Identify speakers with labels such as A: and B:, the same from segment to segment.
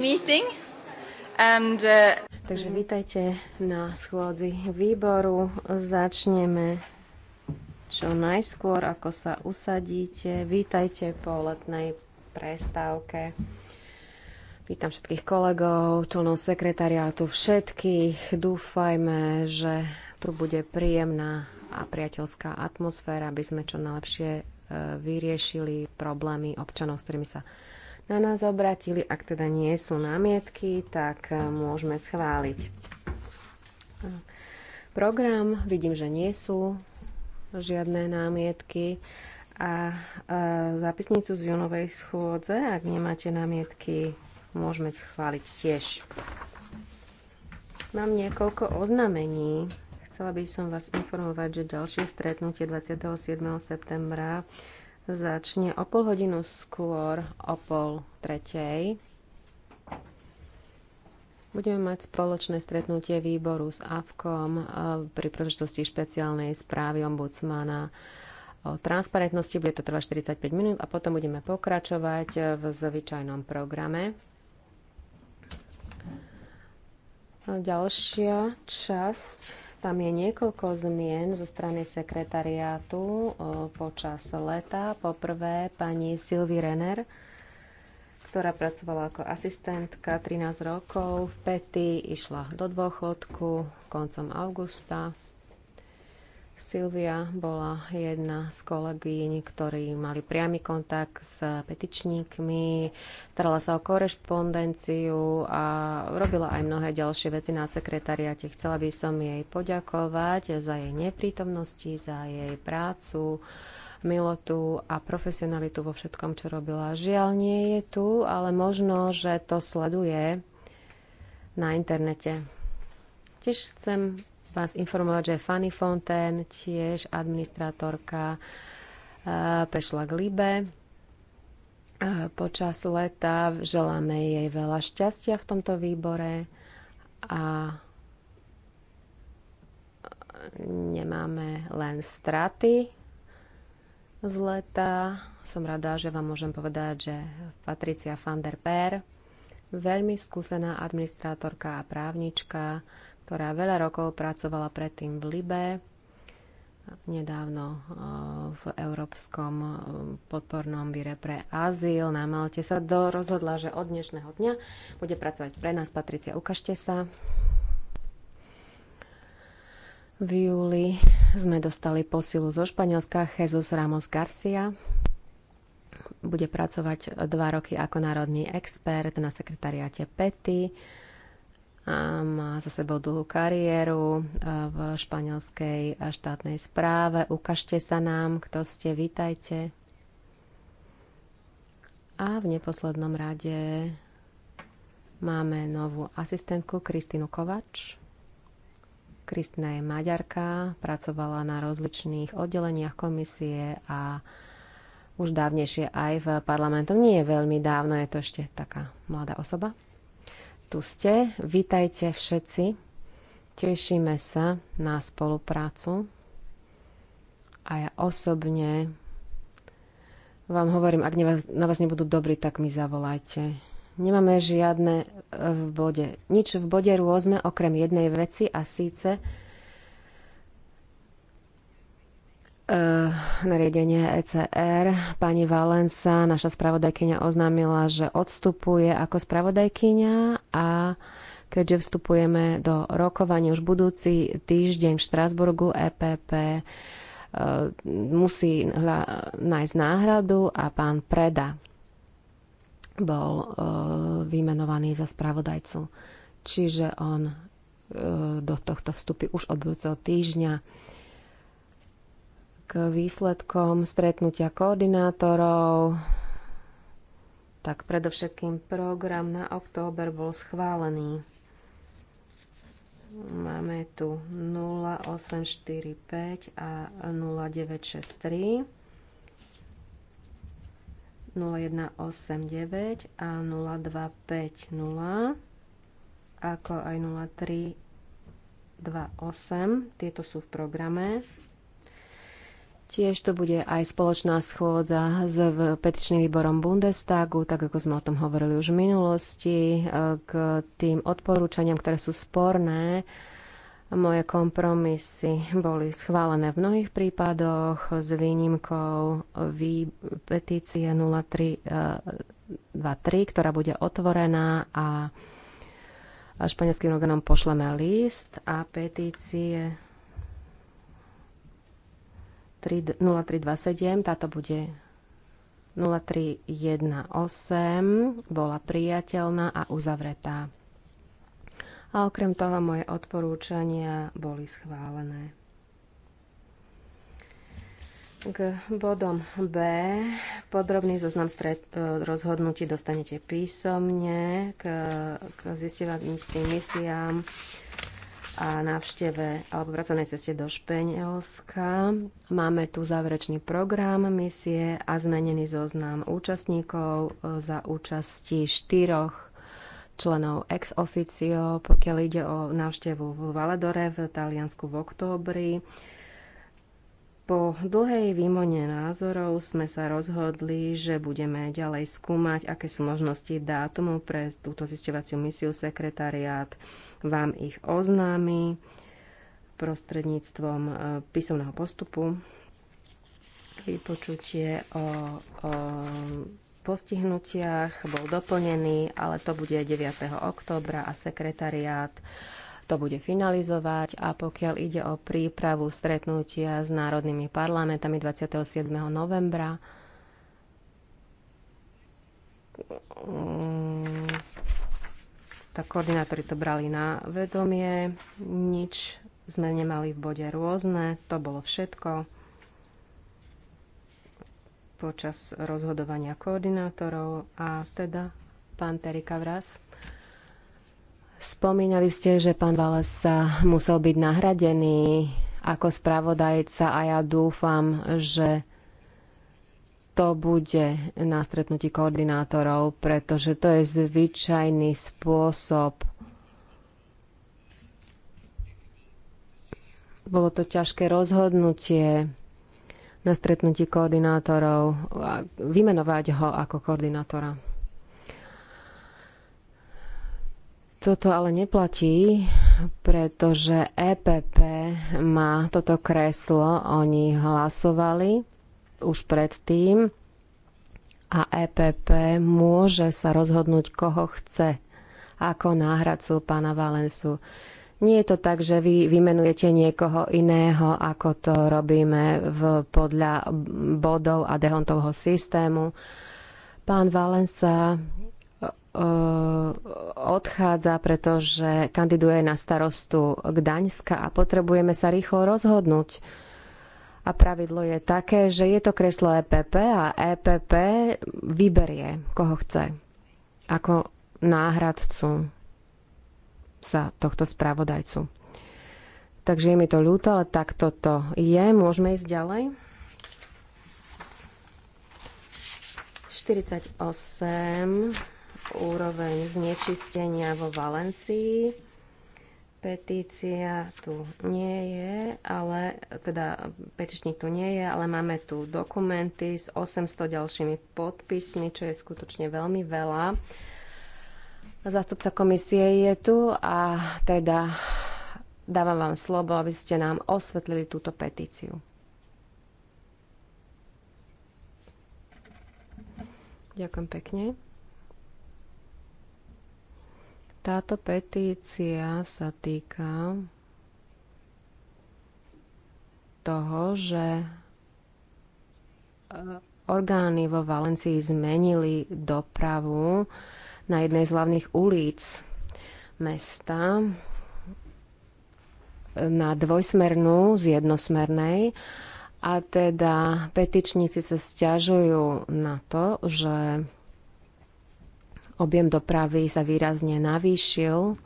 A: meeting and, uh... Takže vítajte na schôdzi výboru. Začneme čo najskôr, ako sa usadíte. Vítajte po letnej prestávke. Vítam všetkých kolegov, členov sekretariátu, všetkých. Dúfajme, že tu bude príjemná a priateľská atmosféra, aby sme čo najlepšie e, vyriešili problémy občanov, s ktorými sa na nás obratili. Ak teda nie sú námietky, tak e, môžeme schváliť. Program, vidím, že nie sú žiadne námietky a e, zápisnicu z junovej schôdze, ak nemáte námietky, môžeme schváliť tiež. Mám niekoľko oznamení. Chcela by som vás informovať, že ďalšie stretnutie 27. septembra začne o pol hodinu skôr, o pol tretej. Budeme mať spoločné stretnutie výboru s AVKom eh, pri príležitosti špeciálnej správy ombudsmana o transparentnosti. Bude to trvať 45 minút a potom budeme pokračovať eh, v zvyčajnom programe. Ďalšia časť tam je niekoľko zmien zo strany sekretariátu počas leta. Poprvé pani Silvi Renner, ktorá pracovala ako asistentka 13 rokov, v Pety išla do dôchodku koncom augusta. Silvia bola jedna z kolegyň, ktorí mali priamy kontakt s petičníkmi, starala sa o korešpondenciu a robila aj mnohé ďalšie veci na sekretariate. Chcela by som jej poďakovať za jej neprítomnosti, za jej prácu, milotu a profesionalitu vo všetkom, čo robila. Žiaľ, nie je tu, ale možno, že to sleduje na internete. Tiež chcem vás informovať, že Fanny Fontaine, tiež administratorka e, prešla k Libe. E, počas leta želáme jej veľa šťastia v tomto výbore a nemáme len straty z leta. Som rada, že vám môžem povedať, že Patricia van der Per, veľmi skúsená administrátorka a právnička, ktorá veľa rokov pracovala predtým v Libe, nedávno eh, v Európskom eh, podpornom bíre pre azyl na Malte sa do, rozhodla, že od dnešného dňa bude pracovať pre nás. Patricia, ukážte sa. V júli sme dostali posilu zo Španielska Jesus Ramos Garcia. Bude pracovať dva roky ako národný expert na sekretariáte PETI má za sebou dlhú kariéru e, v španielskej e, štátnej správe. Ukažte sa nám, kto ste, vítajte. A v neposlednom rade máme novú asistentku Kristinu Kovač. Kristina je maďarka, pracovala na rozličných oddeleniach komisie a už dávnejšie aj v parlamentu. Nie je veľmi dávno, je to ešte taká mladá osoba tu ste. Vítajte všetci. Tešíme sa na spoluprácu. A ja osobne vám hovorím, ak na vás nebudú dobrí, tak mi zavolajte. Nemáme žiadne v bode, nič v bode rôzne, okrem jednej veci a síce Eh, nariadenie ECR. Pani Valensa, naša spravodajkyňa, oznámila, že odstupuje ako spravodajkyňa a keďže vstupujeme do rokovania už budúci týždeň v Štrásburgu EPP eh, musí nájsť náhradu a pán Preda bol eh, vymenovaný za spravodajcu. Čiže on do tohto vstupy už od budúceho týždňa k výsledkom stretnutia koordinátorov, tak predovšetkým program na október bol schválený. Máme tu 0845 a 0963, 0189 a 0250, ako aj 0328. Tieto sú v programe. Tiež to bude aj spoločná schôdza s petičným výborom Bundestagu, tak ako sme o tom hovorili už v minulosti, e, k tým odporúčaniam, ktoré sú sporné. Moje kompromisy boli schválené v mnohých prípadoch s výnimkou vý, petície 0323, e, ktorá bude otvorená a španielským organom pošleme list a petície 0327, táto bude 0318, bola priateľná a uzavretá. A okrem toho moje odporúčania boli schválené. K bodom B podrobný zoznam stret, e, rozhodnutí dostanete písomne k, k zistovacím misiám a návšteve alebo pracovnej ceste do Španielska. Máme tu záverečný program misie a zmenený zoznam účastníkov e, za účasti štyroch členov ex officio, pokiaľ ide o návštevu v Valedore v Taliansku v októbri. Po dlhej výmone názorov sme sa rozhodli, že budeme ďalej skúmať, aké sú možnosti dátumu pre túto zisťovaciu misiu sekretariát vám ich oznámi prostredníctvom e, písomného postupu. Vypočutie o, o postihnutiach bol doplnený, ale to bude 9. októbra a sekretariát to bude finalizovať a pokiaľ ide o prípravu stretnutia s národnými parlamentami 27. novembra, tak koordinátori to brali na vedomie. Nič sme nemali v bode rôzne, to bolo všetko počas rozhodovania koordinátorov a teda pán Terika Vras. Spomínali ste, že pán Vales sa musel byť nahradený ako spravodajca a ja dúfam, že to bude na stretnutí koordinátorov, pretože to je zvyčajný spôsob. Bolo to ťažké rozhodnutie na stretnutí koordinátorov a vymenovať ho ako koordinátora. Toto ale neplatí, pretože EPP má toto kreslo, oni hlasovali už predtým a EPP môže sa rozhodnúť, koho chce ako náhradcu pána Valensu. Nie je to tak, že vy vymenujete niekoho iného, ako to robíme v, podľa bodov a dehontovho systému. Pán Valensa e, e, odchádza, pretože kandiduje na starostu Gdaňska a potrebujeme sa rýchlo rozhodnúť. A pravidlo je také, že je to kreslo EPP a EPP vyberie, koho chce ako náhradcu za tohto správodajcu. Takže je mi to ľúto, ale tak toto je. Môžeme ísť ďalej. 48 úroveň znečistenia vo Valencii. Petícia tu nie je, ale teda petičník tu nie je, ale máme tu dokumenty s 800 ďalšími podpismi, čo je skutočne veľmi veľa. Zástupca komisie je tu a teda dávam vám slovo, aby ste nám osvetlili túto petíciu. Ďakujem pekne. Táto petícia sa týka toho, že e, orgány vo Valencii zmenili dopravu na jednej z hlavných ulic mesta na dvojsmernú z jednosmernej. A teda petičníci sa stiažujú na to, že Objem dopravy sa výrazne navýšil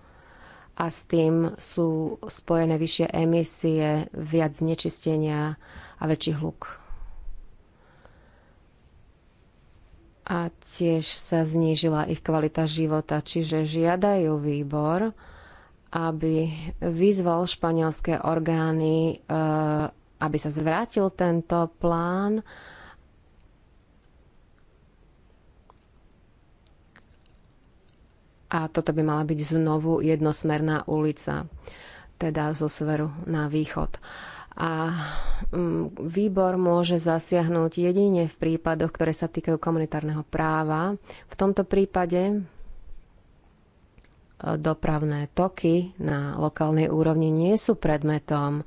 A: a s tým sú spojené vyššie emisie, viac znečistenia a väčší hluk. A tiež sa znížila ich kvalita života, čiže žiadajú výbor, aby vyzval španielské orgány, eh, aby sa zvrátil tento plán a toto by mala byť znovu jednosmerná ulica, teda zo severu na východ. A mm, výbor môže zasiahnuť jedine v prípadoch, ktoré sa týkajú komunitárneho práva. V tomto prípade e, dopravné toky na lokálnej úrovni nie sú predmetom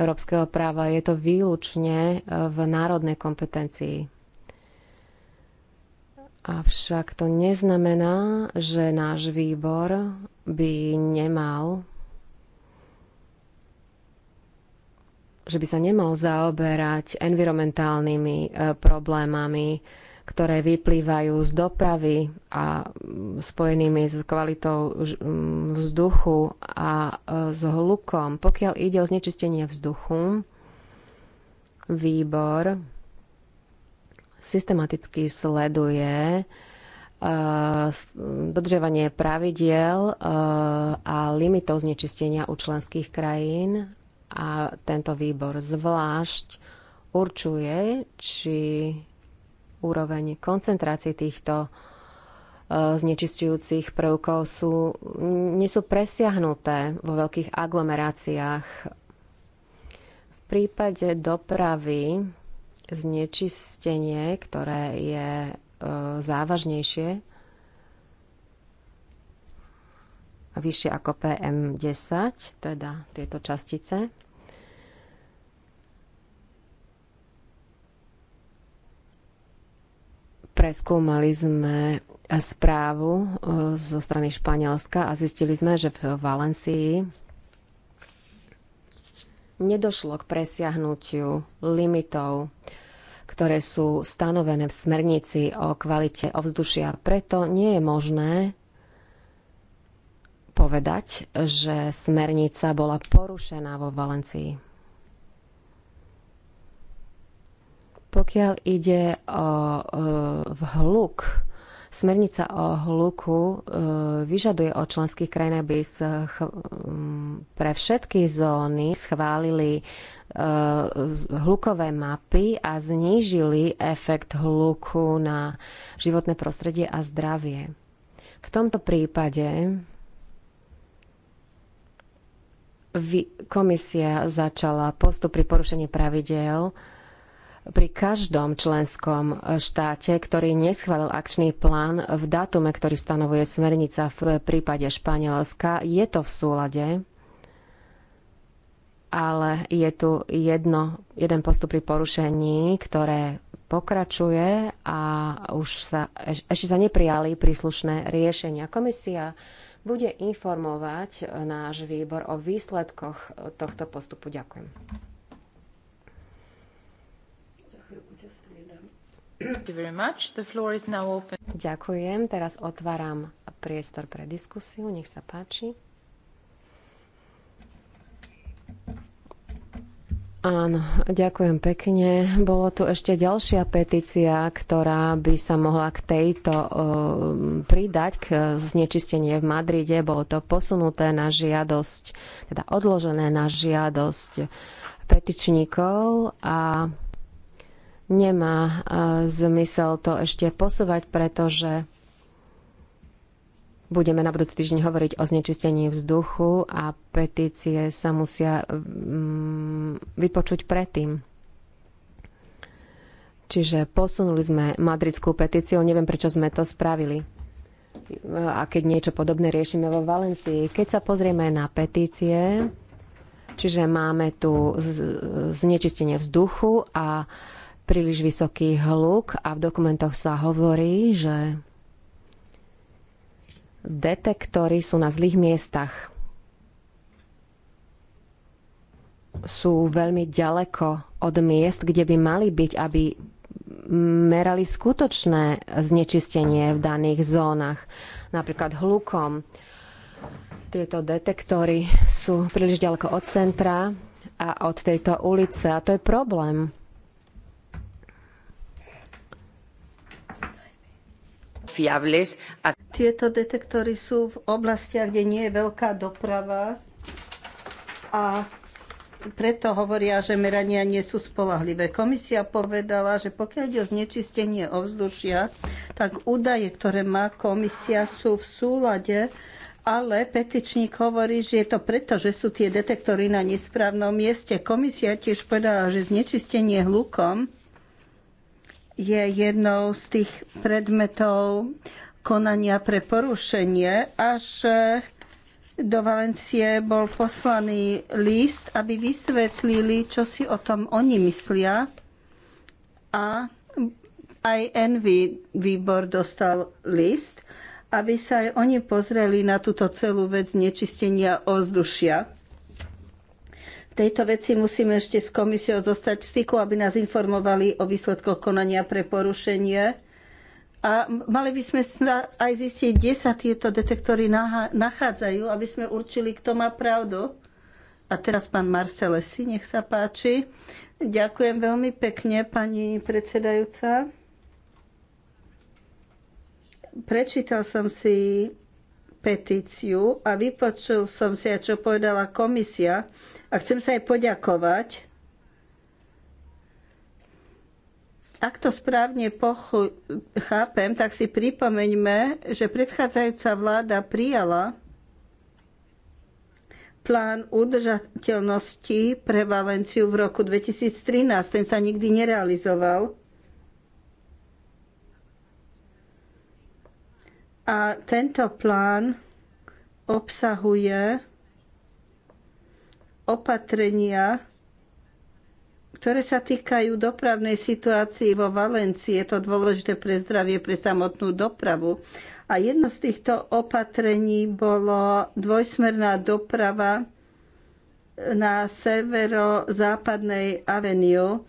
A: európskeho práva. Je to výlučne e, v národnej kompetencii. Avšak to neznamená, že náš výbor by nemal že by sa nemal zaoberať environmentálnymi e, problémami, ktoré vyplývajú z dopravy a mm, spojenými s kvalitou mm, vzduchu a e, s hlukom. Pokiaľ ide o znečistenie vzduchu, výbor systematicky sleduje eh, dodržovanie pravidiel eh, a limitov znečistenia u členských krajín a tento výbor zvlášť určuje, či úroveň koncentrácie týchto eh, znečistujúcich prvkov sú, nie sú presiahnuté vo veľkých aglomeráciách. V prípade dopravy znečistenie, ktoré je e, závažnejšie a vyššie ako PM10, teda tieto častice. Preskúmali sme správu e, zo strany Španielska a zistili sme, že v Valencii nedošlo k presiahnutiu limitov ktoré sú stanovené v smernici o kvalite ovzdušia. Preto nie je možné povedať, že smernica bola porušená vo Valencii. Pokiaľ ide o e, hluk, smernica o hluku e, vyžaduje od členských krajín, aby pre všetky zóny schválili E, hlukové mapy a znížili efekt hluku na životné prostredie a zdravie. V tomto prípade komisia začala postup pri porušení pravidel pri každom členskom štáte, ktorý neschválil akčný plán v dátume, ktorý stanovuje smernica v prípade Španielska. Je to v súlade ale je tu jedno, jeden postup pri porušení, ktoré pokračuje a už sa, ešte sa neprijali príslušné riešenia. Komisia bude informovať náš výbor o výsledkoch tohto postupu. Ďakujem. Ďakujem. Teraz otváram priestor pre diskusiu. Nech sa páči. Áno, ďakujem pekne. Bolo tu ešte ďalšia petícia, ktorá by sa mohla k tejto e, pridať, k eh, znečistenie v Madride. Bolo to posunuté na žiadosť, teda odložené na žiadosť petičníkov a nemá e, zmysel to ešte posúvať, pretože Budeme na budúci týždeň hovoriť o znečistení vzduchu a petície sa musia mm, vypočuť predtým. Čiže posunuli sme madridskú petíciu, neviem prečo sme to spravili. A keď niečo podobné riešime vo Valencii, keď sa pozrieme na petície, čiže máme tu znečistenie vzduchu a príliš vysoký hluk a v dokumentoch sa hovorí, že detektory sú na zlých miestach. Sú veľmi ďaleko od miest, kde by mali byť, aby merali skutočné znečistenie v daných zónach, napríklad hlukom. Tieto detektory sú príliš ďaleko od centra a od tejto ulice a to je problém.
B: fiables. Tieto detektory sú v oblastiach, kde nie je veľká doprava a preto hovoria, že merania nie sú spolahlivé. Komisia povedala, že pokiaľ ide o znečistenie ovzdušia, tak údaje, ktoré má komisia, sú v súlade, ale petičník hovorí, že je to preto, že sú tie detektory na nesprávnom mieste. Komisia tiež povedala, že znečistenie hlukom je jednou z tých predmetov konania pre porušenie a že eh, do Valencie bol poslaný list, aby vysvetlili, čo si o tom oni myslia. A aj Envy výbor dostal list, aby sa aj oni pozreli na túto celú vec nečistenia ovzdušia tejto veci musíme ešte s komisiou zostať v styku, aby nás informovali o výsledkoch konania pre porušenie. A mali by sme aj zistiť, kde sa tieto detektory nachádzajú, aby sme určili, kto má pravdu. A teraz pán Marcelesi, nech sa páči. Ďakujem veľmi pekne, pani predsedajúca. Prečítal som si petíciu a vypočul som si, čo povedala komisia a chcem sa aj poďakovať. Ak to správne pochu- chápem, tak si pripomeňme, že predchádzajúca vláda prijala plán udržateľnosti pre Valenciu v roku 2013. Ten sa nikdy nerealizoval. A tento plán obsahuje opatrenia, ktoré sa týkajú dopravnej situácii vo Valencii. Je to dôležité pre zdravie, pre samotnú dopravu. A jedno z týchto opatrení bolo dvojsmerná doprava na severozápadnej Avenue.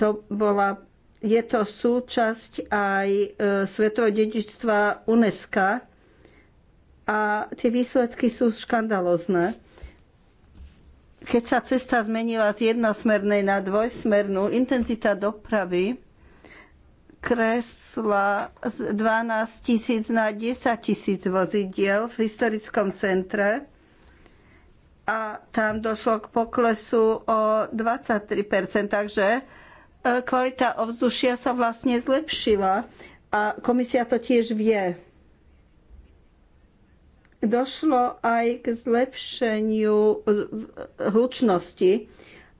B: To bola, je to súčasť aj e, svetového dedičstva UNESCO a tie výsledky sú škandalozné keď sa cesta zmenila z jednosmernej na dvojsmernú, intenzita dopravy kresla z 12 tisíc na 10 tisíc vozidiel v historickom centre a tam došlo k poklesu o 23%, takže e, kvalita ovzdušia sa vlastne zlepšila a komisia to tiež vie došlo aj k zlepšeniu hlučnosti.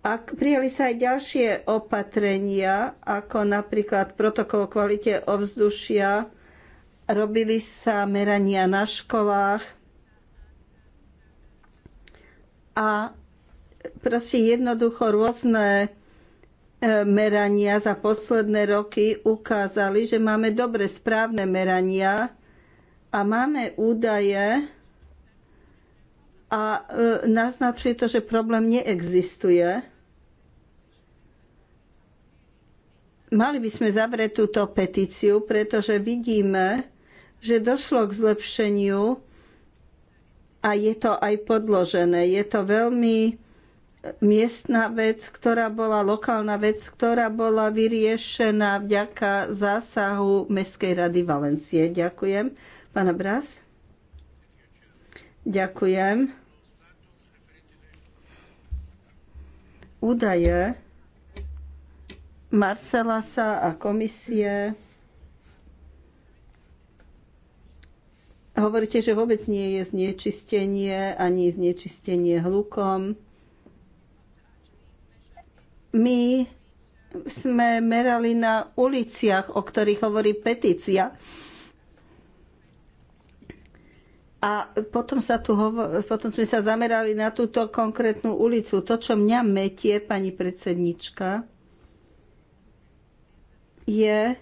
B: A prijali sa aj ďalšie opatrenia, ako napríklad protokol kvalite ovzdušia, robili sa merania na školách a proste jednoducho rôzne e, merania za posledné roky ukázali, že máme dobre správne merania a máme údaje a e, naznačuje to, že problém neexistuje. Mali by sme zavrieť túto petíciu, pretože vidíme, že došlo k zlepšeniu a je to aj podložené. Je to veľmi miestna vec, ktorá bola lokálna vec, ktorá bola vyriešená vďaka zásahu Mestskej rady Valencie. Ďakujem. Pán Obraz. Ďakujem. Údaje Marcelasa a komisie Hovoríte, že vôbec nie je znečistenie ani znečistenie hlukom. My sme merali na uliciach, o ktorých hovorí petícia. A potom, sa tu hovo- potom sme sa zamerali na túto konkrétnu ulicu. To, čo mňa metie, pani predsednička, je,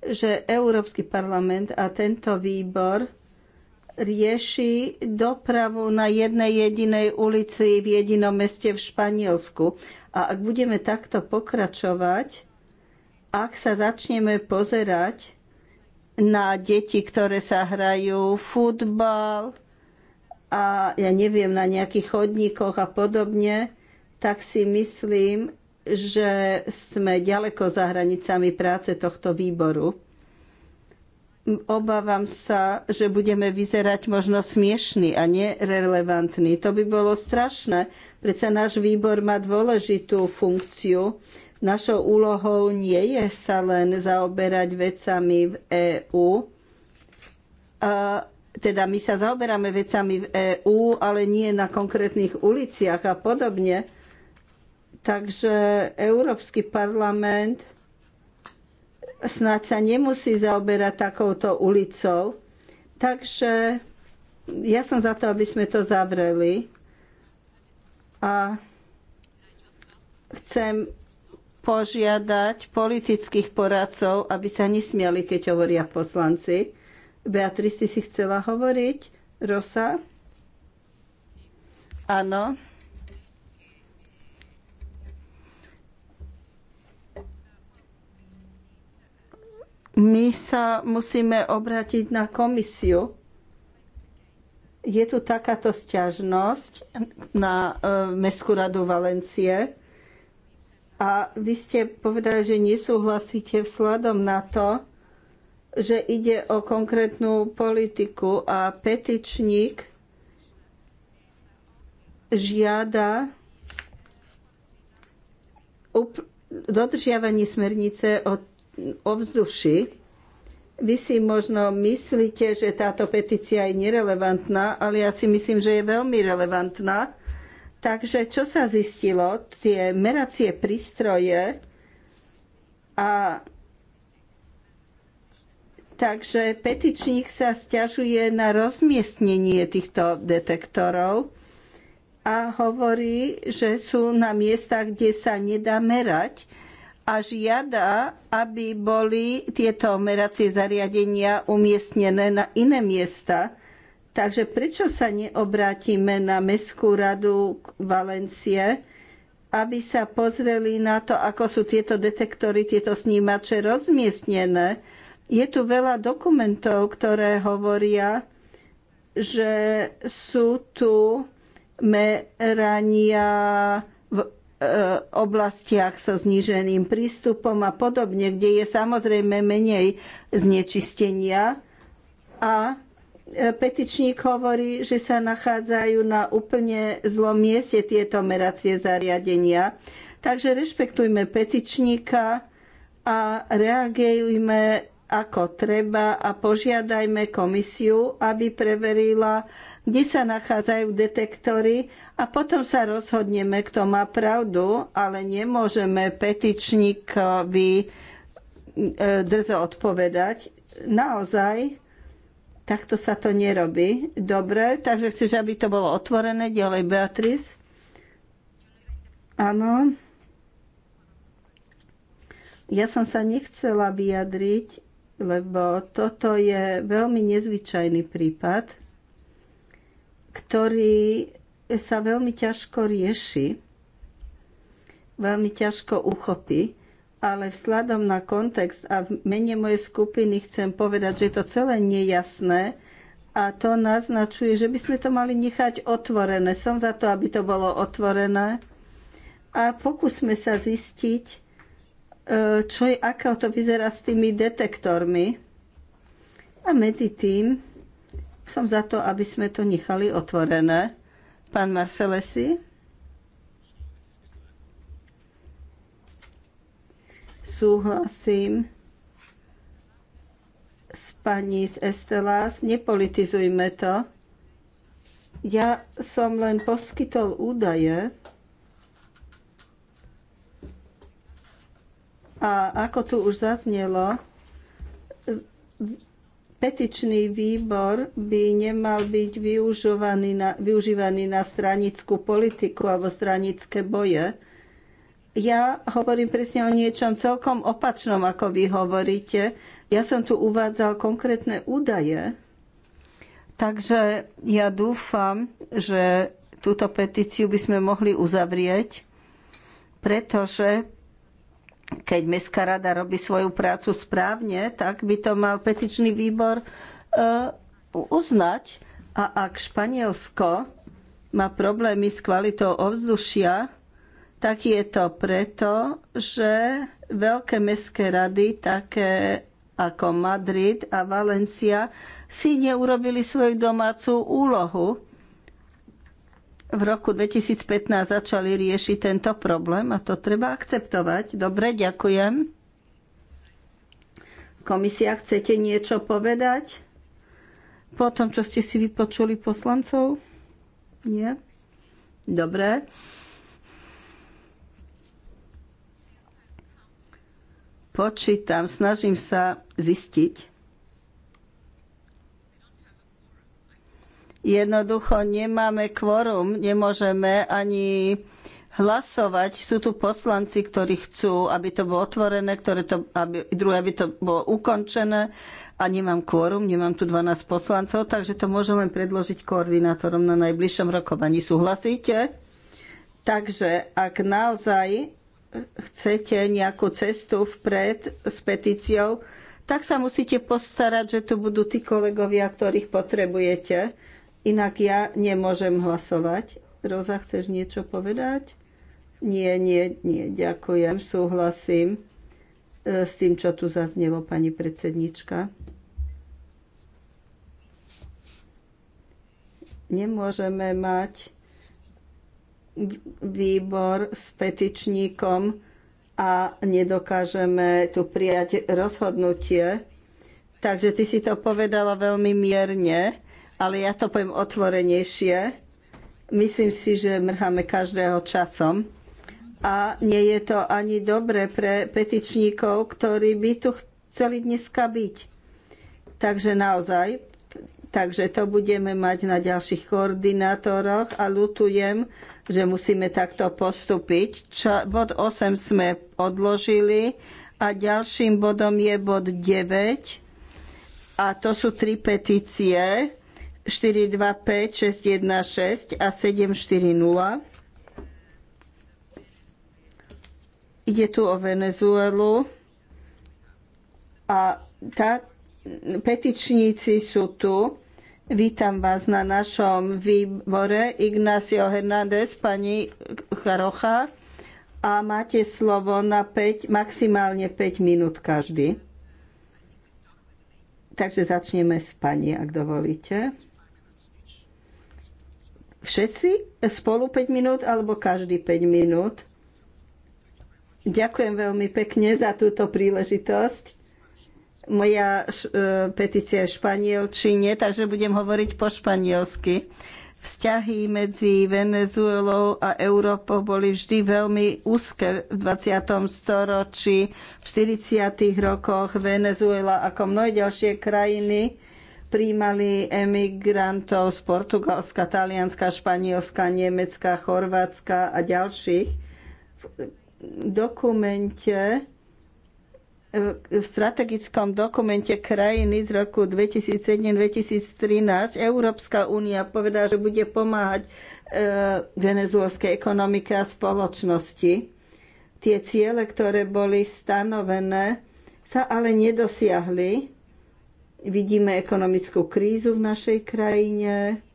B: že Európsky parlament a tento výbor rieši dopravu na jednej jedinej ulici v jedinom meste v Španielsku. A ak budeme takto pokračovať, ak sa začneme pozerať na deti, ktoré sa hrajú futbal a ja neviem, na nejakých chodníkoch a podobne, tak si myslím, že sme ďaleko za hranicami práce tohto výboru. Obávam sa, že budeme vyzerať možno smiešný a nerelevantný. To by bolo strašné. Predsa náš výbor má dôležitú funkciu Našou úlohou nie je sa len zaoberať vecami v EÚ, teda my sa zaoberáme vecami v EÚ, ale nie na konkrétnych uliciach a podobne. Takže Európsky parlament snáď sa nemusí zaoberať takouto ulicou. Takže ja som za to, aby sme to zavreli. A chcem požiadať politických poradcov, aby sa nesmiali, keď hovoria poslanci. Beatrice, ty si chcela hovoriť? Rosa? Áno. My sa musíme obrátiť na komisiu. Je tu takáto stiažnosť na e, Mestskú radu Valencie a vy ste povedali, že nesúhlasíte vzhľadom na to, že ide o konkrétnu politiku a petičník žiada dodržiavanie smernice o ovzduši. Vy si možno myslíte, že táto petícia je nerelevantná, ale ja si myslím, že je veľmi relevantná Takže čo sa zistilo? Tie meracie prístroje a Takže petičník sa stiažuje na rozmiestnenie týchto detektorov a hovorí, že sú na miestach, kde sa nedá merať a žiada, aby boli tieto meracie zariadenia umiestnené na iné miesta. Takže prečo sa neobrátime na Mestskú radu Valencie, aby sa pozreli na to, ako sú tieto detektory, tieto snímače rozmiestnené? Je tu veľa dokumentov, ktoré hovoria, že sú tu merania v e, oblastiach so zníženým prístupom a podobne, kde je samozrejme menej znečistenia a petičník hovorí, že sa nachádzajú na úplne zlom mieste tieto meracie zariadenia. Takže rešpektujme petičníka a reagujme ako treba a požiadajme komisiu, aby preverila, kde sa nachádzajú detektory a potom sa rozhodneme, kto má pravdu, ale nemôžeme petičníkovi e, drzo odpovedať. Naozaj, Takto sa to nerobí. Dobre, takže chceš, aby to bolo otvorené? Ďalej, Beatrice. Áno. Ja som sa nechcela vyjadriť, lebo toto je veľmi nezvyčajný prípad, ktorý sa veľmi ťažko rieši, veľmi ťažko uchopí ale vzhľadom na kontext a v mene mojej skupiny chcem povedať, že je to celé nejasné a to naznačuje, že by sme to mali nechať otvorené. Som za to, aby to bolo otvorené a pokúsme sa zistiť, e, čo je, ako to vyzerá s tými detektormi. A medzi tým som za to, aby sme to nechali otvorené. Pán Marcelesi? súhlasím s pani z Estelás, nepolitizujme to. Ja som len poskytol údaje a ako tu už zaznelo, petičný výbor by nemal byť využívaný na, využívaný na stranickú politiku alebo stranické boje. Ja hovorím presne o niečom celkom opačnom, ako vy hovoríte. Ja som tu uvádzal konkrétne údaje, takže ja dúfam, že túto petíciu by sme mohli uzavrieť, pretože keď Mestská rada robí svoju prácu správne, tak by to mal petičný výbor e, uznať. A ak Španielsko má problémy s kvalitou ovzdušia, tak je to preto, že veľké mestské rady, také ako Madrid a Valencia, si neurobili svoju domácu úlohu. V roku 2015 začali riešiť tento problém a to treba akceptovať. Dobre, ďakujem. Komisia, chcete niečo povedať? Po tom, čo ste si vypočuli poslancov? Nie? Dobre. počítam, snažím sa zistiť. Jednoducho nemáme kvorum, nemôžeme ani hlasovať. Sú tu poslanci, ktorí chcú, aby to bolo otvorené, ktoré to, aby, druhé, aby to bolo ukončené a nemám kvorum, nemám tu 12 poslancov, takže to môžem len predložiť koordinátorom na najbližšom rokovaní. Súhlasíte? Takže ak naozaj chcete nejakú cestu vpred s petíciou, tak sa musíte postarať, že tu budú tí kolegovia, ktorých potrebujete. Inak ja nemôžem hlasovať. Roza, chceš niečo povedať? Nie, nie, nie, ďakujem. Súhlasím e, s tým, čo tu zaznelo, pani predsednička. Nemôžeme mať výbor s petičníkom a nedokážeme tu prijať rozhodnutie. Takže ty si to povedala veľmi mierne, ale ja to poviem otvorenejšie. Myslím si, že mrháme každého časom a nie je to ani dobre pre petičníkov, ktorí by tu chceli dneska byť. Takže naozaj, takže to budeme mať na ďalších koordinátoroch a lutujem, že musíme takto postúpiť. Čo, bod 8 sme odložili a ďalším bodom je bod 9 a to sú tri petície 425, 616 a 740. Ide tu o Venezuelu a tá, petičníci sú tu Vítam vás na našom výbore Ignacio Hernández, pani Charocha a máte slovo na 5, maximálne 5 minút každý. Takže začneme s pani, ak dovolíte. Všetci spolu 5 minút alebo každý 5 minút? Ďakujem veľmi pekne za túto príležitosť. Moja e, petícia je v španielčine, takže budem hovoriť po španielsky. Vzťahy medzi Venezuelou a Európou boli vždy veľmi úzke v 20. storočí. V 40. rokoch Venezuela ako mnohé ďalšie krajiny príjmali emigrantov z Portugalska, Talianska, Španielska, Nemecka, Chorvátska a ďalších. V dokumente v strategickom dokumente krajiny z roku 2007-2013 Európska únia povedala, že bude pomáhať e, venezuelskej ekonomike a spoločnosti. Tie ciele, ktoré boli stanovené, sa ale nedosiahli. Vidíme ekonomickú krízu v našej krajine,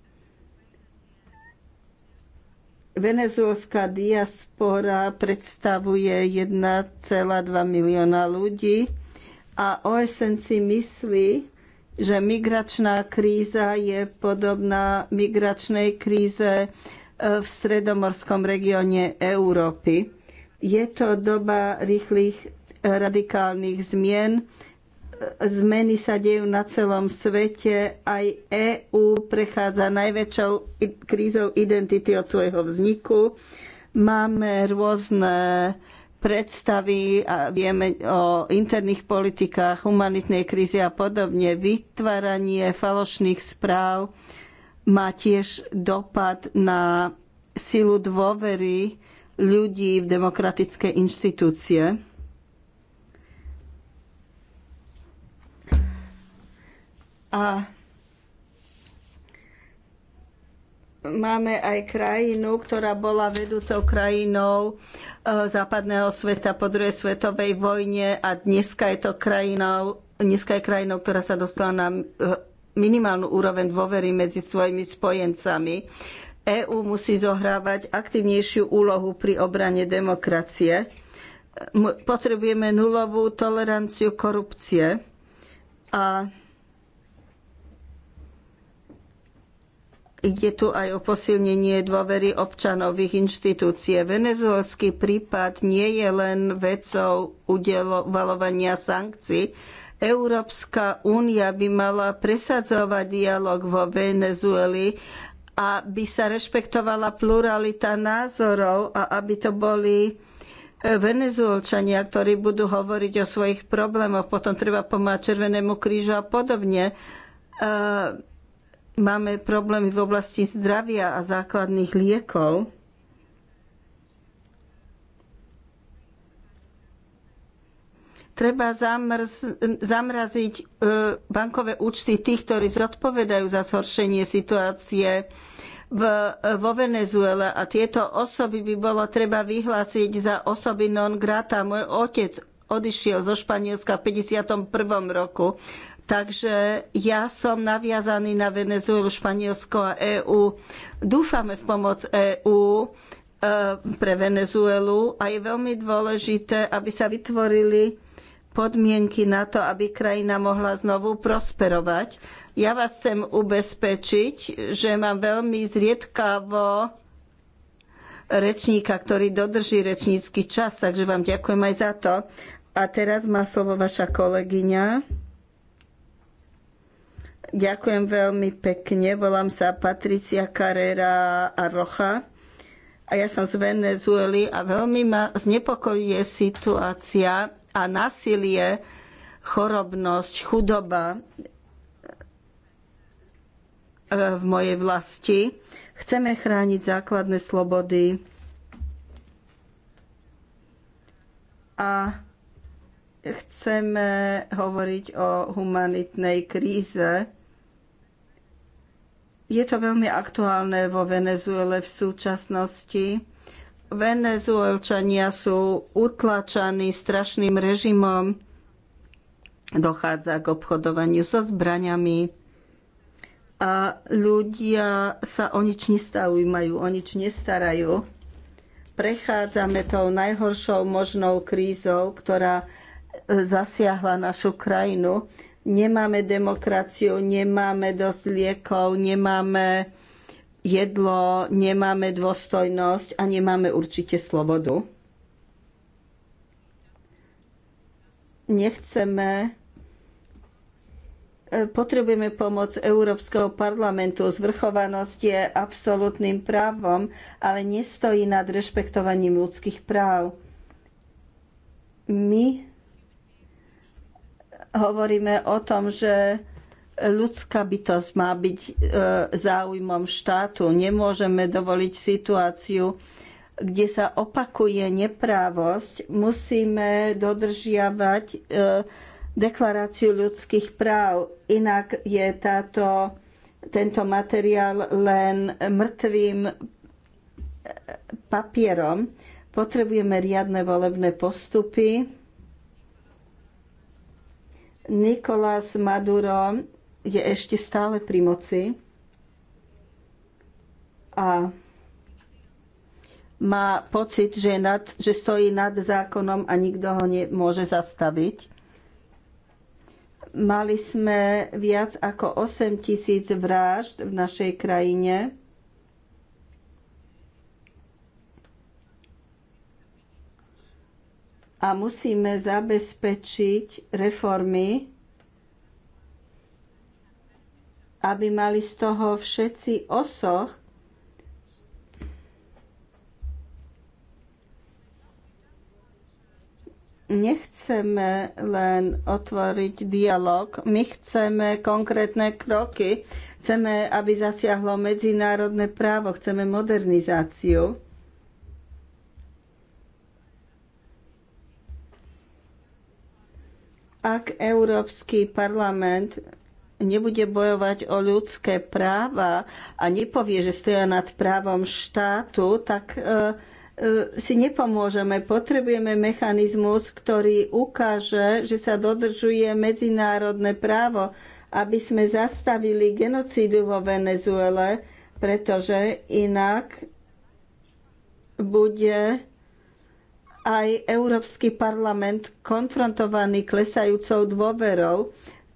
B: Venezuelská diaspora predstavuje 1,2 milióna ľudí a OSN si myslí, že migračná kríza je podobná migračnej kríze e, v stredomorskom regióne Európy. Je to doba rýchlych e, radikálnych zmien, zmeny sa dejú na celom svete. Aj EÚ prechádza najväčšou krízou identity od svojho vzniku. Máme rôzne predstavy a vieme o interných politikách, humanitnej krízy a podobne. Vytváranie falošných správ má tiež dopad na silu dôvery ľudí v demokratické inštitúcie. A máme aj krajinu, ktorá bola vedúcou krajinou e, západného sveta po druhej svetovej vojne a dneska je to krajinou, dneska je krajinou, ktorá sa dostala na e, minimálnu úroveň dôvery medzi svojimi spojencami. EÚ musí zohrávať aktivnejšiu úlohu pri obrane demokracie. E, potrebujeme nulovú toleranciu korupcie a Ide tu aj o posilnenie dôvery občanov v ich inštitúcie. Venezuelský prípad nie je len vecou udelovania sankcií. Európska únia by mala presadzovať dialog vo Venezueli, aby sa rešpektovala pluralita názorov a aby to boli e, Venezuelčania, ktorí budú hovoriť o svojich problémoch. Potom treba pomáhať Červenému krížu a podobne e, Máme problémy v oblasti zdravia a základných liekov. Treba zamrz, zamraziť e, bankové účty tých, ktorí zodpovedajú za zhoršenie situácie v, vo Venezuele a tieto osoby by bolo treba vyhlásiť za osoby non grata. Môj otec odišiel zo Španielska v 51. roku Takže ja som naviazaný na Venezuelu, Španielsko a EÚ. Dúfame v pomoc EÚ e, pre Venezuelu a je veľmi dôležité, aby sa vytvorili podmienky na to, aby krajina mohla znovu prosperovať. Ja vás chcem ubezpečiť, že mám veľmi zriedkavo rečníka, ktorý dodrží rečnícky čas, takže vám ďakujem aj za to. A teraz má slovo vaša kolegyňa. Ďakujem veľmi pekne. Volám sa Patricia Carrera Arrocha a ja som z Venezuely a veľmi ma znepokojuje situácia a násilie, chorobnosť, chudoba e, v mojej vlasti. Chceme chrániť základné slobody a chceme hovoriť o humanitnej kríze. Je to veľmi aktuálne vo Venezuele v súčasnosti. Venezuelčania sú utlačaní strašným režimom, dochádza k obchodovaniu so zbraňami a ľudia sa o nič nestaujímajú, o nič nestarajú. Prechádzame tou najhoršou možnou krízou, ktorá e, zasiahla našu krajinu Nemáme demokraciu, nemáme dosť liekov, nemáme jedlo, nemáme dôstojnosť a nemáme určite slobodu. Nechceme e, potrebujeme pomoc Európskeho parlamentu. Zvrchovanosť je absolútnym právom, ale nestojí nad rešpektovaním ľudských práv. My hovoríme o tom, že ľudská bytosť má byť e, záujmom štátu. Nemôžeme dovoliť situáciu, kde sa opakuje neprávosť. Musíme dodržiavať e, deklaráciu ľudských práv. Inak je táto, tento materiál len mŕtvým e, papierom. Potrebujeme riadne volebné postupy Nikolás Maduro je ešte stále pri moci a má pocit, že, nad, že stojí nad zákonom a nikto ho nemôže zastaviť. Mali sme viac ako 8 tisíc vražd v našej krajine a musíme zabezpečiť reformy, aby mali z toho všetci osoch, nechceme len otvoriť dialog, my chceme konkrétne kroky, chceme, aby zasiahlo medzinárodné právo, chceme modernizáciu. Ak Európsky parlament nebude bojovať o ľudské práva a nepovie, že stoja nad právom štátu, tak e, e, si nepomôžeme. Potrebujeme mechanizmus, ktorý ukáže, že sa dodržuje medzinárodné právo, aby sme zastavili genocídu vo Venezuele, pretože inak bude aj Európsky parlament konfrontovaný klesajúcou dôverou.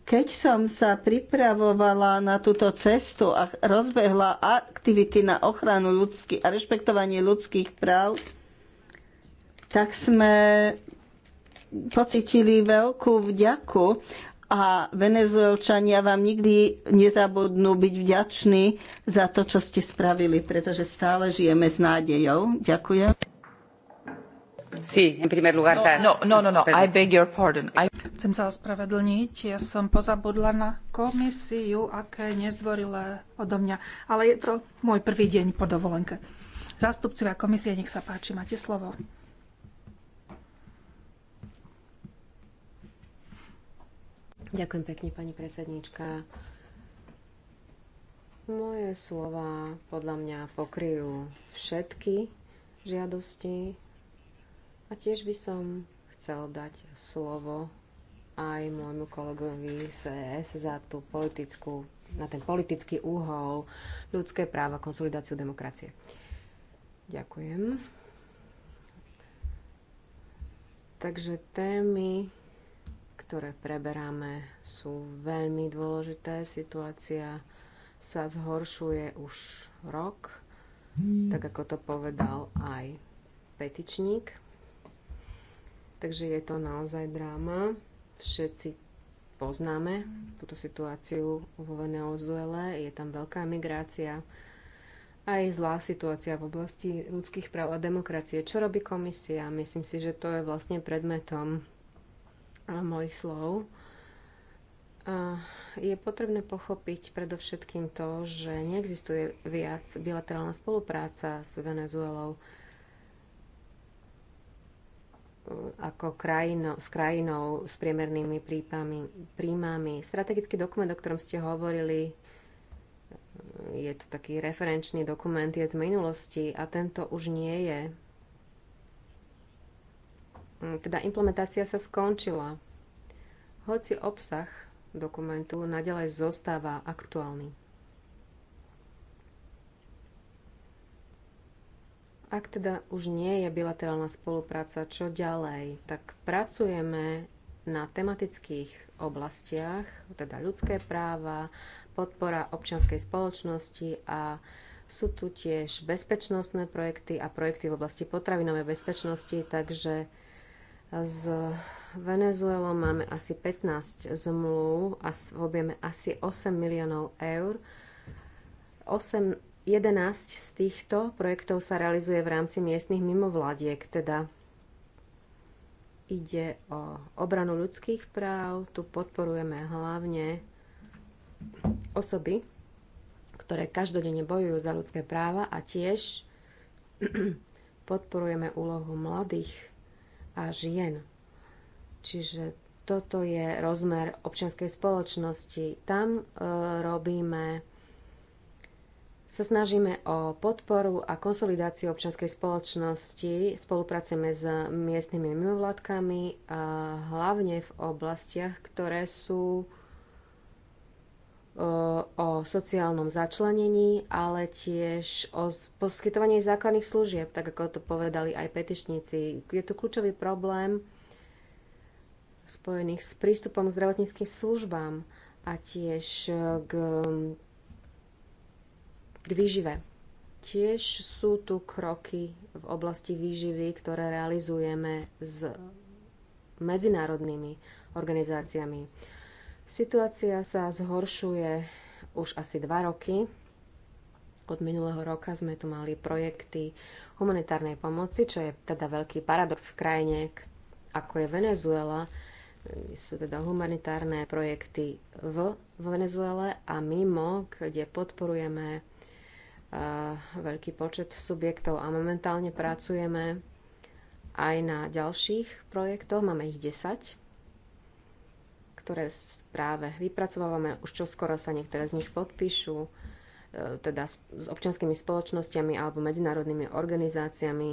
B: Keď som sa pripravovala na túto cestu a rozbehla aktivity na ochranu ľudských a rešpektovanie ľudských práv, tak sme pocitili veľkú vďaku a venezuelčania vám nikdy nezabudnú byť vďační za to, čo ste spravili, pretože stále žijeme s nádejou. Ďakujem.
C: Sí, en primer lugar. No, no, no, no, no. I beg your pardon. I... Chcem sa ospravedlniť. Ja som pozabudla na komisiu, aké nezdvorilé odo mňa. Ale je to môj prvý deň po dovolenke. Zástupcovia komisie, nech sa páči, máte slovo.
A: Ďakujem pekne, pani predsedníčka. Moje slova podľa mňa pokryjú všetky žiadosti a tiež by som chcel dať slovo aj môjmu kolegovi CS e za tú politickú, na ten politický úhol ľudské práva, konsolidáciu demokracie. Ďakujem. Takže témy, ktoré preberáme, sú veľmi dôležité. Situácia sa zhoršuje už rok, tak ako to povedal aj petičník. Takže je to naozaj dráma. Všetci poznáme túto situáciu vo Venezuele. Je tam veľká migrácia, aj zlá situácia v oblasti ľudských práv a demokracie. Čo robí komisia? Myslím si, že to je vlastne predmetom mojich slov. Je potrebné pochopiť predovšetkým to, že neexistuje viac bilaterálna spolupráca s Venezuelou ako krajino, s krajinou s priemernými prípami, príjmami. Strategický dokument, o ktorom ste hovorili, je to taký referenčný dokument, je z minulosti a tento už nie je. Teda implementácia sa skončila. Hoci obsah dokumentu nadalej zostáva aktuálny. Ak teda už nie je bilaterálna spolupráca, čo ďalej? Tak pracujeme na tematických oblastiach, teda ľudské práva, podpora občianskej spoločnosti a sú tu tiež bezpečnostné projekty a projekty v oblasti potravinovej bezpečnosti, takže s Venezuelou máme asi 15 zmluv a v objeme asi 8 miliónov eur. 8 11 z týchto projektov sa realizuje v rámci miestnych mimovládiek, teda ide o obranu ľudských práv. Tu podporujeme hlavne osoby, ktoré každodenne bojujú za ľudské práva a tiež podporujeme úlohu mladých a žien. Čiže toto je rozmer občianskej spoločnosti. Tam e, robíme sa snažíme o podporu a konsolidáciu občianskej spoločnosti, spolupracujeme s miestnymi mimovládkami, a hlavne v oblastiach, ktoré sú o sociálnom začlenení, ale tiež o poskytovaní základných služieb, tak ako to povedali aj petičníci. Je tu kľúčový problém spojených s prístupom k zdravotníckým službám a tiež k k výžive. Tiež sú tu kroky v oblasti výživy, ktoré realizujeme s medzinárodnými organizáciami. Situácia sa zhoršuje už asi dva roky. Od minulého roka sme tu mali projekty humanitárnej pomoci, čo je teda veľký paradox v krajine, ako je Venezuela. Sú teda humanitárne projekty v Venezuele a mimo, kde podporujeme veľký počet subjektov a momentálne pracujeme aj na ďalších projektoch, máme ich 10, ktoré práve vypracovávame, už čoskoro sa niektoré z nich podpíšu, e, teda s občianskými spoločnosťami alebo medzinárodnými organizáciami.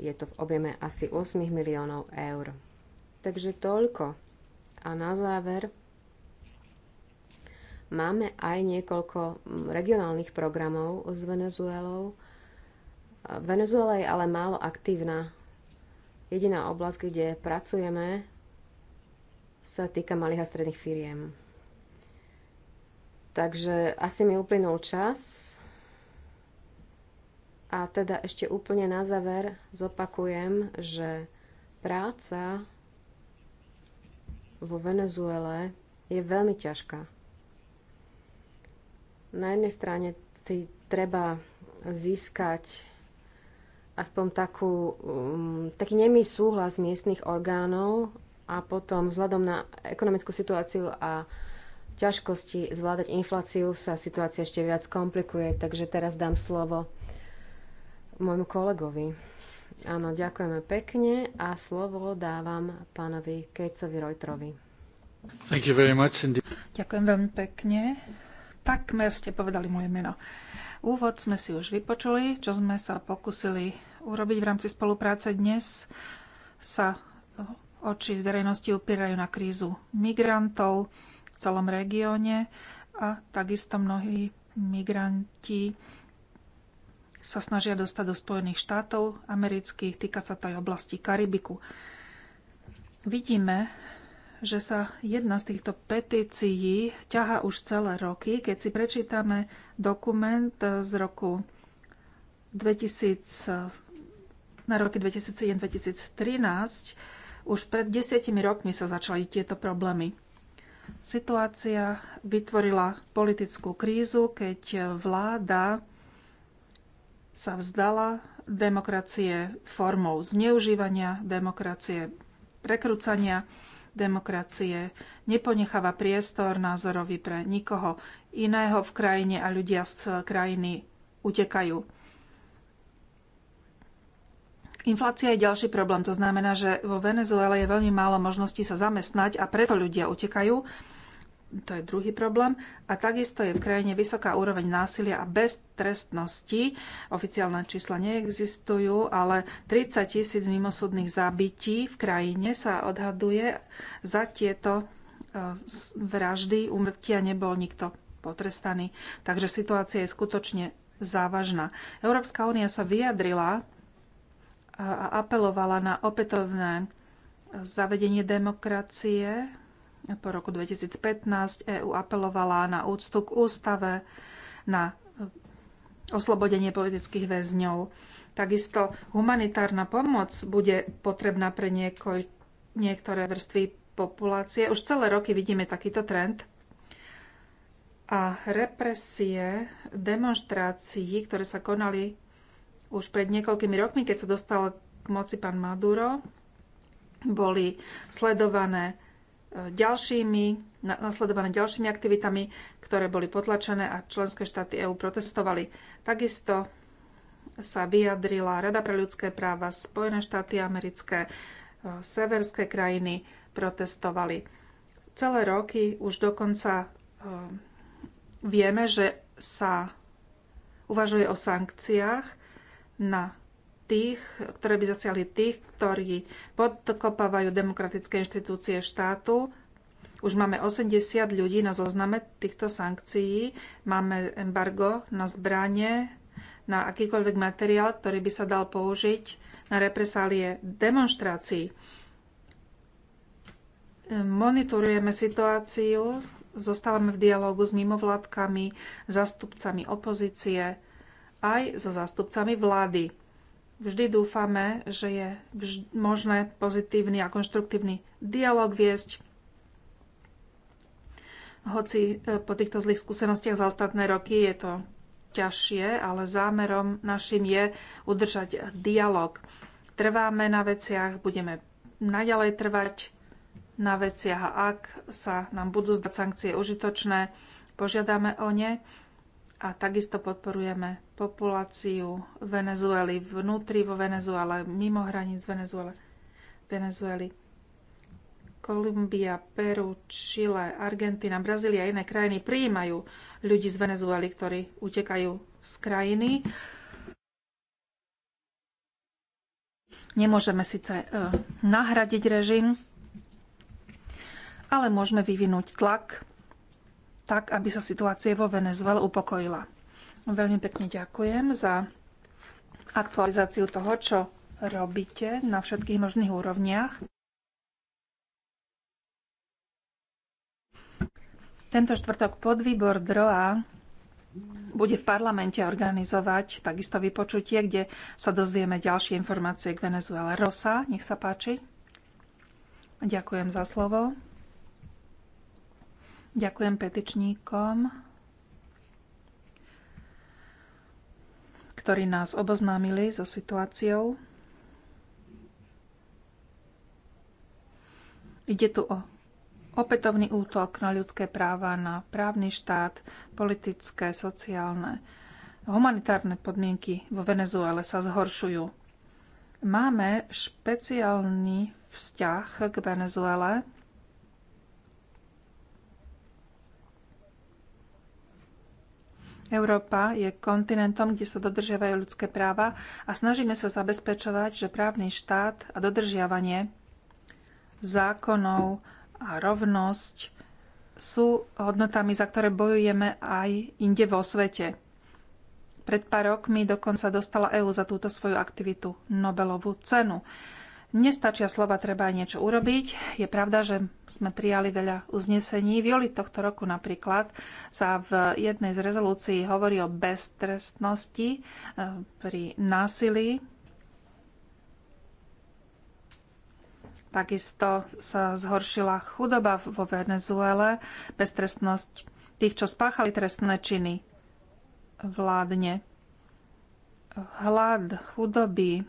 A: Je to v objeme asi 8 miliónov eur. Takže toľko. A na záver Máme aj niekoľko regionálnych programov s Venezuelou. Venezuela je ale málo aktívna. Jediná oblasť, kde pracujeme, sa týka malých a stredných firiem. Takže asi mi uplynul čas. A teda ešte úplne na záver zopakujem, že práca vo Venezuele je veľmi ťažká. Na jednej strane si treba získať aspoň takú, um, taký nemý súhlas miestnych orgánov a potom vzhľadom na ekonomickú situáciu a ťažkosti zvládať infláciu sa situácia ešte viac komplikuje, takže teraz dám slovo môjmu kolegovi. Áno, ďakujeme pekne a slovo dávam pánovi Kejcovi Rojtrovi.
C: Ďakujem veľmi pekne takmer ste povedali moje meno. Úvod sme si už vypočuli, čo sme sa pokusili urobiť v rámci spolupráce. Dnes sa oči verejnosti upierajú na krízu migrantov v celom regióne a takisto mnohí migranti sa snažia dostať do Spojených štátov amerických, týka sa to aj oblasti Karibiku. Vidíme, že sa jedna z týchto petícií ťaha už celé roky. Keď si prečítame dokument z roku 2000, na roky 2007-2013, už pred desiatimi rokmi sa začali tieto problémy. Situácia vytvorila politickú krízu, keď vláda sa vzdala demokracie formou zneužívania demokracie, prekrúcania demokracie. Neponecháva priestor názorovi pre nikoho iného v krajine a ľudia z krajiny utekajú. Inflácia je ďalší problém. To znamená, že vo Venezuele je veľmi málo možností sa zamestnať a preto ľudia utekajú to je druhý problém. A takisto je v krajine vysoká úroveň násilia a beztrestnosti. Oficiálne čísla neexistujú, ale 30 tisíc mimosudných zabití v krajine sa odhaduje. Za tieto e, vraždy, umrtia nebol nikto potrestaný. Takže situácia je skutočne závažná. Európska únia sa vyjadrila e, a apelovala na opätovné e, zavedenie demokracie po roku 2015 EÚ apelovala na úctu k ústave, na oslobodenie politických väzňov. Takisto humanitárna pomoc bude potrebná pre niekoľ, niektoré vrstvy populácie. Už celé roky vidíme takýto trend. A represie demonstrácií, ktoré sa konali už pred niekoľkými rokmi, keď sa dostal k moci pán Maduro, boli sledované ďalšími, nasledované ďalšími aktivitami, ktoré boli potlačené a členské štáty EÚ protestovali. Takisto sa vyjadrila Rada pre ľudské práva, Spojené štáty americké, e, severské krajiny protestovali. Celé roky už dokonca e, vieme, že sa uvažuje o sankciách na tých, ktoré by zasiali tých, ktorí podkopávajú demokratické inštitúcie štátu. Už máme 80 ľudí na zozname týchto sankcií. Máme embargo na zbranie, na akýkoľvek materiál, ktorý by sa dal použiť na represálie demonstrácií. Monitorujeme situáciu, zostávame v dialogu s mimovládkami, zastupcami opozície, aj so zástupcami vlády Vždy dúfame, že je možné pozitívny a konštruktívny dialog viesť, hoci e, po týchto zlých skúsenostiach za ostatné roky je to ťažšie, ale zámerom našim je udržať dialog. Trváme na veciach, budeme naďalej trvať na veciach a ak sa nám budú zdať sankcie užitočné, požiadame o ne a takisto podporujeme populáciu Venezuely vnútri vo Venezuele, mimo hraníc Venezuele, Venezuely. Kolumbia, Peru, Chile, Argentina, Brazília a iné krajiny prijímajú ľudí z Venezuely, ktorí utekajú z krajiny. Nemôžeme síce e, nahradiť režim, ale môžeme vyvinúť tlak tak, aby sa situácia vo Venezuele upokojila. Veľmi pekne ďakujem za aktualizáciu toho, čo robíte na všetkých možných úrovniach. Tento štvrtok podvýbor DROA bude v parlamente organizovať takisto vypočutie, kde sa dozvieme ďalšie informácie k Venezuele. Rosa, nech sa páči. Ďakujem za slovo. Ďakujem petičníkom, ktorí nás oboznámili so situáciou. Ide tu o opätovný útok na ľudské práva, na právny štát, politické, sociálne, humanitárne podmienky vo Venezuele sa zhoršujú. Máme špeciálny vzťah k Venezuele, Európa je kontinentom, kde sa dodržiavajú ľudské práva a snažíme sa zabezpečovať, že právny štát a dodržiavanie zákonov a rovnosť sú hodnotami, za ktoré bojujeme aj inde vo svete. Pred pár rokmi dokonca dostala EÚ za túto svoju aktivitu Nobelovú cenu. Nestačia slova, treba aj niečo urobiť. Je pravda, že sme prijali veľa uznesení. V júli tohto roku napríklad sa v jednej z rezolúcií hovorí o beztrestnosti e, pri násilí. Takisto sa zhoršila chudoba vo Venezuele, beztrestnosť tých, čo spáchali trestné činy vládne. Hlad, chudoby,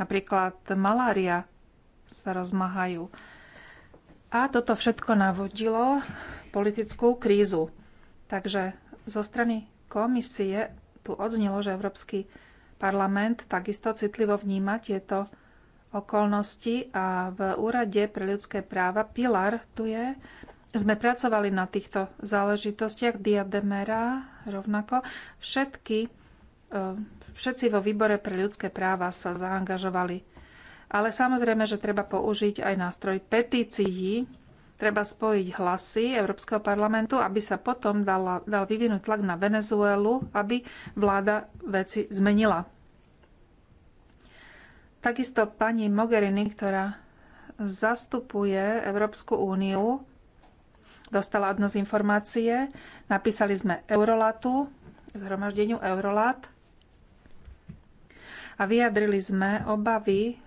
C: napríklad malária sa rozmahajú. A toto všetko navodilo politickú krízu. Takže zo strany komisie tu odznilo, že Európsky parlament takisto citlivo vníma tieto okolnosti a v Úrade pre ľudské práva Pilar tu je. Sme pracovali na týchto záležitostiach Diademera rovnako. Všetky Ehm, všetci vo výbore pre ľudské práva sa zaangažovali. Ale samozrejme, že treba použiť aj nástroj petícií, treba spojiť hlasy Európskeho parlamentu, aby sa potom dala, dal vyvinúť tlak na Venezuelu, aby vláda veci zmenila. Takisto pani Mogherini, ktorá zastupuje Európsku úniu, dostala od nás informácie. Napísali sme Eurolatu, zhromaždeniu Eurolat, a vyjadrili sme obavy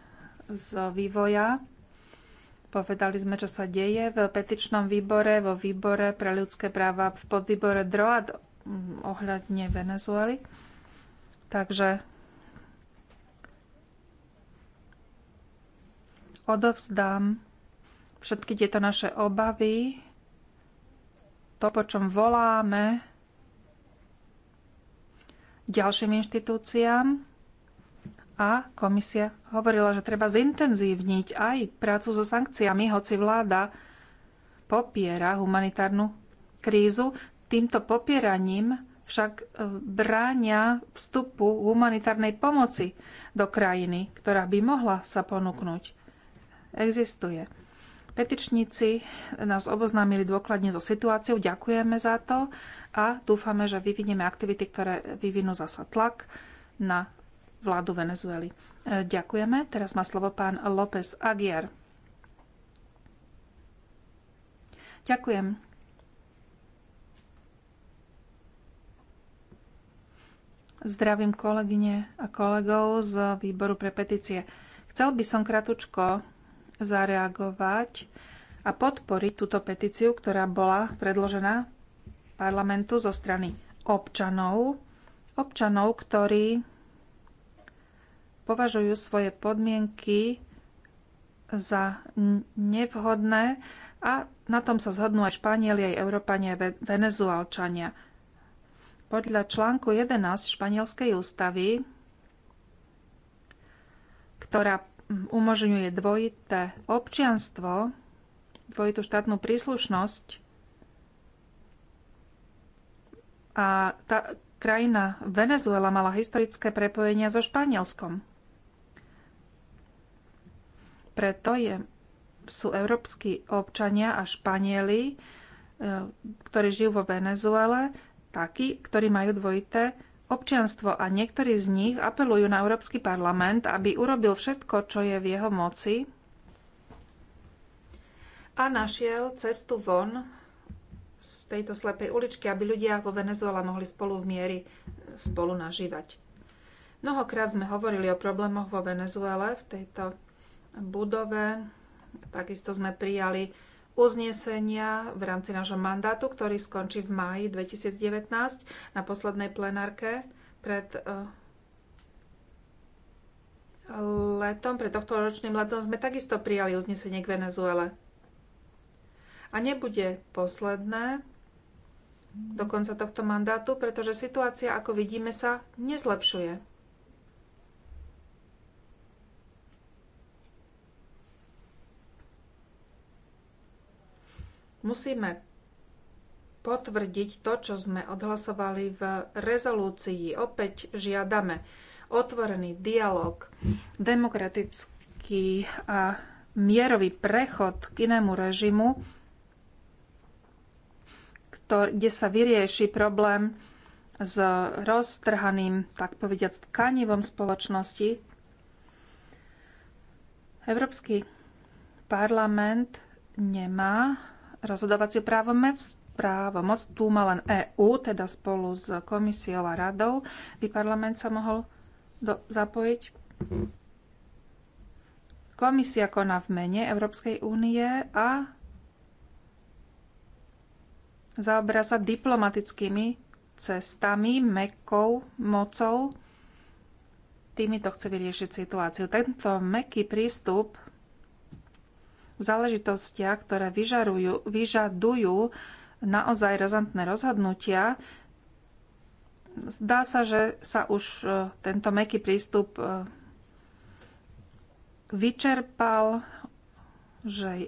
C: z vývoja. Povedali sme, čo sa deje v petičnom výbore, vo výbore pre ľudské práva, v podvýbore DROAD ohľadne Venezuely. Takže odovzdám všetky tieto naše obavy, to, po čom voláme, ďalším inštitúciám a komisia hovorila, že treba zintenzívniť aj prácu so sankciami, hoci vláda popiera humanitárnu krízu. Týmto popieraním však e, bráňa vstupu humanitárnej pomoci do krajiny, ktorá by mohla sa ponúknuť. Existuje. Petičníci nás oboznámili dôkladne so situáciou, ďakujeme za to a dúfame, že vyvinieme aktivity, ktoré vyvinú zasa tlak na vládu Venezuely. E, ďakujeme. Teraz má slovo pán López Aguiar. Ďakujem. Zdravím kolegyne a kolegov z výboru pre petície. Chcel by som kratučko zareagovať a podporiť túto petíciu, ktorá bola predložená parlamentu zo strany občanov, občanov, ktorí považujú svoje podmienky za nevhodné a na tom sa zhodnú aj Španieli, aj Európania, aj Venezuelčania. Podľa článku 11 španielskej ústavy, ktorá umožňuje dvojité občianstvo, dvojitú štátnu príslušnosť, a tá krajina Venezuela mala historické prepojenia so Španielskom. Preto je, sú európsky občania a Španieli, e, ktorí žijú vo Venezuele, takí, ktorí majú dvojité občianstvo a niektorí z nich apelujú na Európsky parlament, aby urobil všetko, čo je v jeho moci a našiel cestu von z tejto slepej uličky, aby ľudia vo Venezuela mohli spolu v miery e, spolu nažívať. Mnohokrát sme hovorili o problémoch vo Venezuele v tejto budove. Takisto sme prijali uznesenia v rámci nášho mandátu, ktorý skončí v máji 2019 na poslednej plenárke pred eh, letom, pred tohto ročným letom sme takisto prijali uznesenie k Venezuele. A nebude posledné do konca tohto mandátu, pretože situácia, ako vidíme, sa nezlepšuje. Musíme potvrdiť to, čo sme odhlasovali v rezolúcii. Opäť žiadame otvorený dialog, demokratický a mierový prechod k inému režimu, kde sa vyrieši problém s roztrhaným, tak povediať, tkanivom spoločnosti. Európsky parlament nemá rozhodovaciu právomoc, právomoc tu má len EÚ, teda spolu s komisiou a radou by parlament sa mohol do, zapojiť. Komisia koná v mene Európskej únie a zaoberá sa diplomatickými cestami, mekou, mocou. Týmito chce vyriešiť situáciu. Tento meký prístup záležitostiach, ktoré vyžarujú, vyžadujú naozaj razantné rozhodnutia, zdá sa, že sa už e, tento meký prístup e, vyčerpal, že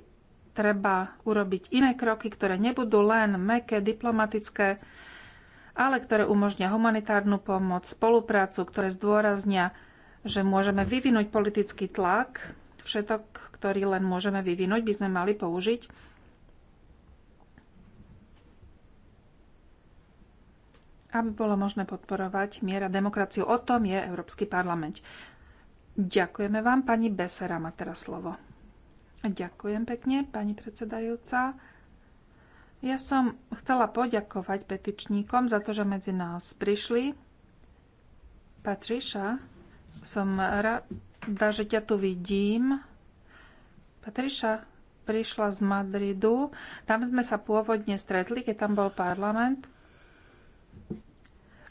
C: treba urobiť iné kroky, ktoré nebudú len meké, diplomatické, ale ktoré umožnia humanitárnu pomoc, spoluprácu, ktoré zdôraznia, že môžeme vyvinúť politický tlak všetok, ktorý len môžeme vyvinúť, by sme mali použiť. aby bolo možné podporovať miera demokraciu. O tom je Európsky parlament. Ďakujeme vám, pani Besera má teraz slovo. Ďakujem pekne, pani predsedajúca. Ja som chcela poďakovať petičníkom za to, že medzi nás prišli. Patriša, som rád, Dá, že ťa tu vidím. Patriša prišla z Madridu. Tam sme sa pôvodne stretli, keď tam bol parlament.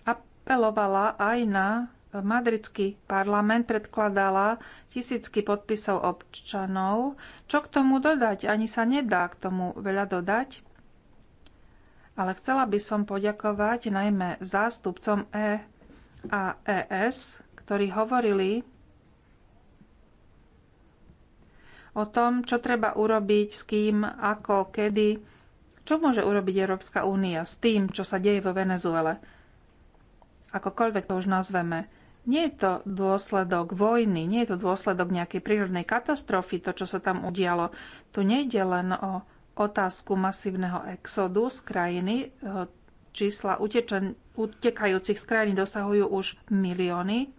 C: Apelovala aj na madridský parlament, predkladala tisícky podpisov občanov. Čo k tomu dodať? Ani sa nedá k tomu veľa dodať. Ale chcela by som poďakovať najmä zástupcom E a ES, ktorí hovorili o tom, čo treba urobiť, s kým, ako, kedy. Čo môže urobiť Európska únia s tým, čo sa deje vo Venezuele? Akokoľvek to už nazveme. Nie je to dôsledok vojny, nie je to dôsledok nejakej prírodnej katastrofy, to, čo sa tam udialo. Tu nejde len o otázku masívneho exodu z krajiny. E, čísla utečen, utekajúcich z krajiny dosahujú už milióny.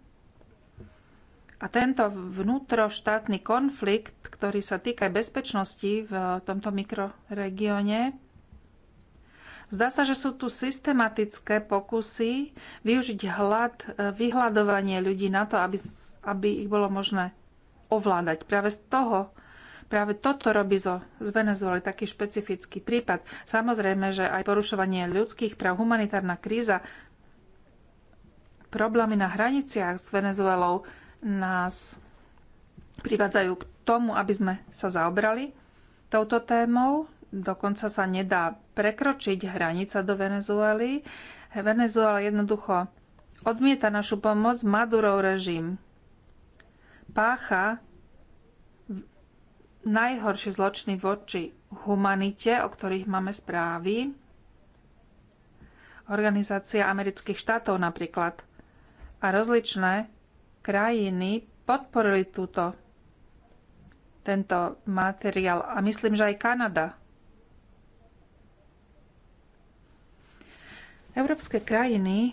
C: A tento vnútroštátny konflikt, ktorý sa týka bezpečnosti v tomto mikroregióne, zdá sa, že sú tu systematické pokusy využiť hlad, vyhľadovanie ľudí na to, aby, aby ich bolo možné ovládať. Práve z toho Práve toto robí zo, z Venezuely taký špecifický prípad. Samozrejme, že aj porušovanie ľudských práv, humanitárna kríza, problémy na hraniciach s Venezuelou, nás privádzajú k tomu, aby sme sa zaobrali touto témou. Dokonca sa nedá prekročiť hranica do Venezuely. Venezuela jednoducho odmieta našu pomoc Madurov režim. Pácha najhoršie zločiny voči humanite, o ktorých máme správy. Organizácia amerických štátov napríklad a rozličné krajiny podporili túto, tento materiál a myslím, že aj Kanada. Európske krajiny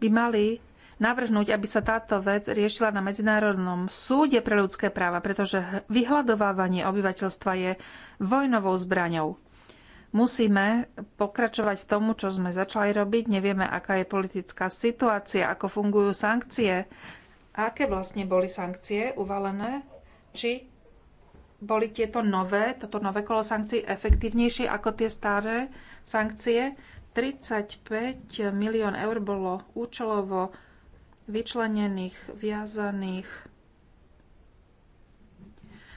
C: by mali navrhnúť, aby sa táto vec riešila na Medzinárodnom súde pre ľudské práva, pretože vyhľadovávanie obyvateľstva je vojnovou zbraňou. Musíme pokračovať v tomu, čo sme začali robiť. Nevieme, aká je politická situácia, ako fungujú sankcie, aké vlastne boli sankcie uvalené, či boli tieto nové, toto nové kolo sankcií efektívnejšie ako tie staré sankcie. 35 milión eur bolo účelovo vyčlenených, viazaných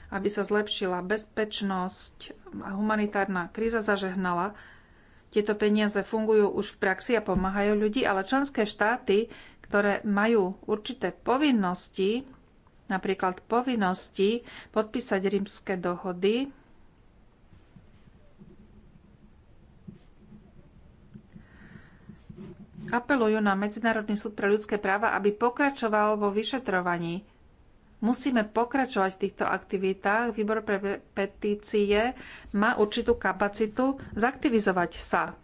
C: aby sa zlepšila bezpečnosť a humanitárna kríza zažehnala. Tieto peniaze fungujú už v praxi a pomáhajú ľudí, ale členské štáty, ktoré majú určité povinnosti, napríklad povinnosti podpísať rímske dohody, apelujú na Medzinárodný súd pre ľudské práva, aby pokračoval vo vyšetrovaní Musíme pokračovať v týchto aktivitách. Výbor pre petície má určitú kapacitu zaktivizovať sa.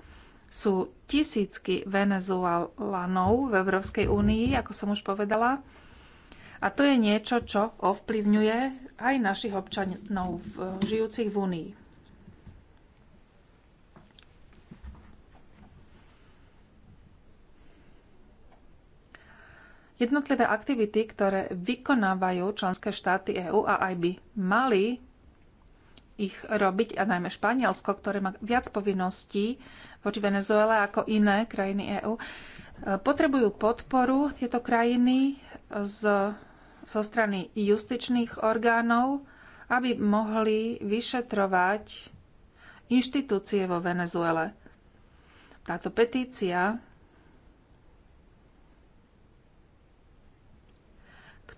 C: Sú tisícky venezuelanov v Európskej únii, ako som už povedala. A to je niečo, čo ovplyvňuje aj našich občanov žijúcich v únii. Jednotlivé aktivity, ktoré vykonávajú členské štáty EÚ a aj by mali ich robiť, a najmä Španielsko, ktoré má viac povinností voči Venezuele ako iné krajiny EÚ, e, potrebujú podporu tieto krajiny z, zo strany justičných orgánov, aby mohli vyšetrovať inštitúcie vo Venezuele. Táto petícia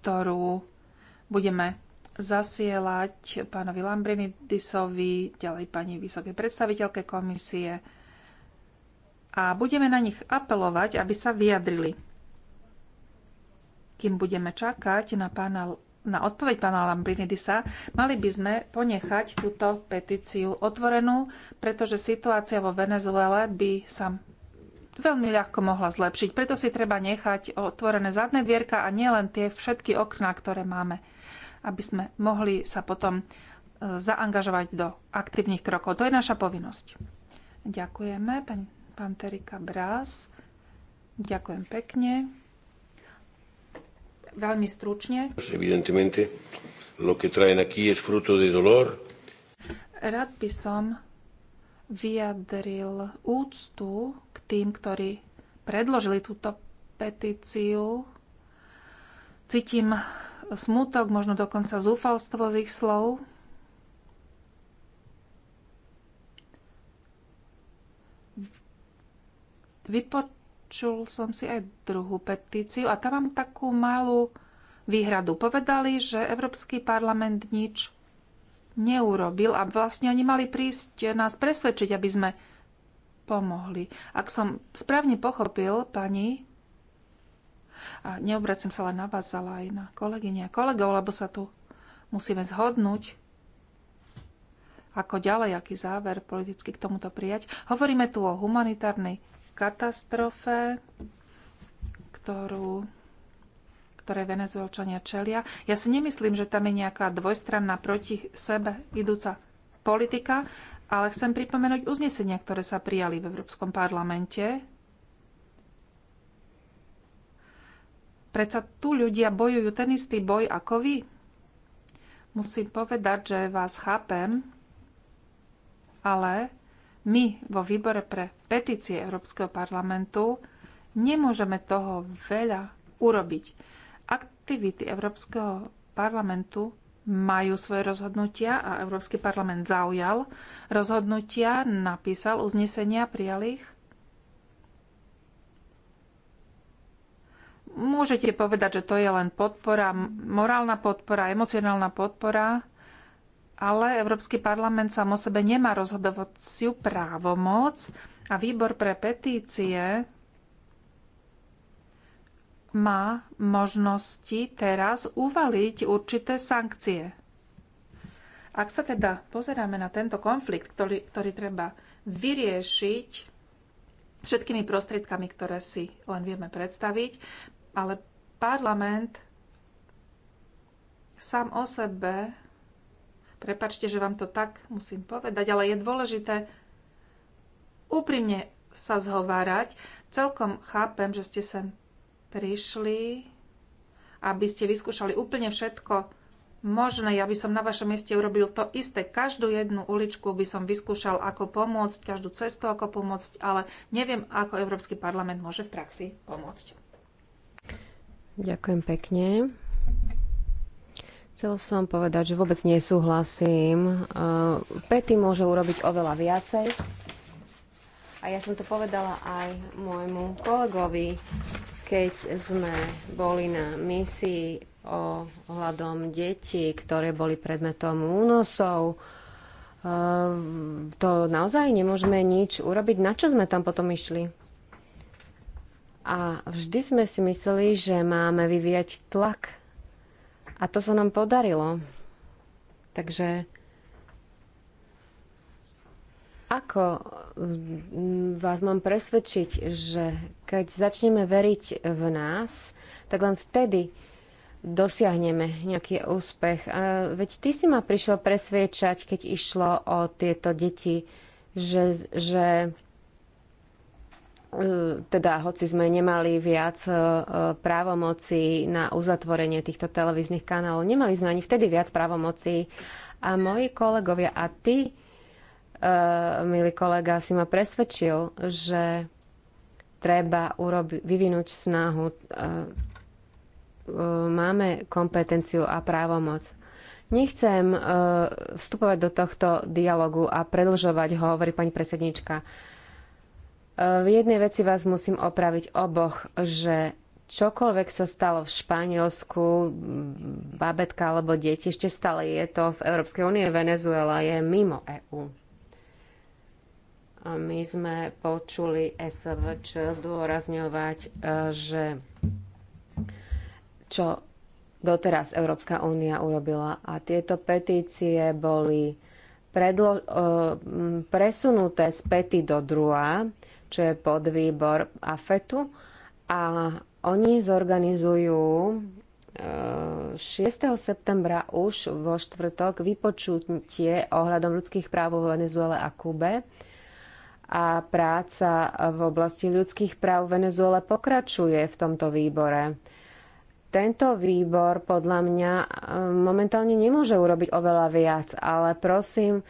C: ktorú budeme zasielať pánovi Lambrinidisovi, ďalej pani vysokej predstaviteľke komisie a budeme na nich apelovať, aby sa vyjadrili. Kým budeme čakať na, pána, na odpoveď pána Lambrinidisa, mali by sme ponechať túto petíciu otvorenú, pretože situácia vo Venezuele by sa veľmi ľahko mohla zlepšiť. Preto si treba nechať otvorené zadné dvierka a nielen tie všetky okná, ktoré máme, aby sme mohli sa potom e, zaangažovať do aktívnych krokov. To je naša povinnosť. Ďakujeme, pani Panterika Brás. Ďakujem pekne. Veľmi stručne.
A: Evidentemente, lo que traen aquí es fruto de dolor.
C: Rád by som vyjadril úctu k tým, ktorí predložili túto petíciu. Cítim smutok, možno dokonca zúfalstvo z ich slov. Vypočul som si aj druhú petíciu a tam mám takú malú výhradu. Povedali, že Európsky parlament nič neurobil a vlastne oni mali prísť nás presvedčiť, aby sme pomohli. Ak som správne pochopil, pani, a neobracem sa len na vás, ale aj na kolegyne a kolegov, lebo sa tu musíme zhodnúť, ako ďalej, aký záver politicky k tomuto prijať. Hovoríme tu o humanitárnej katastrofe, ktorú ktoré venezuelčania čelia. Ja si nemyslím, že tam je nejaká dvojstranná proti sebe idúca politika, ale chcem pripomenúť uznesenia, ktoré sa prijali v Európskom parlamente. Predsa tu ľudia bojujú ten istý boj ako vy. Musím povedať, že vás chápem, ale my vo výbore pre petície Európskeho parlamentu nemôžeme toho veľa urobiť aktivity Európskeho parlamentu majú svoje rozhodnutia a Európsky parlament zaujal rozhodnutia, napísal uznesenia, prijal ich. Môžete povedať, že to je len podpora, morálna podpora, emocionálna podpora, ale Európsky parlament sám o sebe nemá rozhodovaciu právomoc a výbor pre petície má možnosti teraz uvaliť určité sankcie. Ak sa teda pozeráme na tento konflikt, ktorý, ktorý treba vyriešiť všetkými prostriedkami, ktoré si len vieme predstaviť, ale parlament sám o sebe, prepačte, že vám to tak musím povedať, ale je dôležité úprimne sa zhovárať. Celkom chápem, že ste sem prišli, aby ste vyskúšali úplne všetko možné. Ja by som na vašom mieste urobil to isté. Každú jednu uličku by som vyskúšal, ako pomôcť, každú cestu, ako pomôcť, ale neviem, ako Európsky parlament môže v praxi pomôcť.
A: Ďakujem pekne. Chcel som povedať, že vôbec nesúhlasím. Uh, Pety môže urobiť oveľa viacej. A ja som to povedala aj môjmu kolegovi keď sme boli na misii o hľadom detí, ktoré boli predmetom únosov, e, to naozaj nemôžeme nič urobiť. Na čo sme tam potom išli? A vždy sme si mysleli, že máme vyvíjať tlak. A to sa nám podarilo. Takže ako vás mám presvedčiť, že keď začneme veriť v nás, tak len vtedy dosiahneme nejaký úspech. A veď ty si ma prišiel presviečať, keď išlo o tieto deti, že, že e, teda hoci sme nemali viac e, právomocí na uzatvorenie týchto televíznych kanálov, nemali sme ani vtedy viac právomocí. A moji kolegovia a ty, Eh, milý kolega, si ma presvedčil, že treba urobi- vyvinúť snahu. Eh, eh, máme kompetenciu a právomoc. Nechcem vstupovať do tohto dialogu a predlžovať ho, hovorí pani predsednička. V jednej veci vás musím opraviť oboch, že čokoľvek sa stalo v Španielsku, babetka alebo deti, ešte stále je to v Európskej únie, Venezuela je mimo EÚ. My sme počuli SVČ zdôrazňovať, e, že čo doteraz Európska únia urobila. A tieto petície boli predlo- e, presunuté z pety do druhá, čo je podvýbor AFETu. A oni zorganizujú 6. E, septembra už vo štvrtok vypočutie ohľadom ľudských práv vo Venezuele a Kube a práca v oblasti ľudských práv v Venezuele pokračuje v tomto výbore. Tento výbor podľa mňa e, momentálne nemôže urobiť oveľa viac, ale prosím,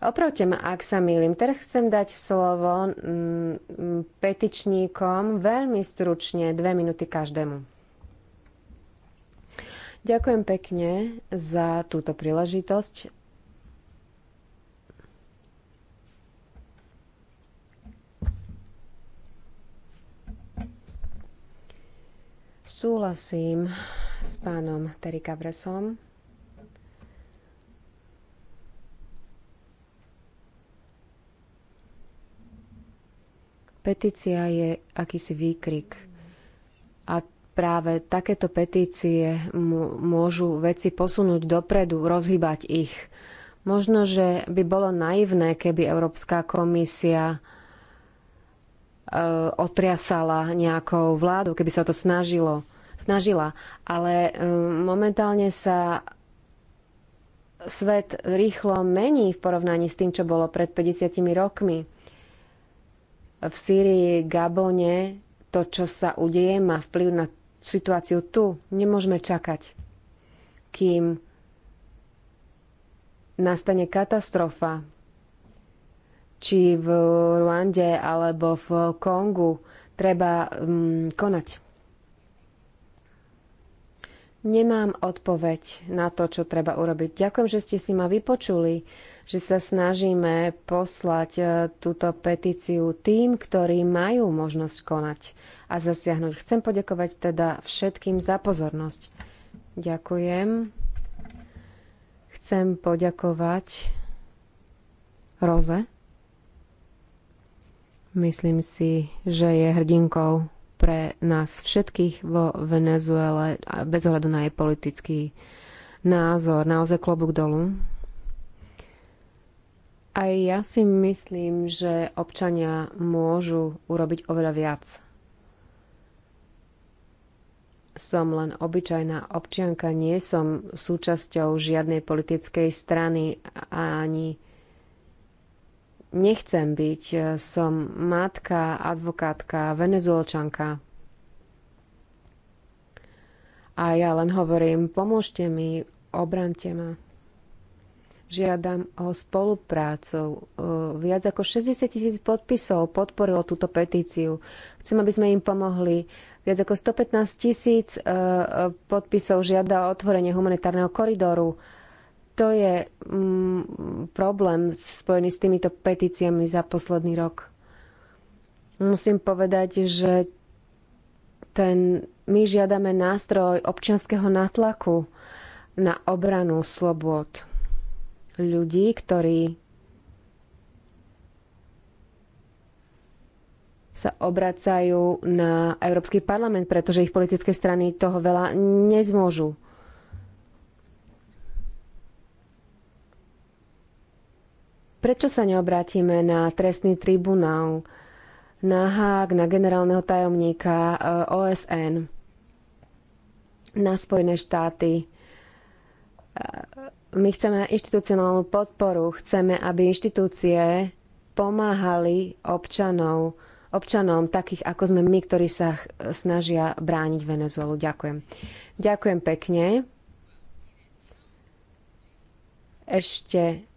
A: opravte ma, ak sa milím. Teraz chcem dať slovo petičníkom veľmi stručne, dve minúty každému. Ďakujem pekne za túto príležitosť Súhlasím s pánom Terry Vresom. Petícia je akýsi výkrik. A práve takéto petície môžu veci posunúť dopredu, rozhýbať ich. Možno, že by bolo naivné, keby Európska komisia E, otriasala nejakou vládou, keby sa o to snažilo, snažila. Ale e, momentálne sa svet rýchlo mení v porovnaní s tým, čo bolo pred 50 rokmi. V Sýrii, Gabone, to, čo sa udeje, má vplyv na situáciu tu. Nemôžeme čakať, kým nastane katastrofa, či v Ruande alebo v Kongu. Treba um, konať. Nemám odpoveď na to, čo treba urobiť. Ďakujem, že ste si ma vypočuli, že sa snažíme poslať e, túto petíciu tým, ktorí majú možnosť konať a zasiahnuť. Chcem poďakovať teda všetkým za pozornosť. Ďakujem. Chcem poďakovať Roze. Myslím si, že je hrdinkou pre nás všetkých vo Venezuele, bez ohľadu na jej politický názor. Naozaj klobúk dolu. Aj ja si myslím, že občania môžu urobiť oveľa viac. Som len obyčajná občianka, nie som súčasťou žiadnej politickej strany ani nechcem byť. E, som matka, advokátka, venezuelčanka. A ja len hovorím, pomôžte mi, obrante ma. Žiadam o spoluprácu. E, viac ako 60 tisíc podpisov podporilo túto petíciu. Chcem, aby sme im pomohli. Viac ako 115 tisíc e, podpisov žiada o otvorenie humanitárneho koridoru to je mm, problém spojený s týmito petíciami za posledný rok. Musím povedať, že ten, my žiadame nástroj občianského nátlaku na obranu slobod ľudí, ktorí sa obracajú na Európsky parlament, pretože ich politické strany toho veľa nezmôžu. Prečo sa neobrátime na trestný tribunál, na Hák, na generálneho tajomníka eh, OSN, na Spojené štáty? Eh, my chceme inštitucionálnu podporu, chceme, aby inštitúcie pomáhali občanov, občanom takých, ako sme my, ktorí sa snažia brániť Venezuelu. Ďakujem. Ďakujem pekne. Ešte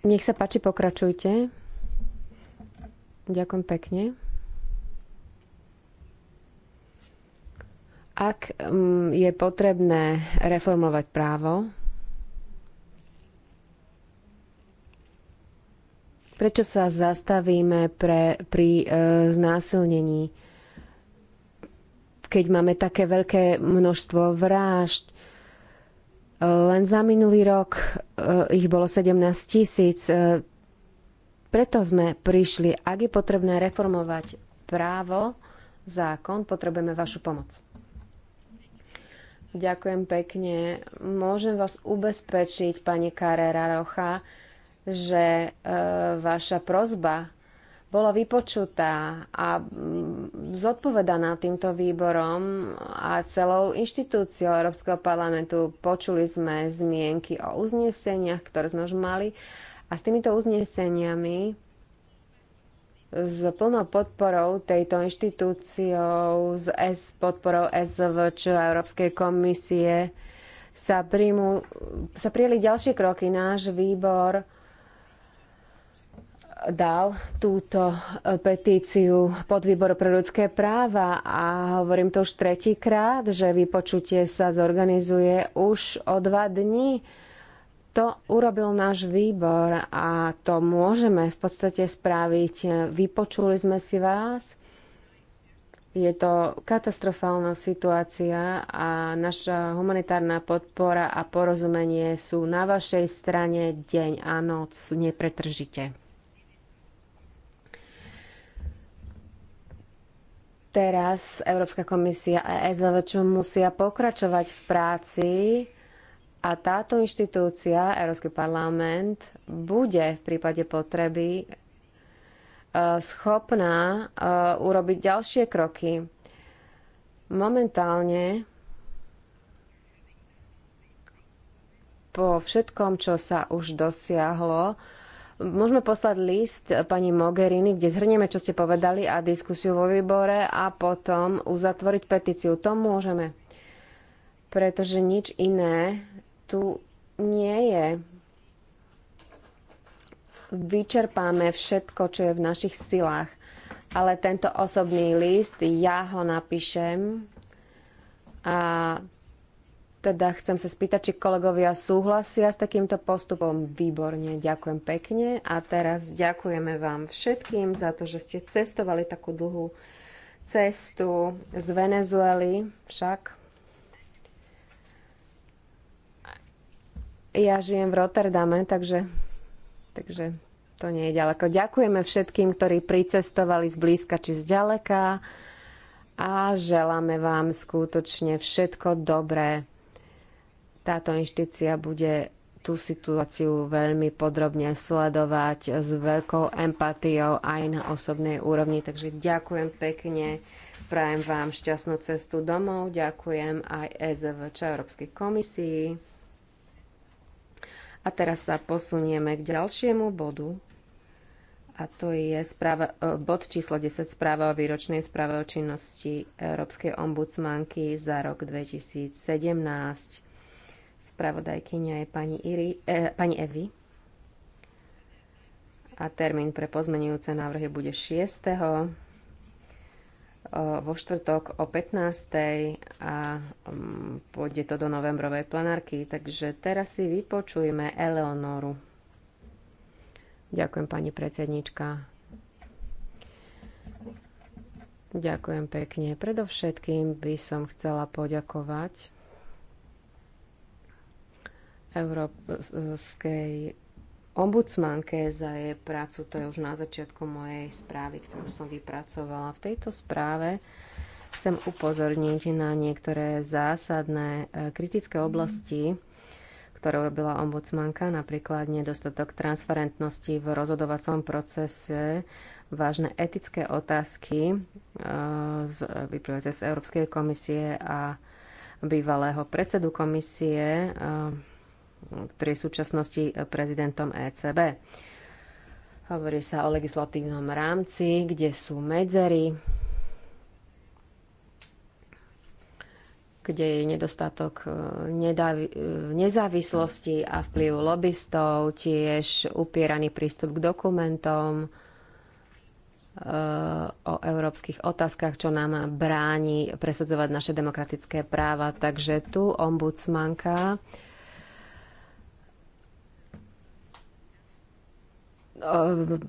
A: nech sa páči, pokračujte. Ďakujem pekne. Ak mm, je potrebné reformovať právo, prečo sa zastavíme pre, pri e, znásilnení, keď máme také veľké množstvo vražd, len za minulý rok eh, ich bolo 17 tisíc. Eh, preto sme prišli, ak je potrebné reformovať právo, zákon, potrebujeme vašu pomoc. Ďakujem pekne. Môžem vás ubezpečiť, pani Karera Rocha, že e, vaša prozba bola vypočutá a mm, zodpovedaná týmto výborom a celou inštitúciou Európskeho parlamentu. Počuli sme zmienky o uzneseniach, ktoré sme už mali a s týmito uzneseniami s plnou podporou tejto inštitúciou, s S podporou SVČ a Európskej komisie sa, príjmu, sa prijeli ďalšie kroky. Náš výbor dal túto e, petíciu pod výbor pre ľudské práva a hovorím to už tretíkrát, že vypočutie sa zorganizuje už o dva dní. To urobil náš výbor a to môžeme v podstate spraviť. Vypočuli sme si vás. Je to katastrofálna situácia a naša humanitárna podpora a porozumenie sú na vašej strane deň a noc nepretržite. teraz Európska komisia a SVČ musia pokračovať v práci a táto inštitúcia, Európsky parlament, bude v prípade potreby e, schopná e, urobiť ďalšie kroky. Momentálne po všetkom, čo sa už dosiahlo, Môžeme poslať list pani Mogherini, kde zhrnieme, čo ste povedali a diskusiu vo výbore a potom uzatvoriť petíciu. To môžeme. Pretože nič iné tu nie je. Vyčerpáme všetko, čo je v našich silách. Ale tento osobný list, ja ho napíšem a teda chcem sa spýtať, či kolegovia súhlasia s takýmto postupom. Výborne, ďakujem pekne. A teraz ďakujeme vám všetkým za to, že ste cestovali takú dlhú cestu z Venezuely. Však ja žijem v Rotterdame, takže, takže to nie je ďaleko. Ďakujeme všetkým, ktorí pricestovali z blízka či z ďaleka a želáme vám skutočne všetko dobré táto inštícia bude tú situáciu veľmi podrobne sledovať s veľkou empatiou aj na osobnej úrovni. Takže ďakujem pekne, prajem vám šťastnú cestu domov, ďakujem aj EZVČ Európskej komisii. A teraz sa posunieme k ďalšiemu bodu. A to je správa, e, bod číslo 10 správa o výročnej správe o činnosti Európskej ombudsmanky za rok 2017. Spravodajkyňa je pani, Iri, eh, pani Evi. A termín pre pozmenujúce návrhy bude 6. vo štvrtok o 15. a mm, pôjde to do novembrovej plenárky. Takže teraz si vypočujme Eleonoru. Ďakujem, pani predsednička. Ďakujem pekne. Predovšetkým by som chcela poďakovať Európskej ombudsmanke za jej prácu. To je už na začiatku mojej správy, ktorú som vypracovala. V tejto správe chcem upozorniť na niektoré zásadné e, kritické oblasti, ktoré urobila ombudsmanka, napríklad nedostatok transparentnosti v rozhodovacom procese, vážne etické otázky e, vyplývajúce z Európskej komisie a bývalého predsedu komisie e, ktorý je v súčasnosti prezidentom ECB. Hovorí sa o legislatívnom rámci, kde sú medzery, kde je nedostatok eh, eh, nezávislosti a vplyv lobbystov, tiež upieraný prístup k dokumentom eh, o európskych otázkach, čo nám bráni presadzovať naše demokratické práva. Takže tu ombudsmanka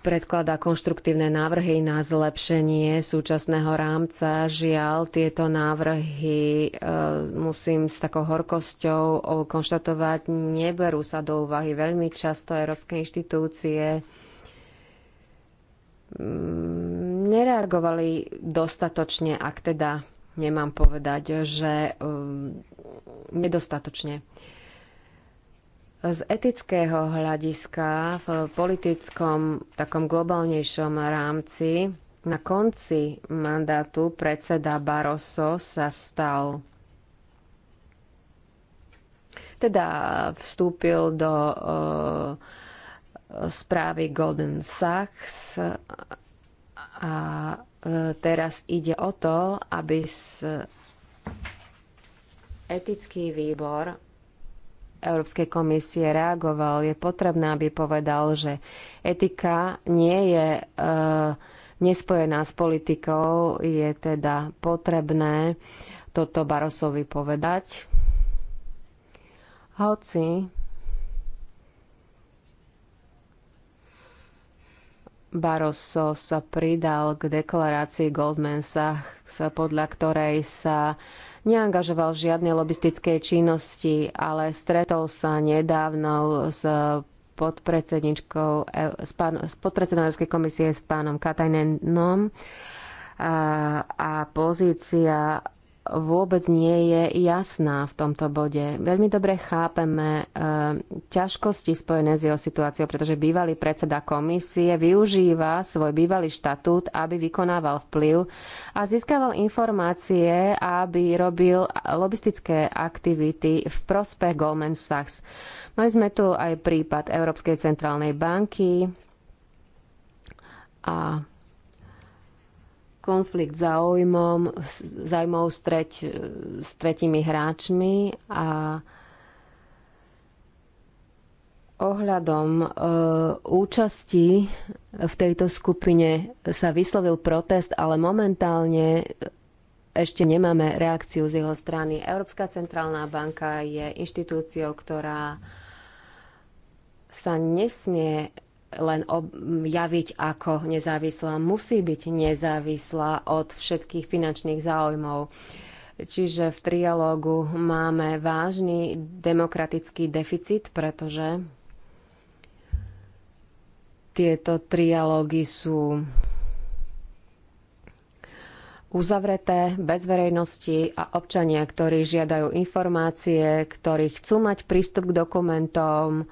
A: predkladá konštruktívne návrhy na zlepšenie súčasného rámca. Žiaľ, tieto návrhy e, musím s takou horkosťou konštatovať, neberú sa do úvahy. Veľmi často európske inštitúcie mm, nereagovali dostatočne, ak teda nemám povedať, že e, nedostatočne z etického hľadiska v politickom takom globálnejšom rámci na konci mandátu predseda Barroso sa stal teda vstúpil do uh, správy Golden Sachs a uh, teraz ide o to, aby s etický výbor Európskej komisie reagoval, je potrebné, aby povedal, že etika nie je e, nespojená s politikou, je teda potrebné toto Barosovi povedať. Hoci Barroso sa pridal k deklarácii Goldman Sachs, podľa ktorej sa neangažoval v žiadnej lobistickej činnosti, ale stretol sa nedávno s podpredsedničkou, e- s, pán, s podpredsedom Európskej komisie s pánom Katajnenom a, a pozícia vôbec nie je jasná v tomto bode. Veľmi dobre chápeme e, ťažkosti spojené s jeho situáciou, pretože bývalý predseda komisie využíva svoj bývalý štatút, aby vykonával vplyv a získaval informácie, aby robil lobistické aktivity v prospech Goldman Sachs. Mali sme tu aj prípad Európskej centrálnej banky a konflikt záujmom, záujmov treť, s tretími hráčmi a ohľadom e, účasti v tejto skupine sa vyslovil protest, ale momentálne ešte nemáme reakciu z jeho strany. Európska centrálna banka je inštitúciou, ktorá sa nesmie len javiť ako nezávislá. Musí byť nezávislá od všetkých finančných záujmov. Čiže v trialógu máme vážny demokratický deficit, pretože tieto trialógy sú uzavreté bez verejnosti a občania, ktorí žiadajú informácie, ktorí chcú mať prístup k dokumentom,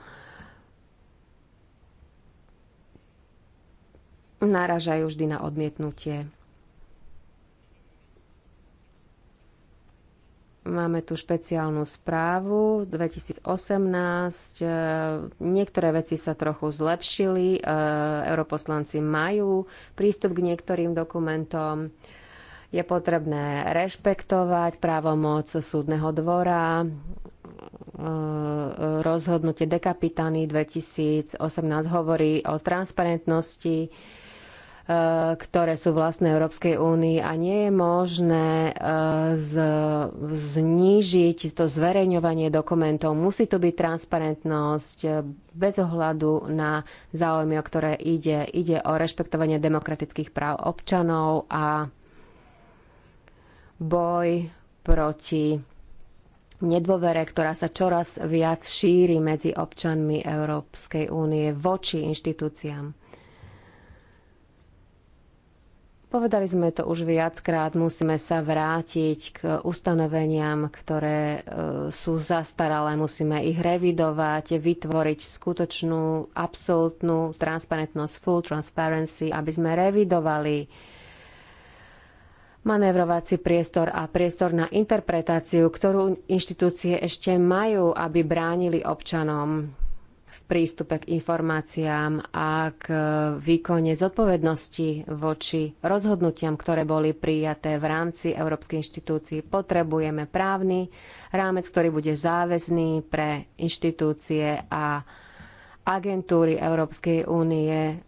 A: náražajú vždy na odmietnutie. Máme tu špeciálnu správu 2018. E, niektoré veci sa trochu zlepšili. E, europoslanci majú prístup k niektorým dokumentom. Je potrebné rešpektovať právomoc súdneho dvora, e, rozhodnutie Dekapitany 2018 hovorí o transparentnosti ktoré sú vlastné Európskej únii a nie je možné eh, z, znížiť to zverejňovanie dokumentov. Musí tu byť transparentnosť eh, bez ohľadu na záujmy, o ktoré ide. Ide o rešpektovanie demokratických práv občanov a boj proti nedôvere, ktorá sa čoraz viac šíri medzi občanmi Európskej únie voči inštitúciám. Povedali sme to už viackrát, musíme sa vrátiť k ustanoveniam, ktoré e, sú zastaralé, musíme ich revidovať, vytvoriť skutočnú, absolútnu transparentnosť, full transparency, aby sme revidovali manévrovací priestor a priestor na interpretáciu, ktorú inštitúcie ešte majú, aby bránili občanom prístupe k informáciám a k výkone zodpovednosti voči rozhodnutiam, ktoré boli prijaté v rámci Európskej inštitúcii. Potrebujeme právny rámec, ktorý bude záväzný pre inštitúcie a agentúry Európskej únie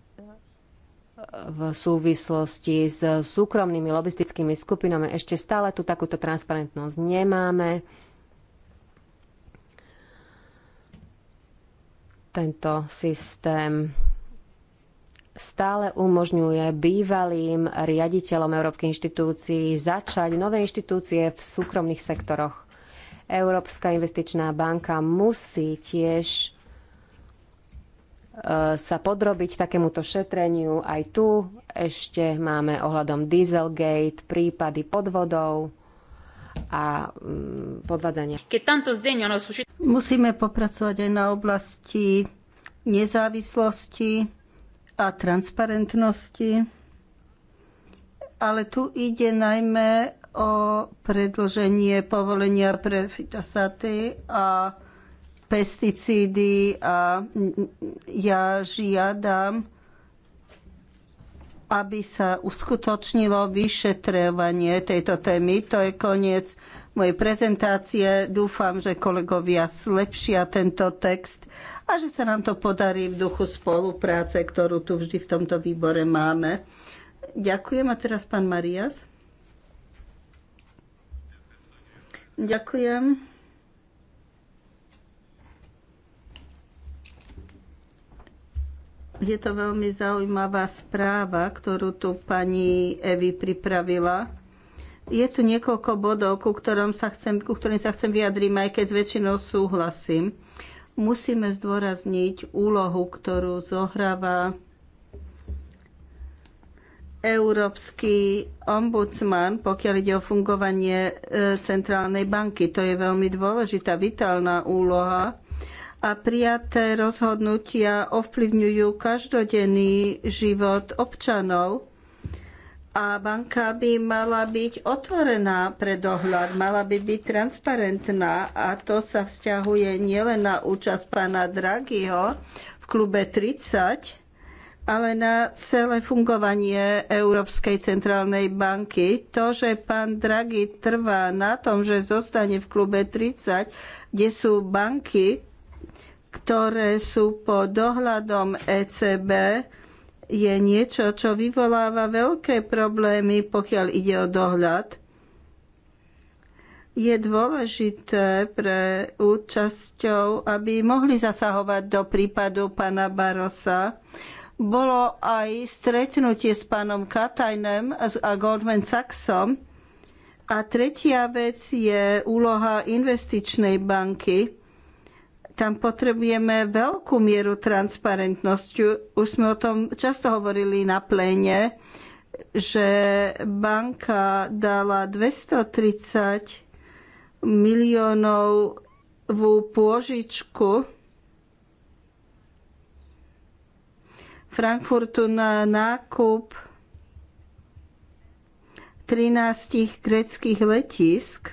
A: v súvislosti s súkromnými lobistickými skupinami. Ešte stále tu takúto transparentnosť nemáme. Tento systém stále umožňuje bývalým riaditeľom európskej inštitúcií začať nové inštitúcie v súkromných sektoroch. Európska investičná banka musí tiež e, sa podrobiť takémuto šetreniu. Aj tu ešte máme ohľadom Dieselgate, prípady podvodov a mm,
B: podvádzania. Musíme popracovať aj na oblasti nezávislosti a transparentnosti, ale tu ide najmä o predlženie povolenia pre fitosaty a pesticídy a ja žiadam, aby sa uskutočnilo vyšetrovanie tejto témy. To je koniec mojej prezentácie. Dúfam, že kolegovia slepšia tento text a že sa nám to podarí v duchu spolupráce, ktorú tu vždy v tomto výbore máme. Ďakujem a teraz pán Marias. Ďakujem. Je to veľmi zaujímavá správa, ktorú tu pani Evi pripravila. Je tu niekoľko bodov, ku, ktorom sa chcem, ku ktorým sa chcem vyjadriť, aj keď s väčšinou súhlasím. Musíme zdôrazniť úlohu, ktorú zohráva Európsky ombudsman, pokiaľ ide o fungovanie e, Centrálnej banky. To je veľmi dôležitá, vitálna úloha a prijaté rozhodnutia ovplyvňujú každodenný život občanov a banka by mala byť otvorená pre dohľad, mala by byť transparentná a to sa vzťahuje nielen na účasť pána Draghiho v klube 30, ale na celé fungovanie Európskej centrálnej banky. To, že pán Draghi trvá na tom, že zostane v klube 30, kde sú banky, ktoré sú pod dohľadom ECB, je niečo, čo vyvoláva veľké problémy, pokiaľ ide o dohľad. Je dôležité pre účasťou, aby mohli zasahovať do prípadu pána Barosa. Bolo aj stretnutie s pánom Katajnem a Goldman Sachsom. A tretia vec je úloha investičnej banky tam potrebujeme veľkú mieru transparentnosti. Už sme o tom často hovorili na pléne, že banka dala 230 miliónov pôžičku Frankfurtu na nákup 13 greckých letisk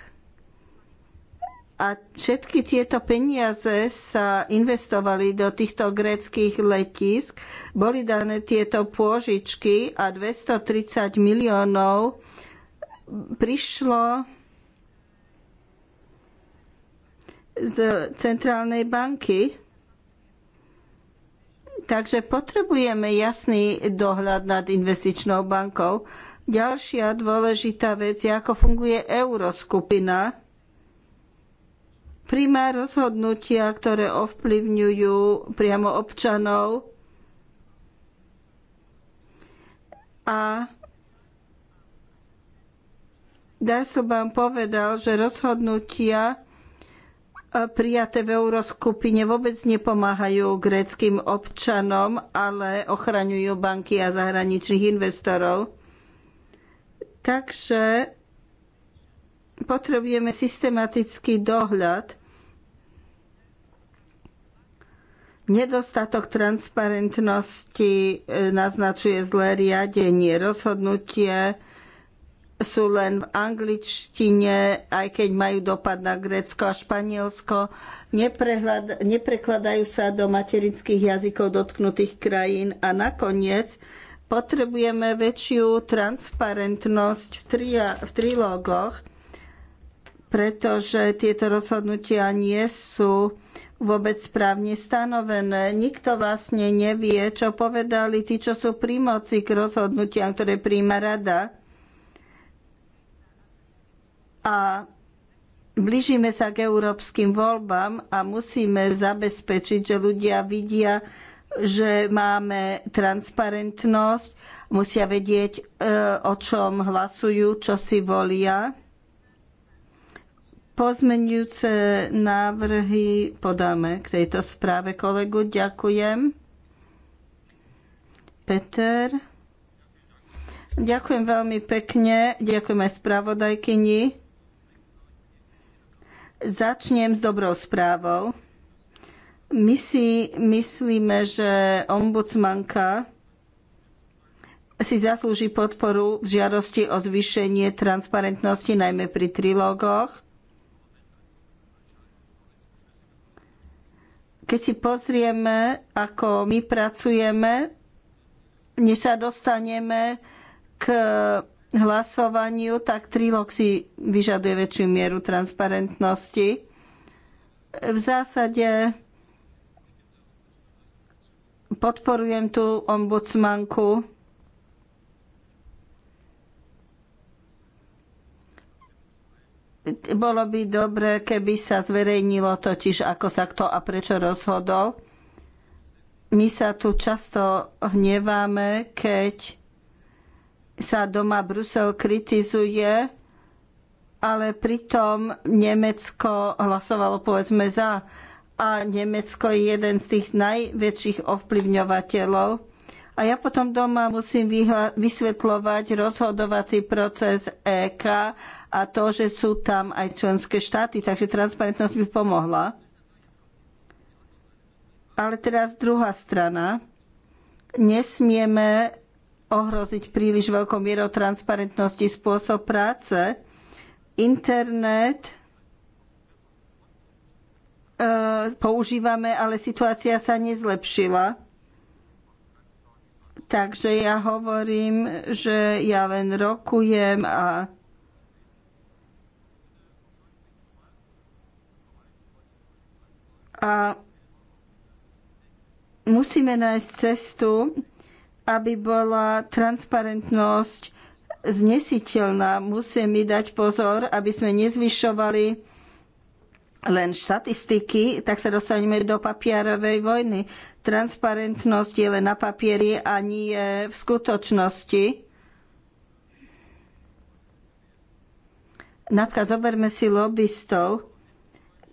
B: a všetky tieto peniaze sa investovali do týchto gréckých letísk. Boli dané tieto pôžičky a 230 miliónov prišlo z centrálnej banky. Takže potrebujeme jasný dohľad nad investičnou bankou. Ďalšia dôležitá vec je, ako funguje euroskupina príjma rozhodnutia, ktoré ovplyvňujú priamo občanov a dá vám povedal, že rozhodnutia eh, prijaté v euroskupine vôbec nepomáhajú gréckým občanom, ale ochraňujú banky a zahraničných investorov. Takže potrebujeme systematický dohľad Nedostatok transparentnosti e, naznačuje zlé riadenie. Rozhodnutie sú len v angličtine, aj keď majú dopad na Grécko a Španielsko. neprekladajú sa do materinských jazykov dotknutých krajín. A nakoniec potrebujeme väčšiu transparentnosť v, tria, v trilógoch, pretože tieto rozhodnutia nie sú vôbec správne stanovené. Nikto vlastne nevie, čo povedali tí, čo sú pri moci k rozhodnutiam, ktoré príjma rada. A blížime sa k európskym voľbám a musíme zabezpečiť, že ľudia vidia, že máme transparentnosť, musia vedieť, e, o čom hlasujú, čo si volia Pozmenujúce návrhy podáme k tejto správe kolegu. Ďakujem. Peter. Ďakujem veľmi pekne. Ďakujem aj spravodajkyni. Začnem s dobrou správou. My si myslíme, že ombudsmanka si zaslúži podporu v žiadosti o zvýšenie transparentnosti, najmä pri trilógoch Keď si pozrieme, ako my pracujeme, než sa dostaneme k hlasovaniu, tak trilog si vyžaduje väčšiu mieru transparentnosti. V zásade podporujem tú ombudsmanku, Bolo by dobre, keby sa zverejnilo totiž, ako sa kto a prečo rozhodol. My sa tu často hneváme, keď sa doma Brusel kritizuje, ale pritom Nemecko hlasovalo povedzme za a Nemecko je jeden z tých najväčších ovplyvňovateľov. A ja potom doma musím vysvetľovať rozhodovací proces EK a to, že sú tam aj členské štáty, takže transparentnosť by pomohla. Ale teraz druhá strana. Nesmieme ohroziť príliš veľkou mierou transparentnosti spôsob práce. Internet e, používame, ale situácia sa nezlepšila. Takže ja hovorím, že ja len rokujem a A musíme nájsť cestu, aby bola transparentnosť znesiteľná. Musíme dať pozor, aby sme nezvyšovali len štatistiky, tak sa dostaneme do papierovej vojny. Transparentnosť je len na papieri a nie v skutočnosti. Napríklad zoberme si lobbystov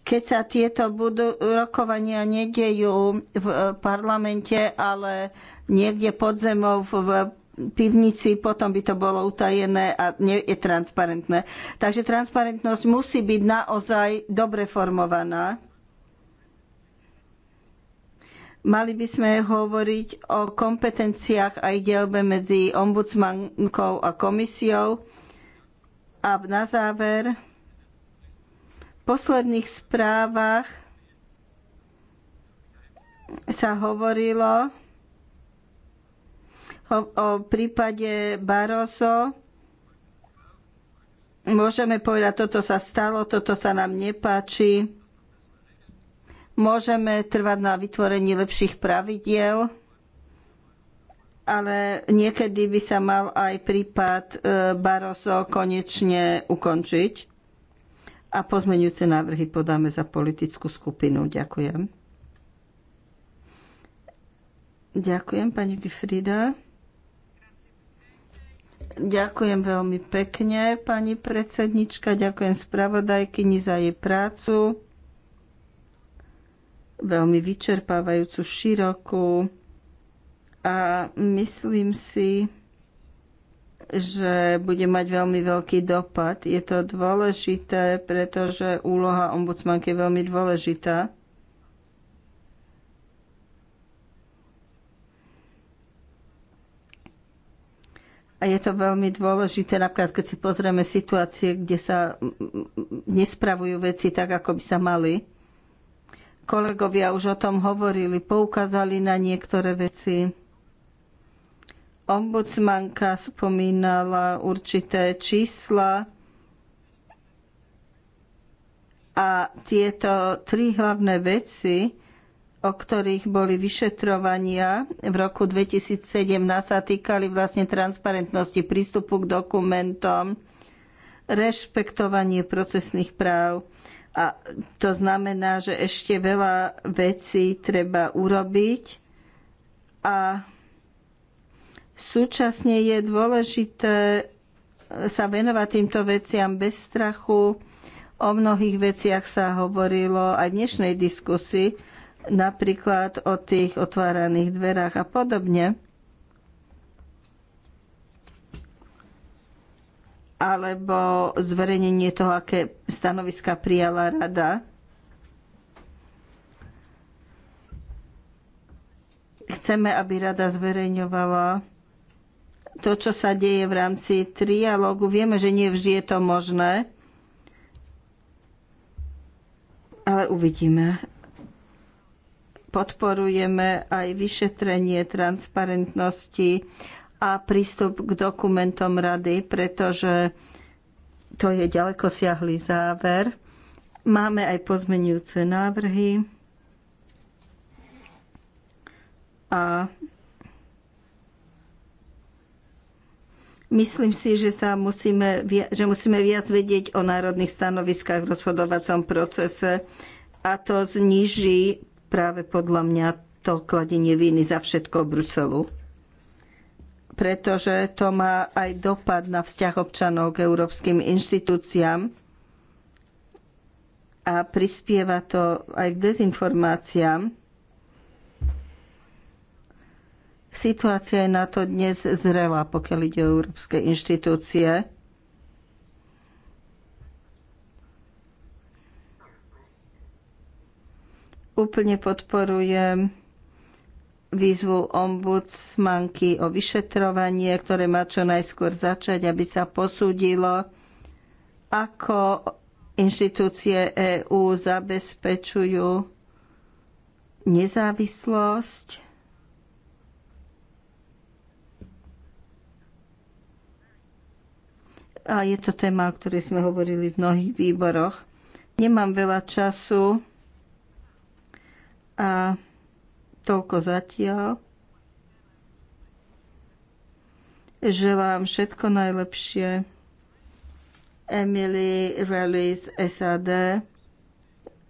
B: keď sa tieto budú, rokovania nedejú v eh, parlamente, ale niekde pod zemou v pivnici, potom by to bolo utajené a nie je transparentné. Takže transparentnosť musí byť naozaj dobre formovaná. Mali by sme hovoriť o kompetenciách aj dielbe medzi ombudsmankou a komisiou. A na záver posledných správach sa hovorilo o, o prípade Barroso. Môžeme povedať, toto sa stalo, toto sa nám nepáči. Môžeme trvať na vytvorení lepších pravidiel, ale niekedy by sa mal aj prípad e, Barroso konečne ukončiť a pozmeňujúce návrhy podáme za politickú skupinu. Ďakujem. Ďakujem, pani Gifrida. Ďakujem veľmi pekne, pani predsednička. Ďakujem spravodajkyni za jej prácu. Veľmi vyčerpávajúcu, širokú. A myslím si, že bude mať veľmi veľký dopad. Je to dôležité, pretože úloha ombudsmanky je veľmi dôležitá. A je to veľmi dôležité, napríklad keď si pozrieme situácie, kde sa nespravujú veci tak, ako by sa mali. Kolegovia už o tom hovorili, poukázali na niektoré veci. Ombudsmanka spomínala určité čísla a tieto tri hlavné veci, o ktorých boli vyšetrovania v roku 2017 sa týkali vlastne transparentnosti prístupu k dokumentom, rešpektovanie procesných práv. A to znamená, že ešte veľa vecí treba urobiť a Súčasne je dôležité eh, sa venovať týmto veciam bez strachu. O mnohých veciach sa hovorilo aj v dnešnej diskusii, napríklad o tých otváraných dverách a podobne. alebo zverejnenie toho, aké stanoviska prijala rada. Chceme, aby rada zverejňovala to, čo sa deje v rámci trialógu. Vieme, že nie vždy je to možné, ale uvidíme. Podporujeme aj vyšetrenie transparentnosti a prístup k dokumentom rady, pretože to je ďaleko siahlý záver. Máme aj pozmenujúce návrhy a Myslím si, že, sa musíme, že musíme viac vedieť o národných stanoviskách v rozhodovacom procese a to zniží práve podľa mňa to kladenie viny za všetko Bruselu. Pretože to má aj dopad na vzťah občanov k európskym inštitúciám a prispieva to aj k dezinformáciám Situácia je na to dnes zrelá, pokiaľ ide o európske inštitúcie. Úplne podporujem výzvu ombudsmanky o vyšetrovanie, ktoré má čo najskôr začať, aby sa posúdilo, ako inštitúcie EÚ zabezpečujú nezávislosť a je to téma, o ktorej sme hovorili v mnohých výboroch. Nemám veľa času a toľko zatiaľ. Želám všetko najlepšie. Emily Rally SAD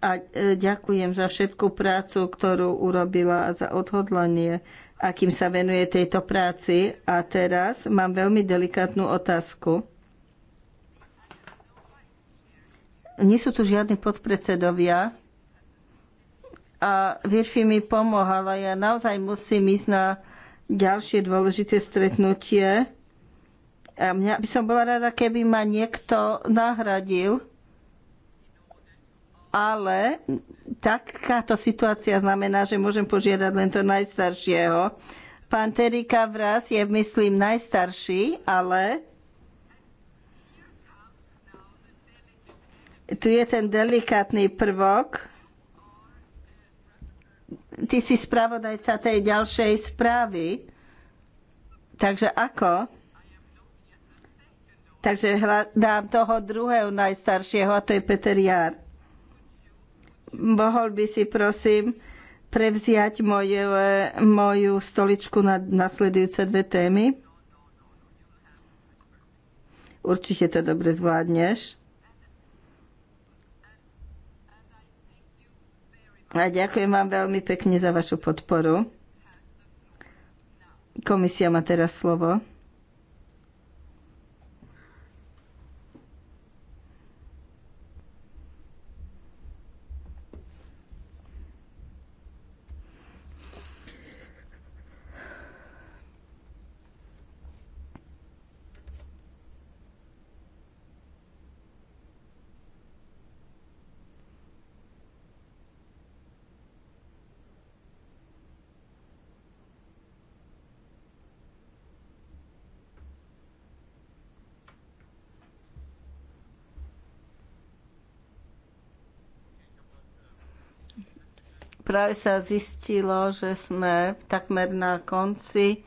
B: a e, ďakujem za všetku prácu, ktorú urobila a za odhodlanie, akým sa venuje tejto práci. A teraz mám veľmi delikátnu otázku. Nie sú tu žiadni podpredsedovia a Virfi mi pomohala. Ja naozaj musím ísť na ďalšie dôležité stretnutie. A mňa by som bola rada, keby ma niekto nahradil. Ale takáto situácia znamená, že môžem požiadať len to najstaršieho. Pán Terika Vras je, myslím, najstarší, ale Tu je ten delikátny prvok. Ty si spravodajca tej ďalšej správy. Takže ako? Takže hľadám toho druhého najstaršieho a to je Peter Jar. Mohol by si prosím prevziať moje, e, moju stoličku na nasledujúce dve témy? Určite to dobre zvládneš. A ďakujem vám veľmi pekne za vašu podporu. Komisia má teraz slovo. práve sa zistilo, že sme takmer na konci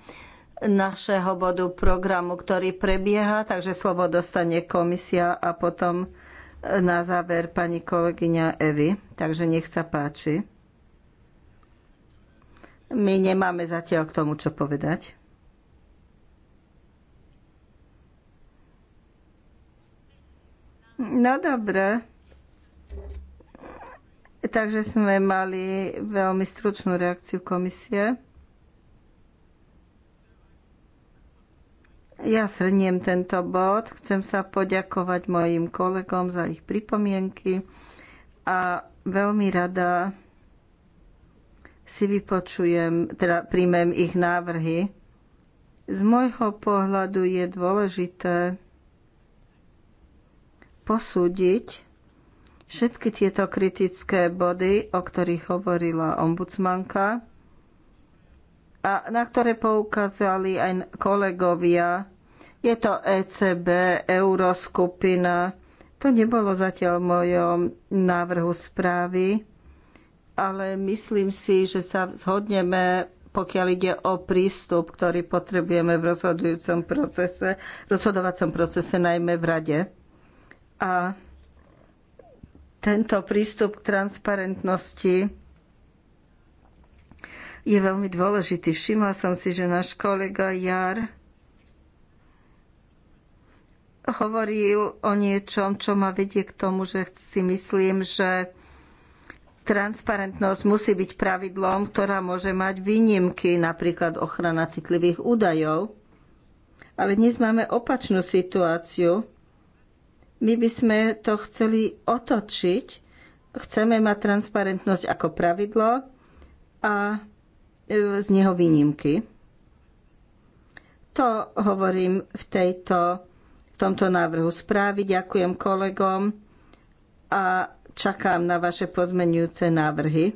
B: našeho bodu programu, ktorý prebieha, takže slovo dostane komisia a potom e, na záver pani kolegyňa Evy. Takže nech sa páči. My nemáme zatiaľ k tomu, čo povedať. No dobré. Takže sme mali veľmi stručnú reakciu komisie. Ja shrniem tento bod. Chcem sa poďakovať mojim kolegom za ich pripomienky a veľmi rada si vypočujem, teda príjmem ich návrhy. Z môjho pohľadu je dôležité posúdiť, Všetky tieto kritické body, o ktorých hovorila ombudsmanka a na ktoré poukázali aj kolegovia, je to ECB, Euroskupina, to nebolo zatiaľ v mojom návrhu správy, ale myslím si, že sa zhodneme, pokiaľ ide o prístup, ktorý potrebujeme v rozhodujúcom procese, rozhodovacom procese, najmä v rade. A tento prístup k transparentnosti je veľmi dôležitý. Všimla som si, že náš kolega Jar hovoril o niečom, čo ma vedie k tomu, že si myslím, že transparentnosť musí byť pravidlom, ktorá môže mať výnimky, napríklad ochrana citlivých údajov. Ale dnes máme opačnú situáciu. My by sme to chceli otočiť. Chceme mať transparentnosť ako pravidlo a e, z neho výnimky. To hovorím v, tejto, v tomto návrhu správy. Ďakujem kolegom a čakám na vaše pozmenujúce návrhy.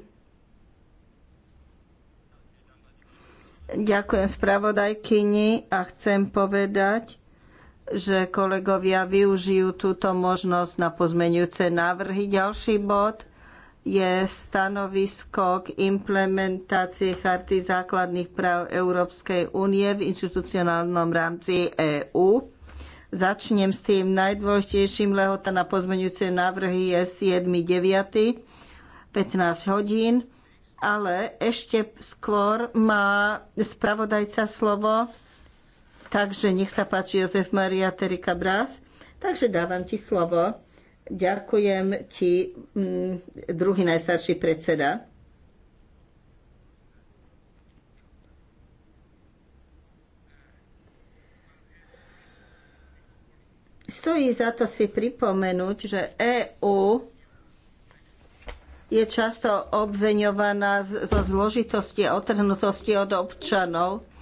B: Ďakujem spravodajkyni a chcem povedať, že kolegovia využijú túto možnosť na pozmeňujúce návrhy. Ďalší bod je stanovisko k implementácii Charty základných práv Európskej únie v institucionálnom rámci EÚ. Začnem s tým najdôležitejším lehota na pozmeňujúce návrhy je 7.9. 15 hodín, ale ešte skôr má spravodajca slovo Takže nech sa páči Jozef Maria Terika Brás. Takže dávam ti slovo. Ďakujem ti, mm, druhý najstarší predseda. Stojí za to si pripomenúť, že EÚ je často obveňovaná zo zložitosti a otrhnutosti od občanov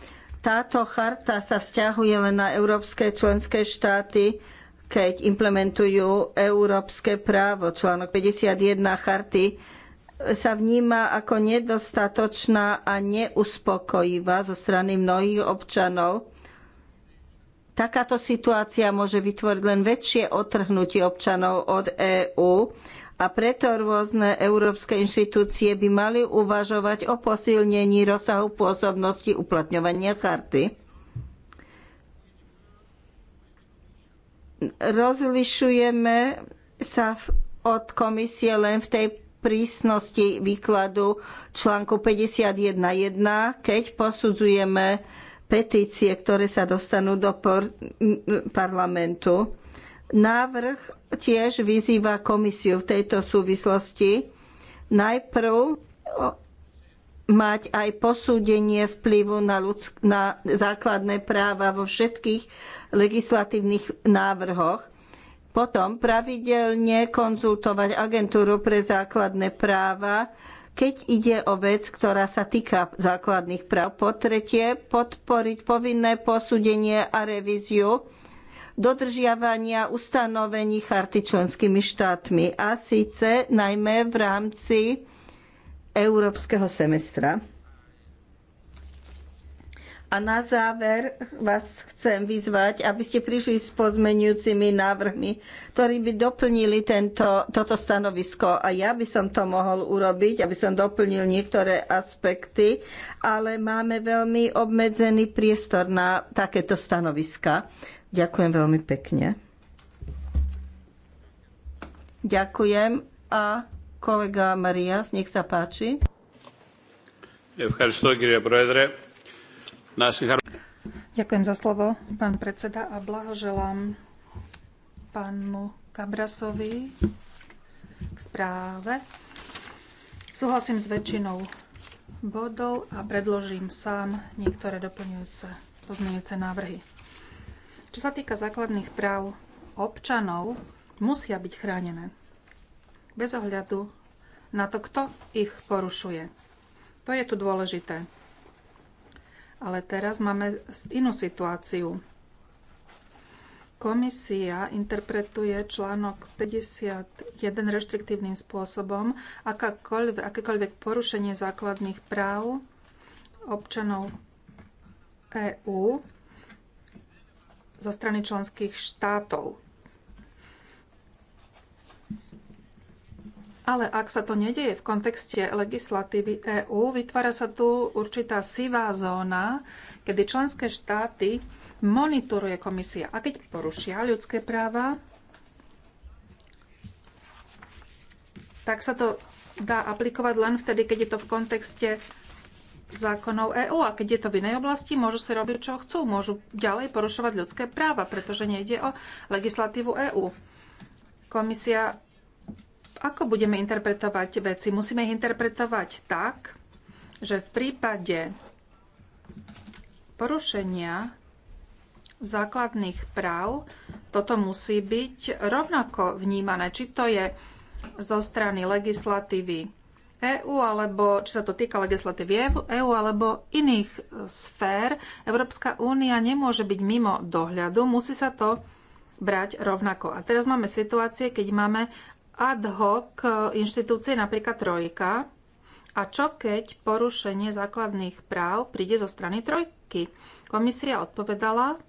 B: táto charta sa vzťahuje len na európske členské štáty, keď implementujú európske právo. Článok 51 charty sa vníma ako nedostatočná a neuspokojivá zo strany mnohých občanov. Takáto situácia môže vytvoriť len väčšie otrhnutie občanov od EÚ a preto rôzne európske inštitúcie by mali uvažovať o posilnení rozsahu pôsobnosti uplatňovania charty. Rozlišujeme sa od komisie len v tej prísnosti výkladu článku 51.1, keď posudzujeme petície, ktoré sa dostanú do parlamentu. Návrh tiež vyzýva komisiu v tejto súvislosti najprv mať aj posúdenie vplyvu na, ľudsk- na základné práva vo všetkých legislatívnych návrhoch, potom pravidelne konzultovať agentúru pre základné práva, keď ide o vec, ktorá sa týka základných práv. Po tretie, podporiť povinné posúdenie a revíziu dodržiavania ustanovení charty členskými štátmi a síce najmä v rámci európskeho semestra. A na záver vás chcem vyzvať, aby ste prišli s pozmenujúcimi návrhmi, ktorí by doplnili tento, toto stanovisko. A ja by som to mohol urobiť, aby som doplnil niektoré aspekty, ale máme veľmi obmedzený priestor na takéto stanoviska. Ďakujem veľmi pekne. Ďakujem a kolega Marias, nech sa páči.
C: Ďakujem za slovo, pán predseda, a blahoželám pánu Kabrasovi k správe. Súhlasím s väčšinou bodov a predložím sám niektoré doplňujúce pozmeňujúce návrhy. Čo sa týka základných práv občanov, musia byť chránené. Bez ohľadu na to, kto ich porušuje. To je tu dôležité. Ale teraz máme inú situáciu. Komisia interpretuje článok 51 reštriktívnym spôsobom. Akákoľvek, akékoľvek porušenie základných práv občanov EÚ zo strany členských štátov. Ale ak sa to nedieje v kontexte legislatívy EÚ, vytvára sa tu určitá sivá zóna, kedy členské štáty monitoruje komisia. A keď porušia ľudské práva, tak sa to dá aplikovať len vtedy, keď je to v kontexte zákonov EÚ. A keď je to v inej oblasti, môžu si robiť, čo chcú. Môžu ďalej porušovať ľudské práva, pretože nejde o legislatívu EÚ. Komisia, ako budeme interpretovať veci? Musíme ich interpretovať tak, že v prípade porušenia základných práv toto musí byť rovnako vnímané. Či to je zo strany legislatívy EÚ alebo či sa to týka legislatívy EÚ alebo iných e, sfér, Európska únia nemôže byť mimo dohľadu, musí sa to brať rovnako. A teraz máme situácie, keď máme ad hoc e, inštitúcie, napríklad trojka. A čo keď porušenie základných práv príde zo strany trojky? Komisia odpovedala,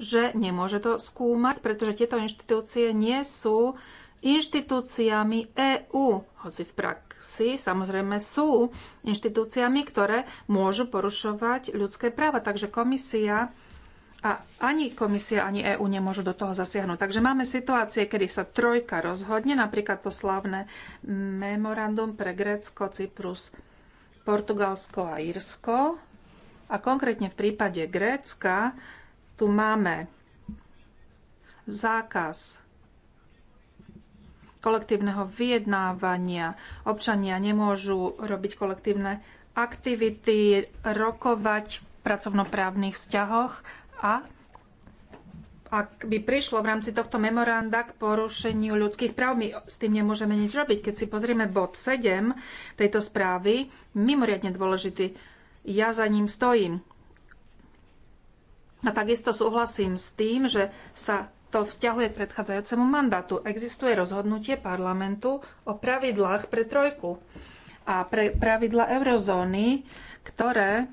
C: že nemôže to skúmať, pretože tieto inštitúcie nie sú inštitúciami EÚ, hoci v praxi samozrejme sú inštitúciami, ktoré môžu porušovať ľudské práva. Takže komisia a ani komisia, ani EÚ nemôžu do toho zasiahnuť. Takže máme situácie, kedy sa trojka rozhodne, napríklad to slavné memorandum pre Grécko, Cyprus, Portugalsko a Írsko. A konkrétne v prípade Grécka tu máme zákaz kolektívneho vyjednávania. Občania nemôžu robiť kolektívne aktivity, rokovať v pracovnoprávnych vzťahoch a ak by prišlo v rámci tohto memoranda k porušeniu ľudských práv, my s tým nemôžeme nič robiť. Keď si pozrieme bod 7 tejto správy, mimoriadne dôležitý, ja za ním stojím. A takisto súhlasím s tým, že sa to vzťahuje k predchádzajúcemu mandátu. Existuje rozhodnutie parlamentu o pravidlách pre trojku a pre pravidla eurozóny, ktoré,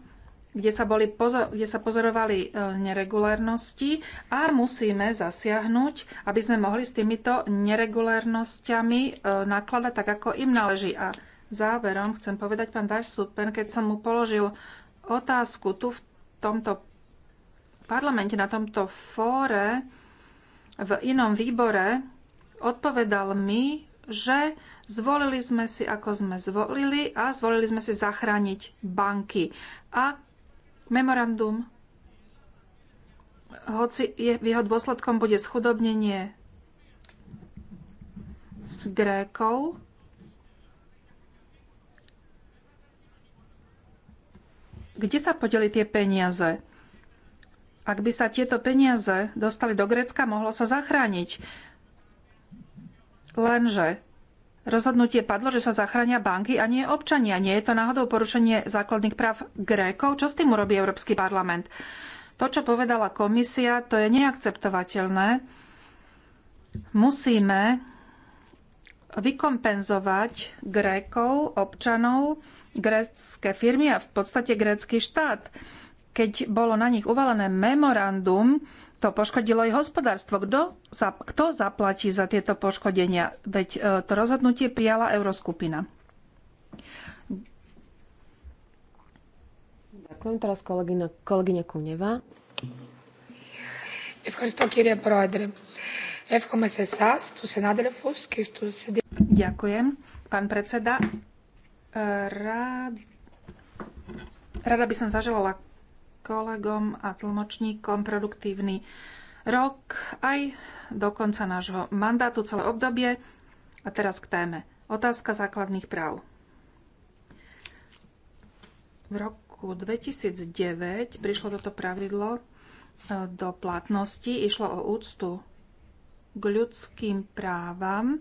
C: kde, sa boli pozor, kde sa pozorovali e, neregulárnosti a musíme zasiahnuť, aby sme mohli s týmito neregulárnosťami e, nakladať tak, ako im náleží. A záverom chcem povedať pán Dašsupen, keď som mu položil otázku tu v tomto parlamente, na tomto fóre, v inom výbore odpovedal mi, že zvolili sme si, ako sme zvolili a zvolili sme si zachrániť banky. A memorandum, hoci je, jeho dôsledkom bude schudobnenie Grékov, kde sa podeli tie peniaze? Ak by sa tieto peniaze dostali do Grécka, mohlo sa zachrániť. Lenže rozhodnutie padlo, že sa zachránia banky a nie občania. Nie je to náhodou porušenie základných práv Grékov? Čo s tým urobí Európsky parlament? To, čo povedala komisia, to je neakceptovateľné. Musíme vykompenzovať Grékov, občanov, grécké firmy a v podstate grécky štát keď bolo na nich uvalené memorandum, to poškodilo ich hospodárstvo. Kto, za, kto zaplatí za tieto poškodenia? Veď e, to rozhodnutie prijala Euroskupina.
A: Ďakujem teraz kolegyna, kolegyňa Kuneva.
C: Ďakujem, pán predseda. Rád Rada by som zaželala kolegom a tlmočníkom produktívny rok aj do konca nášho mandátu, celé obdobie. A teraz k téme. Otázka základných práv. V roku 2009 prišlo toto pravidlo e, do platnosti. Išlo o úctu k ľudským právam,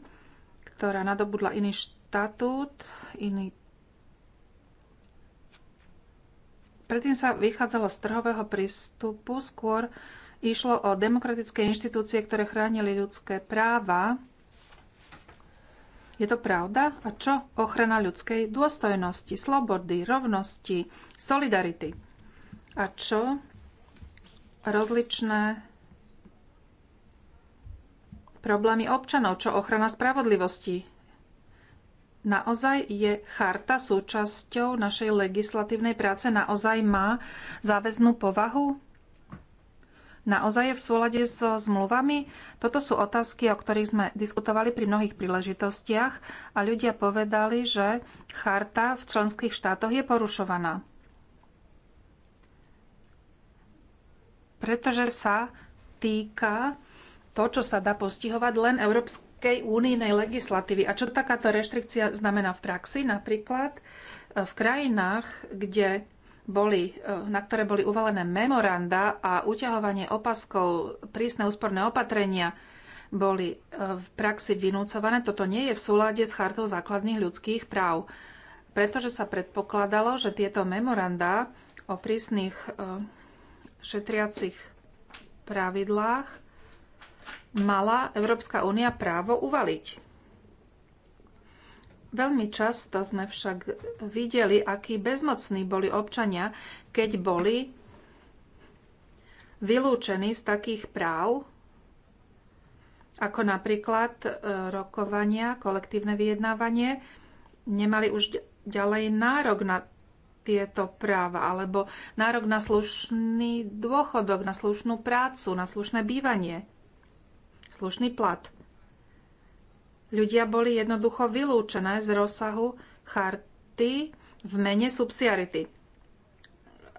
C: ktorá nadobudla iný štatút, iný Predtým sa vychádzalo z trhového prístupu, skôr išlo o demokratické inštitúcie, ktoré chránili ľudské práva. Je to pravda? A čo ochrana ľudskej dôstojnosti, slobody, rovnosti, solidarity? A čo rozličné problémy občanov, čo ochrana spravodlivosti, Naozaj je charta súčasťou našej legislatívnej práce? Naozaj má záväznú povahu? Naozaj je v súlade so zmluvami? Toto sú otázky, o ktorých sme diskutovali pri mnohých príležitostiach a ľudia povedali, že charta v členských štátoch je porušovaná. Pretože sa týka to, čo sa dá postihovať len Európskej Európskej únijnej legislatívy. A čo takáto reštrikcia znamená v praxi? Napríklad e, v krajinách, kde boli, e, na ktoré boli uvalené memoranda a uťahovanie opaskov, prísne úsporné opatrenia boli e, v praxi vynúcované. Toto nie je v súlade s chartou základných ľudských práv, pretože sa predpokladalo, že tieto memoranda o prísnych šetriacich pravidlách mala Európska únia právo uvaliť. Veľmi často sme však videli, akí bezmocní boli občania, keď boli vylúčení z takých práv, ako napríklad e, rokovania, kolektívne vyjednávanie, nemali už ďalej nárok na tieto práva, alebo nárok na slušný dôchodok, na slušnú prácu, na slušné bývanie slušný plat. Ľudia boli jednoducho vylúčené z rozsahu charty v mene subsiarity.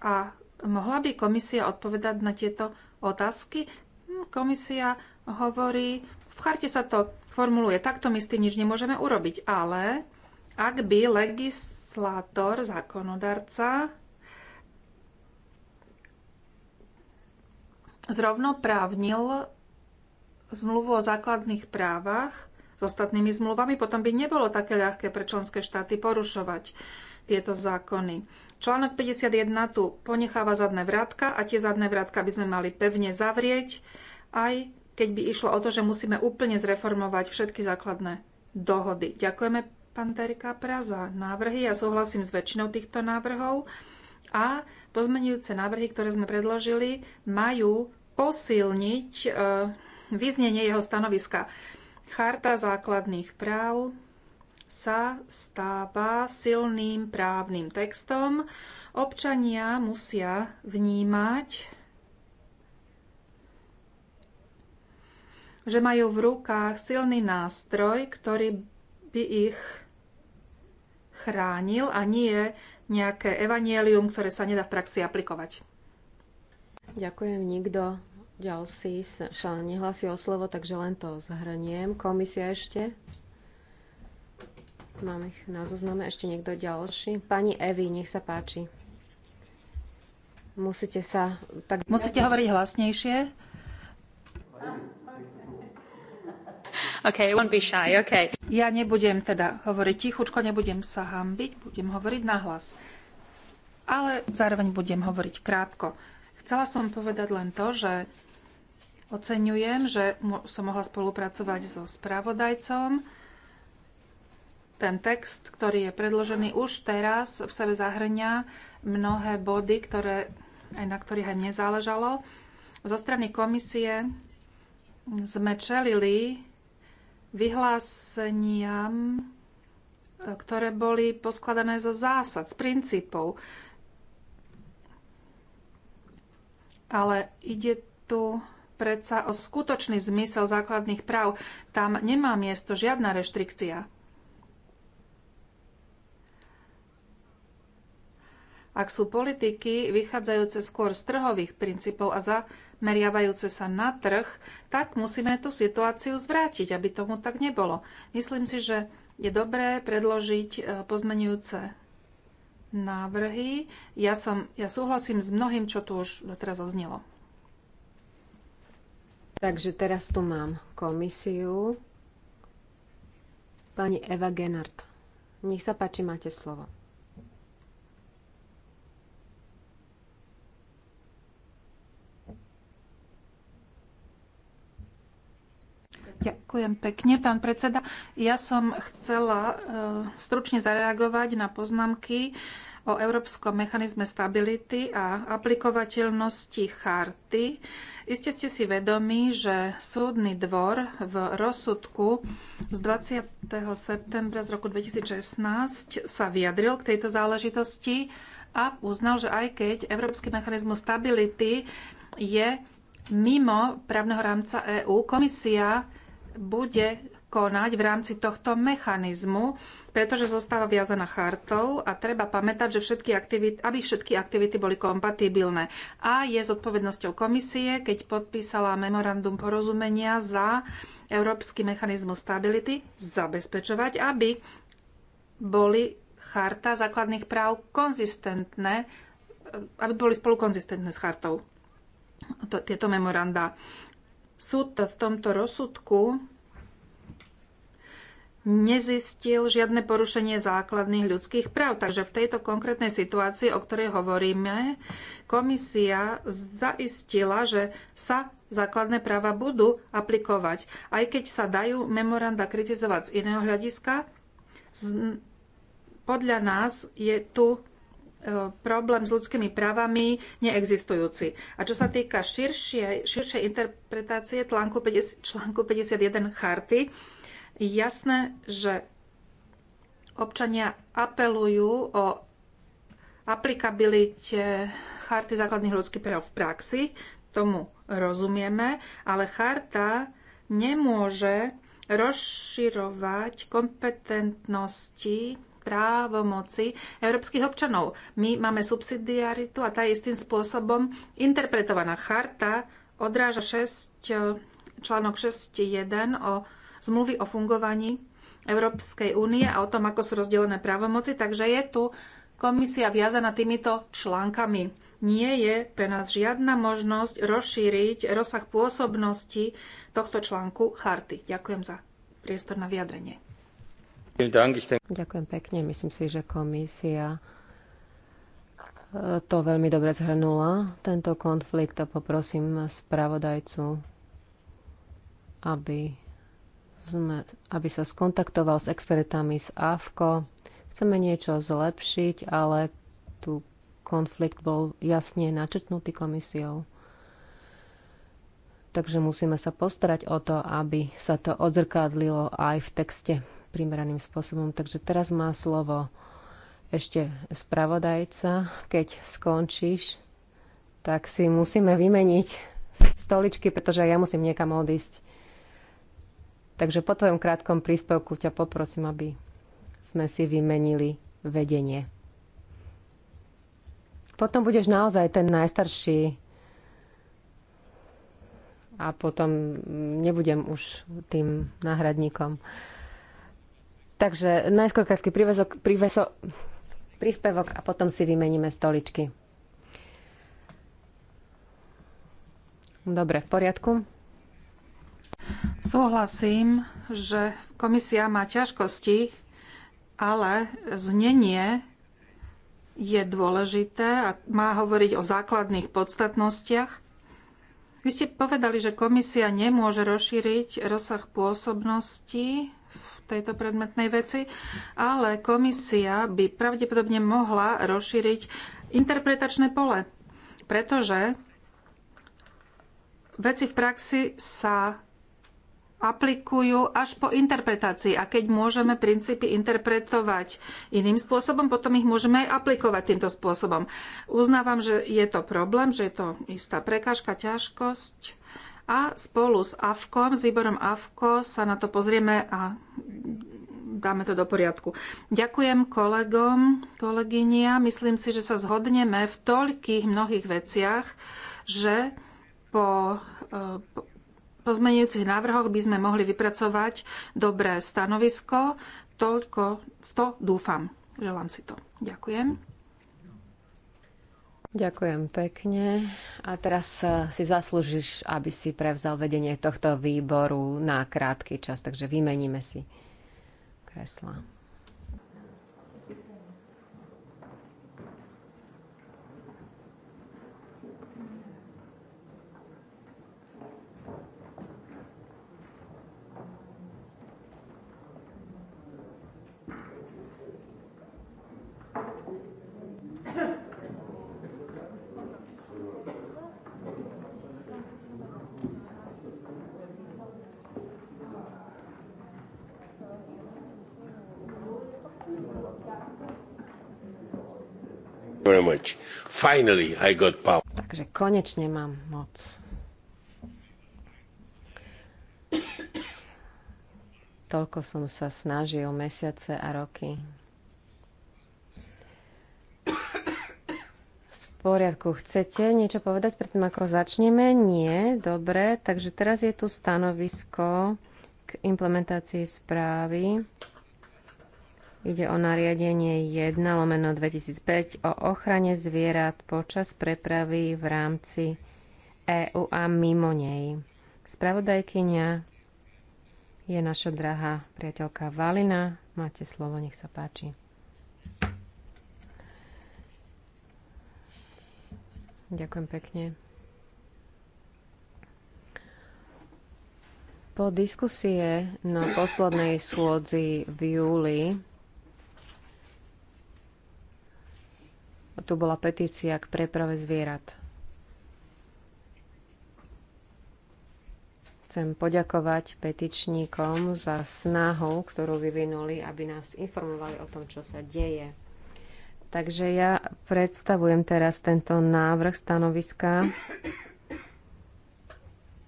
C: A mohla by komisia odpovedať na tieto otázky? Hm, komisia hovorí, v charte sa to formuluje, takto my s tým nič nemôžeme urobiť, ale ak by legislátor, zákonodarca zrovnoprávnil zmluvu o základných právach s ostatnými zmluvami, potom by nebolo také ľahké pre členské štáty porušovať tieto zákony. Článok 51 tu ponecháva zadné vrátka a tie zadné vrátka by sme mali pevne zavrieť, aj keď by išlo o to, že musíme úplne zreformovať všetky základné dohody. Ďakujeme, pán Terika Pra, za návrhy. Ja súhlasím s väčšinou týchto návrhov a pozmenujúce návrhy, ktoré sme predložili, majú posilniť e, vyznenie jeho stanoviska. Charta základných práv sa stáva silným právnym textom. Občania musia vnímať, že majú v rukách silný nástroj, ktorý by ich chránil a nie nejaké evanielium, ktoré sa nedá v praxi aplikovať. Ďakujem, nikto ďalší sa
A: nehlasí o slovo, takže len to zhrniem. Komisia ešte? Máme ich na zozname. Ešte niekto ďalší? Pani Evi, nech sa páči.
C: Musíte sa... Tak... Musíte hovoriť hlasnejšie. Okay, won't be shy, okay. Ja nebudem teda hovoriť tichučko, nebudem sa hambiť, budem hovoriť nahlas. Ale zároveň budem hovoriť krátko. Chcela som povedať len to, že Oceňujem, že som mohla spolupracovať so spravodajcom. Ten text, ktorý je predložený už teraz, v sebe zahrňa mnohé body, ktoré, aj na ktorých aj mne záležalo. Zo strany komisie sme čelili vyhláseniam, ktoré boli poskladané zo zásad, z princípov. Ale ide tu predsa o skutočný zmysel základných práv. Tam nemá miesto žiadna reštrikcia. Ak sú politiky vychádzajúce skôr z trhových princípov a zameriavajúce sa na trh, tak musíme tú situáciu zvrátiť, aby tomu tak nebolo. Myslím si, že je dobré predložiť e, pozmenujúce návrhy. Ja, som, ja súhlasím s mnohým, čo tu už doteraz oznelo.
A: Takže teraz tu mám komisiu. Pani Eva Genard. Nech sa páči, máte slovo.
C: Ďakujem pekne, pán predseda. Ja som chcela e, stručne zareagovať na poznámky o Európskom mechanizme stability a aplikovateľnosti charty. Iste ste si vedomi, že súdny dvor v rozsudku z 20. septembra z roku 2016 sa vyjadril k tejto záležitosti a uznal, že aj keď Európsky mechanizmus stability je mimo právneho rámca EÚ, komisia bude konať v rámci tohto mechanizmu pretože zostáva viazaná chartou a treba pamätať, že všetky aktivity, aby všetky aktivity boli kompatibilné. A je zodpovednosťou komisie, keď podpísala memorandum porozumenia za Európsky mechanizmus stability, zabezpečovať, aby boli charta základných práv konzistentné, aby boli spolu konzistentné s chartou. Tieto memoranda. Súd v tomto rozsudku nezistil žiadne porušenie základných ľudských práv. Takže v tejto konkrétnej situácii, o ktorej hovoríme, komisia zaistila, že sa základné práva budú aplikovať. Aj keď sa dajú memoranda kritizovať z iného hľadiska, podľa nás je tu e, problém s ľudskými právami neexistujúci. A čo sa týka širšej, širšej interpretácie článku, 50, článku 51 charty, jasné, že občania apelujú o aplikabilite Charty základných ľudských práv v praxi. Tomu rozumieme, ale Charta nemôže rozširovať kompetentnosti právomoci európskych občanov. My máme subsidiaritu a tá je istým spôsobom interpretovaná. Charta odráža 6, článok 6.1 o zmluvy o fungovaní Európskej únie a o tom, ako sú rozdelené právomoci. Takže je tu komisia viazaná týmito článkami. Nie je pre nás žiadna možnosť rozšíriť rozsah pôsobnosti tohto článku charty. Ďakujem za priestor na vyjadrenie.
A: Ďakujem pekne. Myslím si, že komisia e, to veľmi dobre zhrnula, tento konflikt, a poprosím spravodajcu, aby sme, aby sa skontaktoval s expertami z AFKO. Chceme niečo zlepšiť, ale tu konflikt bol jasne načetnutý komisiou. Takže musíme sa postarať o to, aby sa to odzrkadlilo aj v texte primeraným spôsobom. Takže teraz má slovo ešte spravodajca. Keď skončíš, tak si musíme vymeniť stoličky, pretože ja musím niekam odísť. Takže po tvojom krátkom príspevku ťa poprosím, aby sme si vymenili vedenie. Potom budeš naozaj ten najstarší a potom nebudem už tým náhradníkom. Takže najskôr krátky prívesok, príveso, príspevok a potom si vymeníme stoličky.
C: Dobre, v poriadku. Súhlasím, že komisia má ťažkosti, ale znenie je dôležité a má hovoriť o základných podstatnostiach. Vy ste povedali, že komisia nemôže rozšíriť rozsah pôsobnosti v tejto predmetnej veci, ale komisia by pravdepodobne mohla rozšíriť interpretačné pole, pretože veci v praxi sa aplikujú až po interpretácii. A keď môžeme princípy interpretovať iným spôsobom, potom ich môžeme aj aplikovať týmto spôsobom. Uznávam, že je to problém, že je to istá prekážka, ťažkosť. A spolu s AFKom, s výborom AFKO sa na to pozrieme a dáme to do poriadku. Ďakujem kolegom, kolegynia. Myslím si, že sa zhodneme v toľkých mnohých veciach, že po, po eh, pozmeňujúcich návrhoch by sme mohli vypracovať dobré stanovisko. Toľko v to dúfam. Želám si to. Ďakujem.
A: Ďakujem pekne. A teraz e, si zaslúžiš, aby si prevzal vedenie tohto výboru na krátky čas, takže vymeníme si kresla.
C: Finally I got power.
A: Takže konečne mám moc. Toľko som sa snažil mesiace a roky. poriadku. Chcete niečo povedať predtým, ako začneme? Nie, dobre. Takže teraz je tu stanovisko k implementácii správy. Ide o nariadenie 1 lomeno 2005 o ochrane zvierat počas prepravy v rámci EÚ a mimo nej. Spravodajkynia je naša drahá priateľka Valina. Máte slovo, nech sa páči. Ďakujem pekne. Po diskusie na poslednej schôdzi v júli Tu bola petícia k preprave zvierat. Chcem poďakovať petičníkom za snahu, ktorú vyvinuli, aby nás informovali o tom, čo sa deje. Takže ja predstavujem teraz tento návrh stanoviska.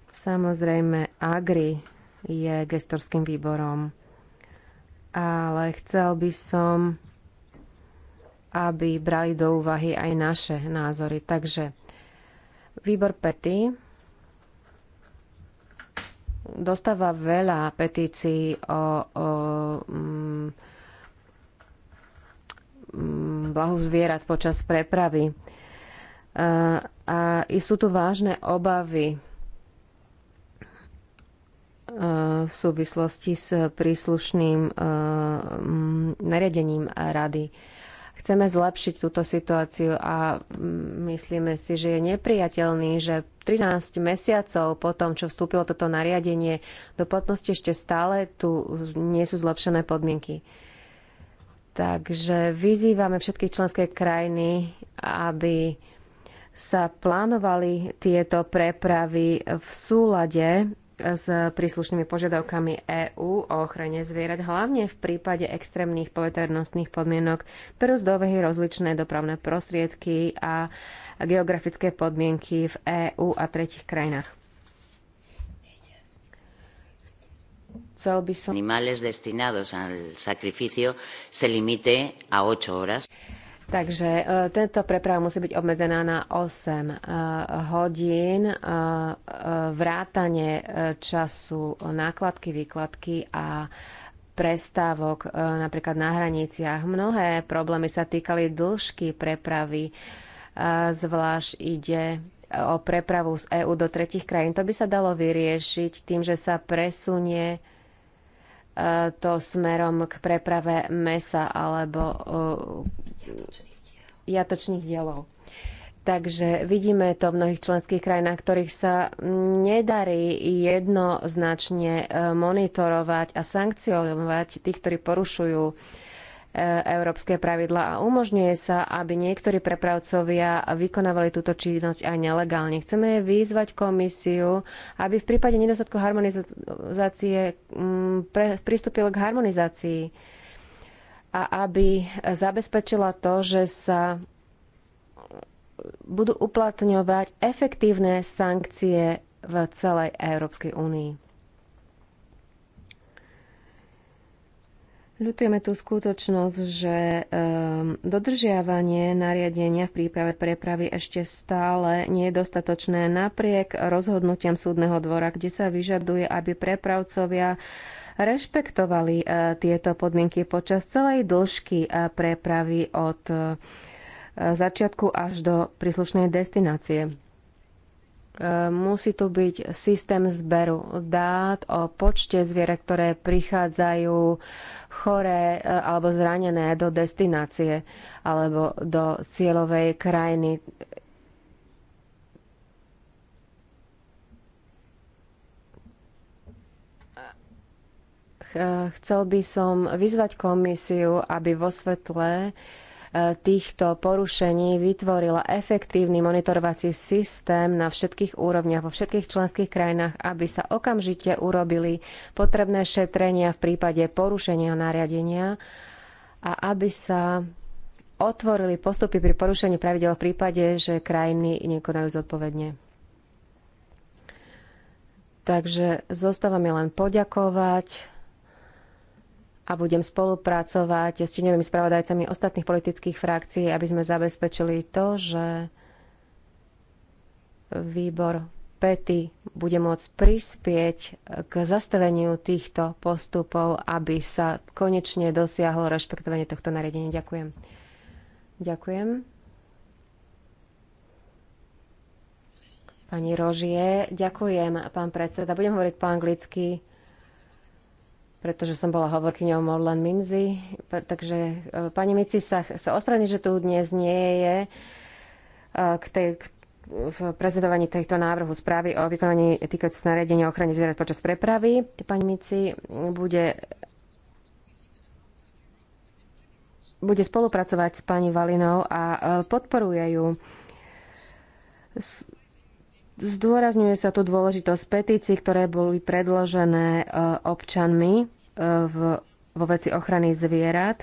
A: Samozrejme, Agri je gestorským výborom, ale chcel by som aby brali do úvahy aj naše názory. Takže výbor pety dostáva veľa petícií o, o mm, mm blahu zvierat počas prepravy. E, a, a sú tu vážne obavy e, v súvislosti s príslušným e, mm, nariadením rady Chceme zlepšiť túto situáciu a mm, myslíme si, že je nepriateľný, že 13 mesiacov po tom, čo vstúpilo toto nariadenie do platnosti, ešte stále tu nie sú zlepšené podmienky. Takže vyzývame všetky členské krajiny, aby sa plánovali tieto prepravy v súlade s príslušnými požiadavkami EÚ o ochrane zvierat, hlavne v prípade extrémnych poveternostných podmienok, berú z dovehy rozličné dopravné prostriedky a geografické podmienky v EÚ a tretich krajinách. Chcel by som... Animales destinados al sacrificio
C: se limite a 8 horas.
A: Takže e, tento preprava musí byť obmedzená na 8 e, hodín, e, vrátanie času nákladky, výkladky a prestávok napríklad na hraniciach. Mnohé problémy sa týkali dĺžky prepravy, zvlášť ide o prepravu z EÚ do tretich krajín. To by sa dalo vyriešiť tým, že sa presunie to smerom k preprave mesa alebo e, jatočných dielov. Takže vidíme to v mnohých členských krajinách, ktorých sa nedarí jednoznačne e, monitorovať a sankcionovať tých, ktorí porušujú E, európske pravidlá a umožňuje sa, aby niektorí prepravcovia vykonávali túto činnosť aj nelegálne. Chceme vyzvať komisiu, aby v prípade nedostatku harmonizácie mm, pristúpila k harmonizácii a aby zabezpečila to, že sa budú uplatňovať efektívne sankcie v celej Európskej únii. Ľutujeme tú skutočnosť, že um, dodržiavanie nariadenia v príprave prepravy ešte stále nie je dostatočné napriek rozhodnutiam súdneho dvora, kde sa vyžaduje, aby prepravcovia rešpektovali uh, tieto podmienky počas celej dĺžky uh, prepravy od uh, začiatku až do príslušnej destinácie. E, musí tu byť systém zberu dát o počte zvierat, ktoré prichádzajú choré e, alebo zranené do destinácie alebo do cieľovej krajiny. Chcel by som vyzvať komisiu, aby vo svetle týchto porušení vytvorila efektívny monitorovací systém na všetkých úrovniach vo všetkých členských krajinách, aby sa okamžite urobili potrebné šetrenia v prípade porušenia nariadenia a aby sa otvorili postupy pri porušení pravidel v prípade, že krajiny nekonajú zodpovedne. Takže zostáva mi len poďakovať a budem spolupracovať s tieňovými spravodajcami ostatných politických frakcií, aby sme zabezpečili to, že výbor PETI bude môcť prispieť k zastaveniu týchto postupov, aby sa konečne dosiahlo rešpektovanie tohto nariadenia. Ďakujem. Ďakujem. Pani Rožie, ďakujem, pán predseda. Budem hovoriť po anglicky pretože som bola hovorkyňou Morlan Minzy. Takže e, pani Mici sa, sa ospravedlní, že tu dnes nie je e, k tej, k, v prezentovaní tohto návrhu správy o vykonaní týkajúceho nariadenia o ochrane zvierat počas prepravy. Pani Mici bude bude spolupracovať s pani Valinou a e, podporuje ju Zdôrazňuje sa tu dôležitosť petícií, ktoré boli predložené e, občanmi e, vo veci ochrany zvierat.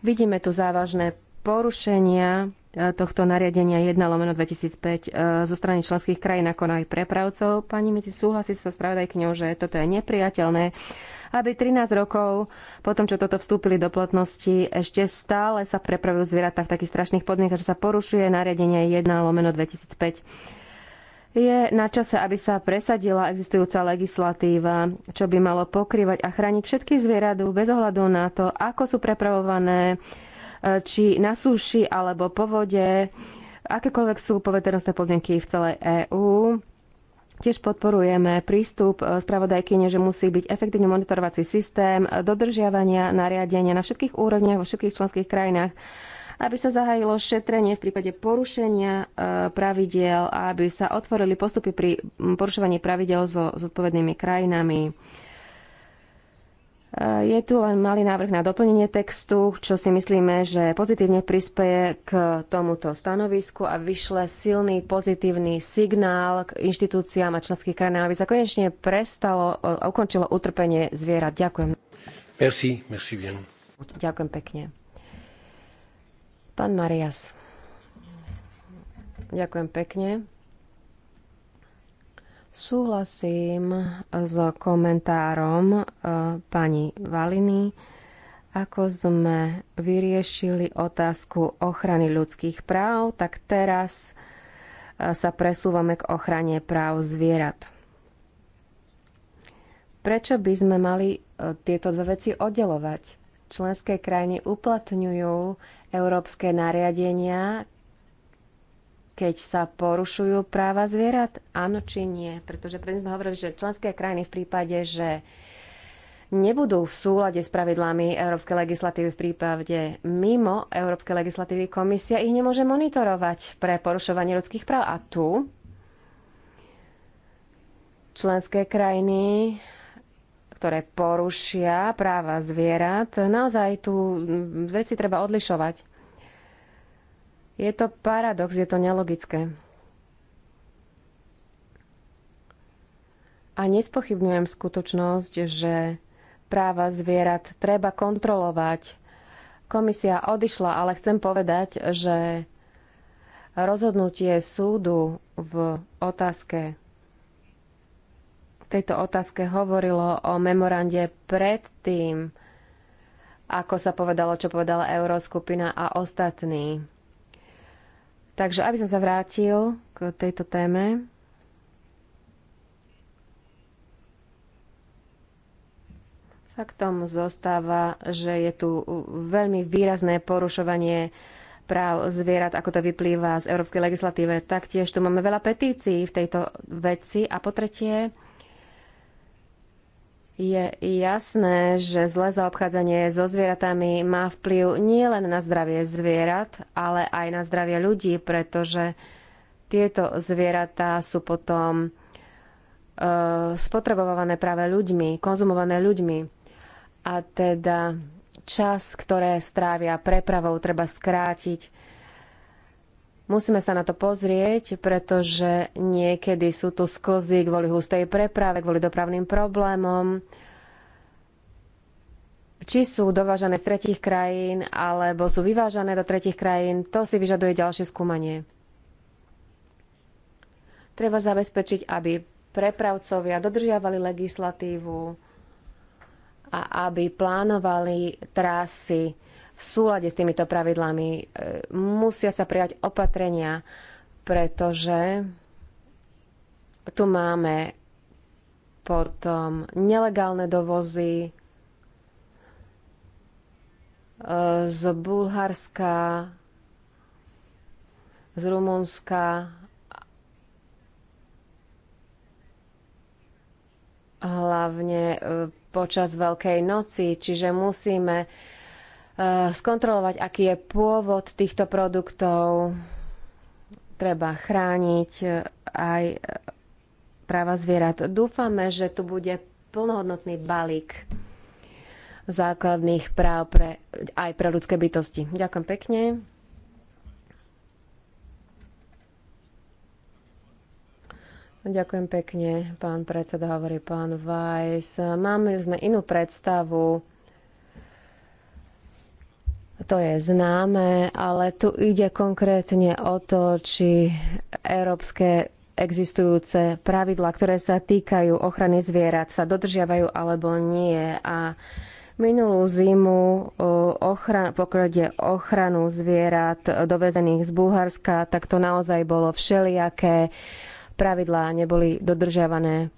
A: Vidíme tu závažné porušenia e, tohto nariadenia 1 lomeno 2005 zo strany členských krajín ako aj prepravcov. Pani Mici súhlasí so spravodajkňou, že toto je nepriateľné aby 13 rokov po tom, čo toto vstúpili do platnosti, ešte stále sa prepravujú zvieratá v takých strašných podmienkach, že sa porušuje nariadenie 1 lomeno 2005. Je na čase, aby sa presadila existujúca legislatíva, čo by malo pokrývať a chrániť všetky zvieratá bez ohľadu na to, ako sú prepravované, e, či na súši alebo po vode, akékoľvek sú poveternostné podmienky v celej EÚ Tiež podporujeme prístup e, spravodajkyne, že musí byť efektívny monitorovací systém dodržiavania nariadenia na všetkých úrovniach vo všetkých členských krajinách aby sa zahájilo šetrenie v prípade porušenia e, pravidiel a aby sa otvorili postupy pri porušovaní pravidel so zodpovednými krajinami. Eh, je tu len malý návrh na doplnenie textu, čo si myslíme, že pozitívne prispieje k tomuto stanovisku a vyšle silný pozitívny signál k inštitúciám a členských krajinám, aby sa konečne prestalo a eh, ukončilo utrpenie zvierat. Ďakujem. Merci, merci bien. Ďakujem pekne. Pán Marias. Ďakujem pekne. Súhlasím s komentárom e, pani Valiny, ako sme vyriešili otázku ochrany ľudských práv, tak teraz e, sa presúvame k ochrane práv zvierat. Prečo by sme mali e, tieto dve veci oddelovať? Členské krajiny uplatňujú európske nariadenia, keď sa porušujú práva zvierat? Áno či nie? Pretože pre sme hovorili, že členské krajiny v prípade, že nebudú v súlade s pravidlami európskej legislatívy v prípade mimo európskej legislatívy komisia ich nemôže monitorovať pre porušovanie ľudských práv. A tu členské krajiny ktoré porušia práva zvierat. Naozaj tu veci treba odlišovať. Je to paradox, je to nelogické. A nespochybňujem skutočnosť, že práva zvierat treba kontrolovať. Komisia odišla, ale chcem povedať, že rozhodnutie súdu v otázke tejto otázke hovorilo o memorande predtým, ako sa povedalo, čo povedala Euróskupina a ostatní. Takže aby som sa vrátil k tejto téme. Faktom zostáva, že je tu veľmi výrazné porušovanie práv zvierat, ako to vyplýva z európskej legislatíve. Taktiež tu máme veľa petícií v tejto veci. A po tretie, je jasné, že zlé zaobchádzanie so zvieratami má vplyv nielen na zdravie zvierat, ale aj na zdravie ľudí, pretože tieto zvieratá sú potom e, spotrebované práve ľuďmi, konzumované ľuďmi. A teda čas, ktoré strávia prepravou, treba skrátiť Musíme sa na to pozrieť, pretože niekedy sú tu sklzy kvôli hustej preprave, kvôli dopravným problémom, či sú dovážané z tretich krajín alebo sú vyvážané do tretich krajín, to si vyžaduje ďalšie skúmanie. Treba zabezpečiť, aby prepravcovia dodržiavali legislatívu a aby plánovali trasy v súlade s týmito pravidlami. E, musia sa prijať opatrenia, pretože tu máme potom nelegálne dovozy e, z Bulharska, z Rumunska, hlavne e, počas Veľkej noci, čiže musíme Eh, skontrolovať, aký je pôvod týchto produktov. Treba chrániť eh, aj eh, práva zvierat. Dúfame, že tu bude plnohodnotný balík základných práv pre, aj pre ľudské bytosti. Ďakujem pekne. Ďakujem pekne, pán predseda, hovorí pán Vajs. Máme sme inú predstavu to je známe, ale tu ide konkrétne o to, či európske existujúce pravidlá, ktoré sa týkajú ochrany zvierat, sa dodržiavajú alebo nie. A minulú zimu ochran, pokiaľ ochranu zvierat dovezených z Bulharska, tak to naozaj bolo všelijaké. Pravidlá neboli dodržiavané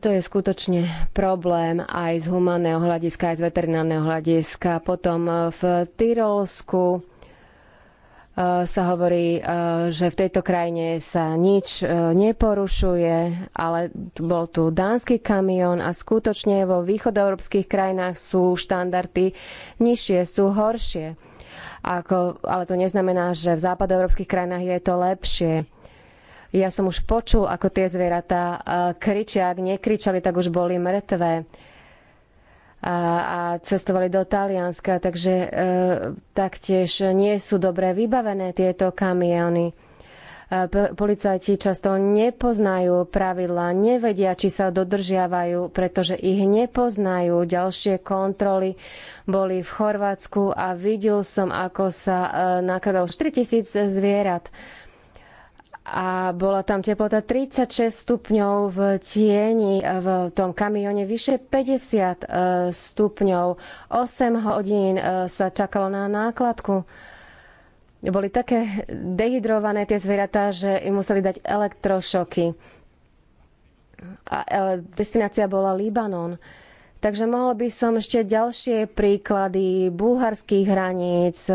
A: to je skutočne problém aj z humánneho hľadiska, aj z veterinárneho hľadiska. Potom eh, v Tyrolsku eh, sa hovorí, eh, že v tejto krajine sa nič neporušuje, ale bol tu dánsky kamión a skutočne vo východoeurópskych krajinách sú štandardy nižšie, sú horšie. Ako, ale to neznamená, že v západoeurópskych krajinách je to lepšie. Ja som už počul, ako tie zvieratá e, kričia. Ak nekričali, tak už boli mŕtvé a, cestovali do Talianska, takže e, taktiež nie sú dobre vybavené tieto kamiony. E, policajti často nepoznajú pravidlá, nevedia, či sa dodržiavajú, pretože ich nepoznajú. Ďalšie kontroly boli v Chorvátsku a videl som, ako sa e, nakladalo 4000 zvierat a bola tam teplota 36 stupňov v tieni, v tom kamióne vyše 50 e, stupňov. 8 hodín e, sa čakalo na nákladku. Boli také dehydrované tie zvieratá, že im museli dať elektrošoky. A e, destinácia bola Libanon. Takže mohla by som ešte ďalšie príklady bulharských hraníc,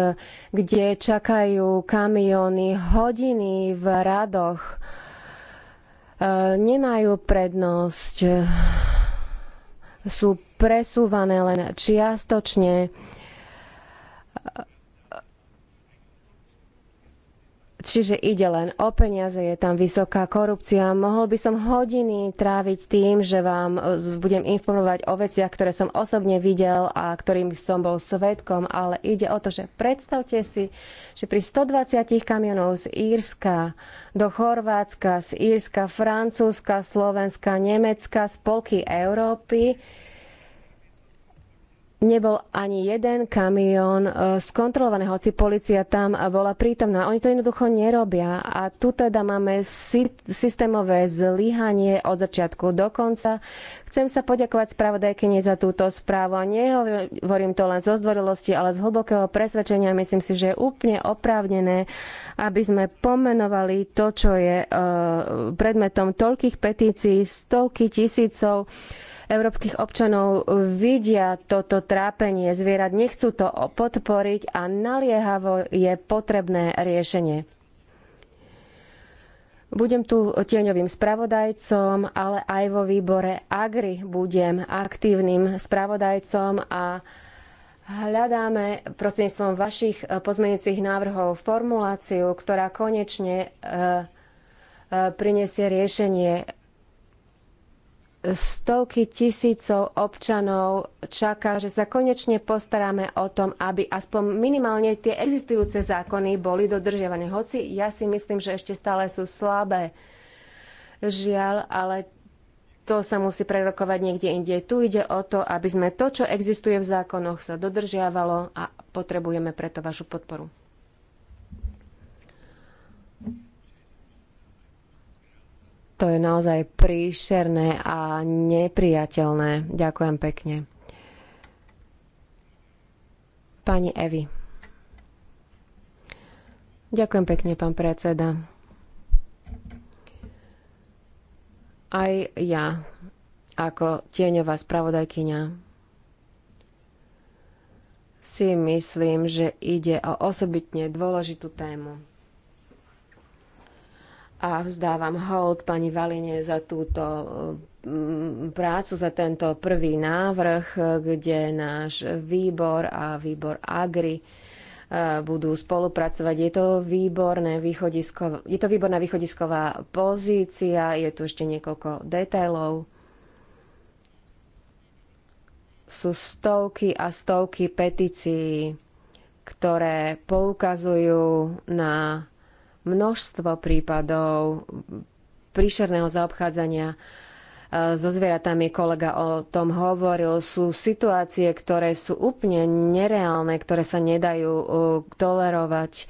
A: kde čakajú kamióny hodiny v radoch. E, nemajú prednosť, sú presúvané len čiastočne. Čiže ide len o peniaze, je tam vysoká korupcia. Mohol by som hodiny tráviť tým, že vám e, budem informovať o veciach, ktoré som osobne videl a ktorým som bol svetkom, ale ide o to, že predstavte si, že pri 120 kamionov z Írska do Chorvátska, z Írska, Francúzska, Slovenska, Nemecka, spolky Európy nebol ani jeden kamión e, skontrolovaný, hoci policia tam bola prítomná. Oni to jednoducho nerobia. A tu teda máme systémové zlyhanie od začiatku do konca. Chcem sa poďakovať spravodajkyni za túto správu. A nehovorím to len zo zdvorilosti, ale z hlbokého presvedčenia. Myslím si, že je úplne oprávnené, aby sme pomenovali to, čo je e, predmetom toľkých petícií, stovky tisícov európskych občanov vidia toto trápenie zvierat, nechcú to podporiť a naliehavo je potrebné riešenie. Budem tu tieňovým spravodajcom, ale aj vo výbore Agri budem aktívnym spravodajcom a hľadáme prostredníctvom vašich pozmeňujúcich návrhov formuláciu, ktorá konečne eh, eh, prinesie riešenie stovky tisícov občanov čaká, že sa konečne postaráme o tom, aby aspoň minimálne tie existujúce zákony boli dodržiavané. Hoci ja si myslím, že ešte stále sú slabé. Žiaľ, ale to sa musí prerokovať niekde inde. Tu ide o to, aby sme to, čo existuje v zákonoch, sa dodržiavalo a potrebujeme preto vašu podporu. To je naozaj príšerné a nepriateľné. Ďakujem pekne. Pani Evi. Ďakujem pekne, pán predseda. Aj ja, ako tieňová spravodajkyňa, si myslím, že ide o osobitne dôležitú tému a vzdávam hold pani Valine za túto mm, prácu, za tento prvý návrh, kde náš výbor a výbor Agri e, budú spolupracovať. Je to, výborné východisko, je to výborná východisková pozícia, je tu ešte niekoľko detailov. Sú stovky a stovky petícií, ktoré poukazujú na množstvo prípadov príšerného zaobchádzania e, so zvieratami. Kolega o tom hovoril. Sú situácie, ktoré sú úplne nereálne, ktoré sa nedajú e, tolerovať, e,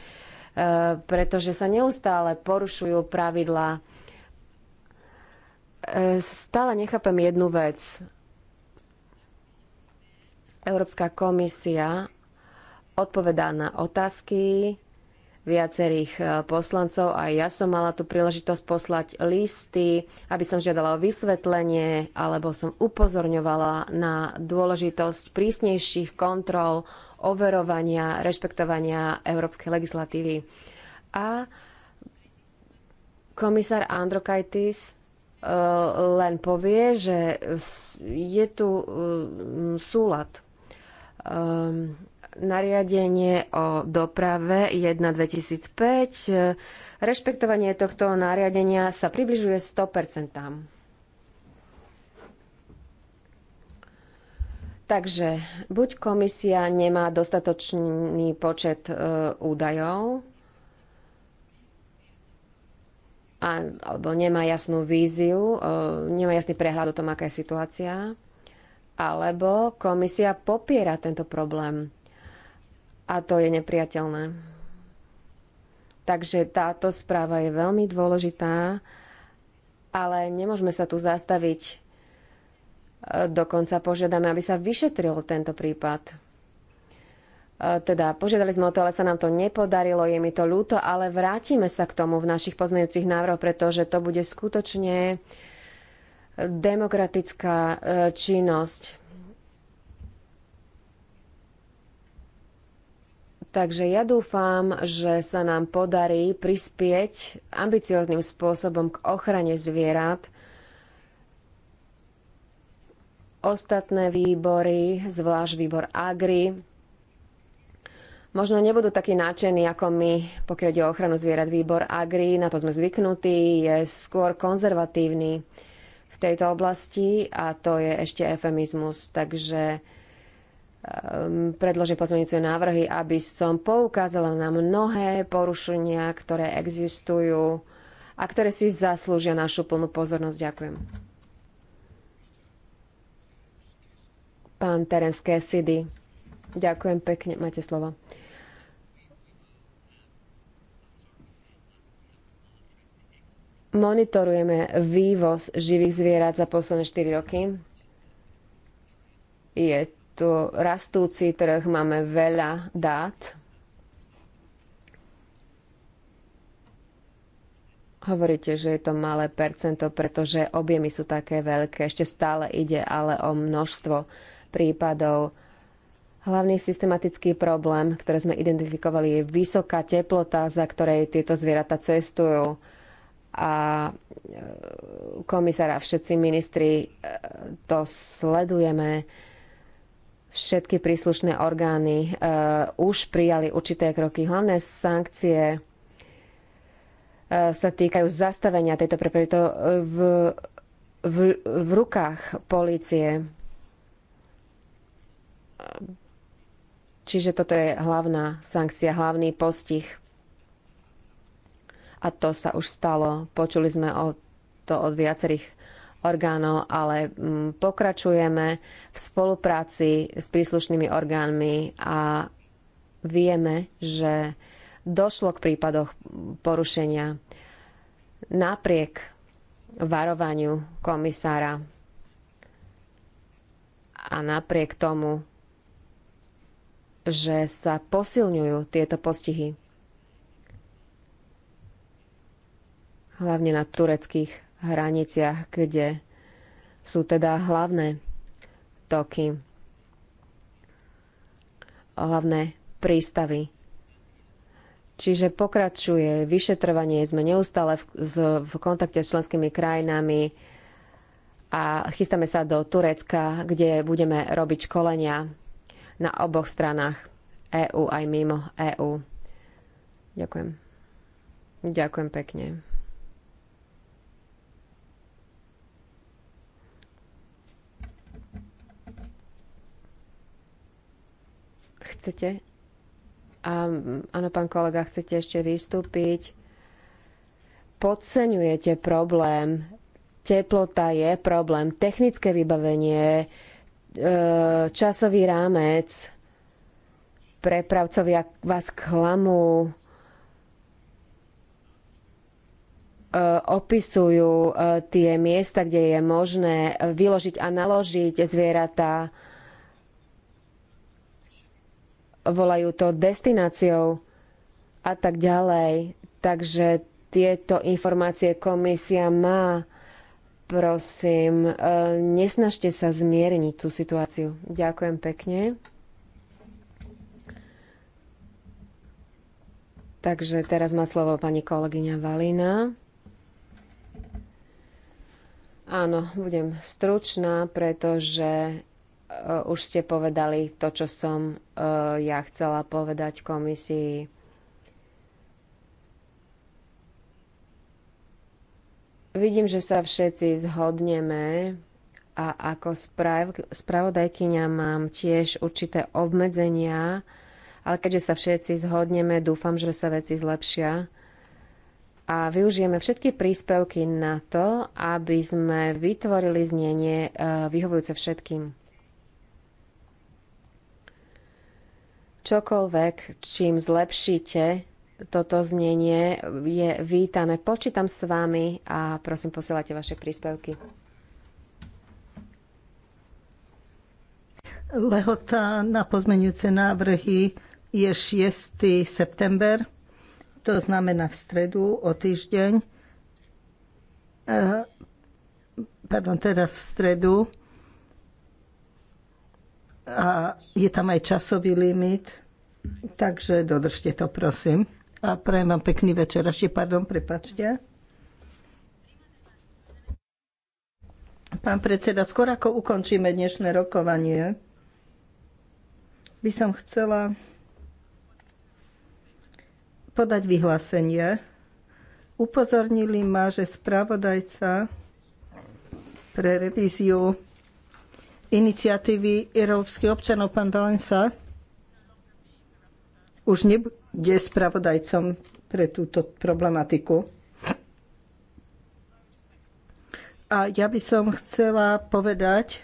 A: pretože sa neustále porušujú pravidlá. Stále nechápem jednu vec. Európska komisia odpovedá na otázky, viacerých e, poslancov a ja som mala tú príležitosť poslať listy, aby som žiadala o vysvetlenie alebo som upozorňovala na dôležitosť prísnejších kontrol, overovania, rešpektovania európskej legislatívy. A komisár Androkaitis e, len povie, že je tu e, súlad ehm, nariadenie o doprave 1-2005. Rešpektovanie tohto nariadenia sa približuje 100%. Takže buď komisia nemá dostatočný počet e, údajov, a, alebo nemá jasnú víziu, e, nemá jasný prehľad o tom, aká je situácia, alebo komisia popiera tento problém a to je nepriateľné. Takže táto správa je veľmi dôležitá, ale nemôžeme sa tu zastaviť. E, dokonca požiadame, aby sa vyšetril tento prípad. E, teda požiadali sme o to, ale sa nám to nepodarilo, je mi to ľúto, ale vrátime sa k tomu v našich pozmeňujúcich návrhoch, pretože to bude skutočne demokratická e, činnosť Takže ja dúfam, že sa nám podarí prispieť ambiciozným spôsobom k ochrane zvierat. Ostatné výbory, zvlášť výbor Agri, možno nebudú takí nadšení ako my, pokiaľ ide o ochranu zvierat. Výbor Agri, na to sme zvyknutí, je skôr konzervatívny v tejto oblasti a to je ešte efemizmus. Takže Ehm, predložím pozmeňujúce návrhy, aby som poukázala na mnohé porušenia, ktoré existujú a ktoré si zaslúžia našu plnú pozornosť. Ďakujem. Pán Terence Cassidy, ďakujem pekne, máte slovo. Monitorujeme vývoz živých zvierat za posledné 4 roky. Je tu rastúci trh, máme veľa dát. Hovoríte, že je to malé percento, pretože objemy sú také veľké. Ešte stále ide ale o množstvo prípadov. Hlavný systematický problém, ktoré sme identifikovali, je vysoká teplota, za ktorej tieto zvieratá cestujú. A e, komisára, všetci ministri e, to sledujeme Všetky príslušné orgány e, už prijali určité kroky. Hlavné sankcie e, sa týkajú zastavenia tejto prepravy. To e, v, v, v rukách polície. Čiže toto je hlavná sankcia, hlavný postih. A to sa už stalo. Počuli sme o to od viacerých orgánov, ale mm, pokračujeme v spolupráci s príslušnými orgánmi a vieme, že došlo k prípadoch porušenia napriek varovaniu komisára a napriek tomu, že sa posilňujú tieto postihy, hlavne na tureckých hraniciach, kde sú teda hlavné toky, hlavné prístavy. Čiže pokračuje vyšetrovanie, sme neustále v, z, v kontakte s členskými krajinami a chystáme sa do Turecka, kde budeme robiť školenia na oboch stranách EÚ aj mimo EÚ. Ďakujem. Ďakujem pekne. Chcete? A, áno, pán kolega, chcete ešte vystúpiť? Podceňujete problém. Teplota je problém. Technické vybavenie, e, časový rámec, prepravcovia vás klamú, e, opisujú e, tie miesta, kde je možné vyložiť a naložiť zvieratá volajú to destináciou a tak ďalej. Takže tieto informácie komisia má. Prosím, e, nesnažte sa zmierniť tú situáciu. Ďakujem pekne. Takže teraz má slovo pani kolegyňa Valina. Áno, budem stručná, pretože už ste povedali to, čo som e, ja chcela povedať komisii. Vidím, že sa všetci zhodneme a ako sprav- spravodajkyňa mám tiež určité obmedzenia, ale keďže sa všetci zhodneme, dúfam, že sa veci zlepšia a využijeme všetky príspevky na to, aby sme vytvorili znenie e, vyhovujúce všetkým. Čokoľvek, čím zlepšíte toto znenie, je vítané. Počítam s vami a prosím, posielajte vaše príspevky.
B: Lehota na pozmenujúce návrhy je 6. september, to znamená v stredu o týždeň. Eh, pardon, teraz v stredu a je tam aj časový limit, takže dodržte to, prosím. A prajem vám pekný večer. Ešte, pardon, prepačte. Pán predseda, skôr ako ukončíme dnešné rokovanie, by som chcela podať vyhlásenie. Upozornili ma, že spravodajca pre revíziu iniciatívy európskych občanov, pán Valensa, už nebude spravodajcom pre túto problematiku. A ja by som chcela povedať,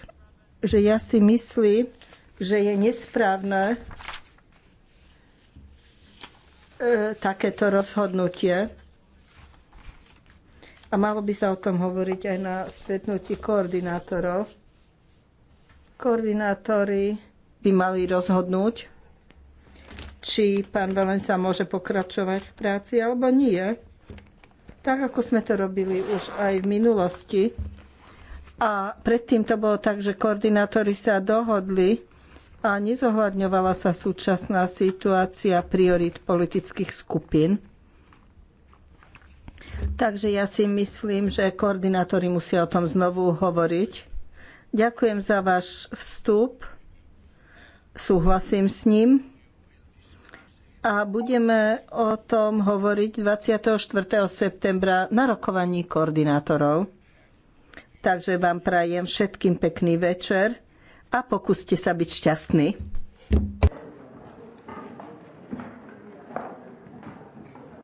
B: že ja si myslím, že je nesprávne e, takéto rozhodnutie. A malo by sa o tom hovoriť aj na stretnutí koordinátorov. Koordinátori by mali rozhodnúť, či pán Valensa môže pokračovať v práci alebo nie. Tak, ako sme to robili už aj v minulosti. A predtým to bolo tak, že koordinátori sa dohodli a nezohľadňovala sa súčasná situácia priorit politických skupín. Takže ja si myslím, že koordinátori musia o tom znovu hovoriť Ďakujem za váš vstup. Súhlasím s ním. A budeme o tom hovoriť 24. septembra na rokovaní koordinátorov. Takže vám prajem všetkým pekný večer a pokúste sa byť šťastní.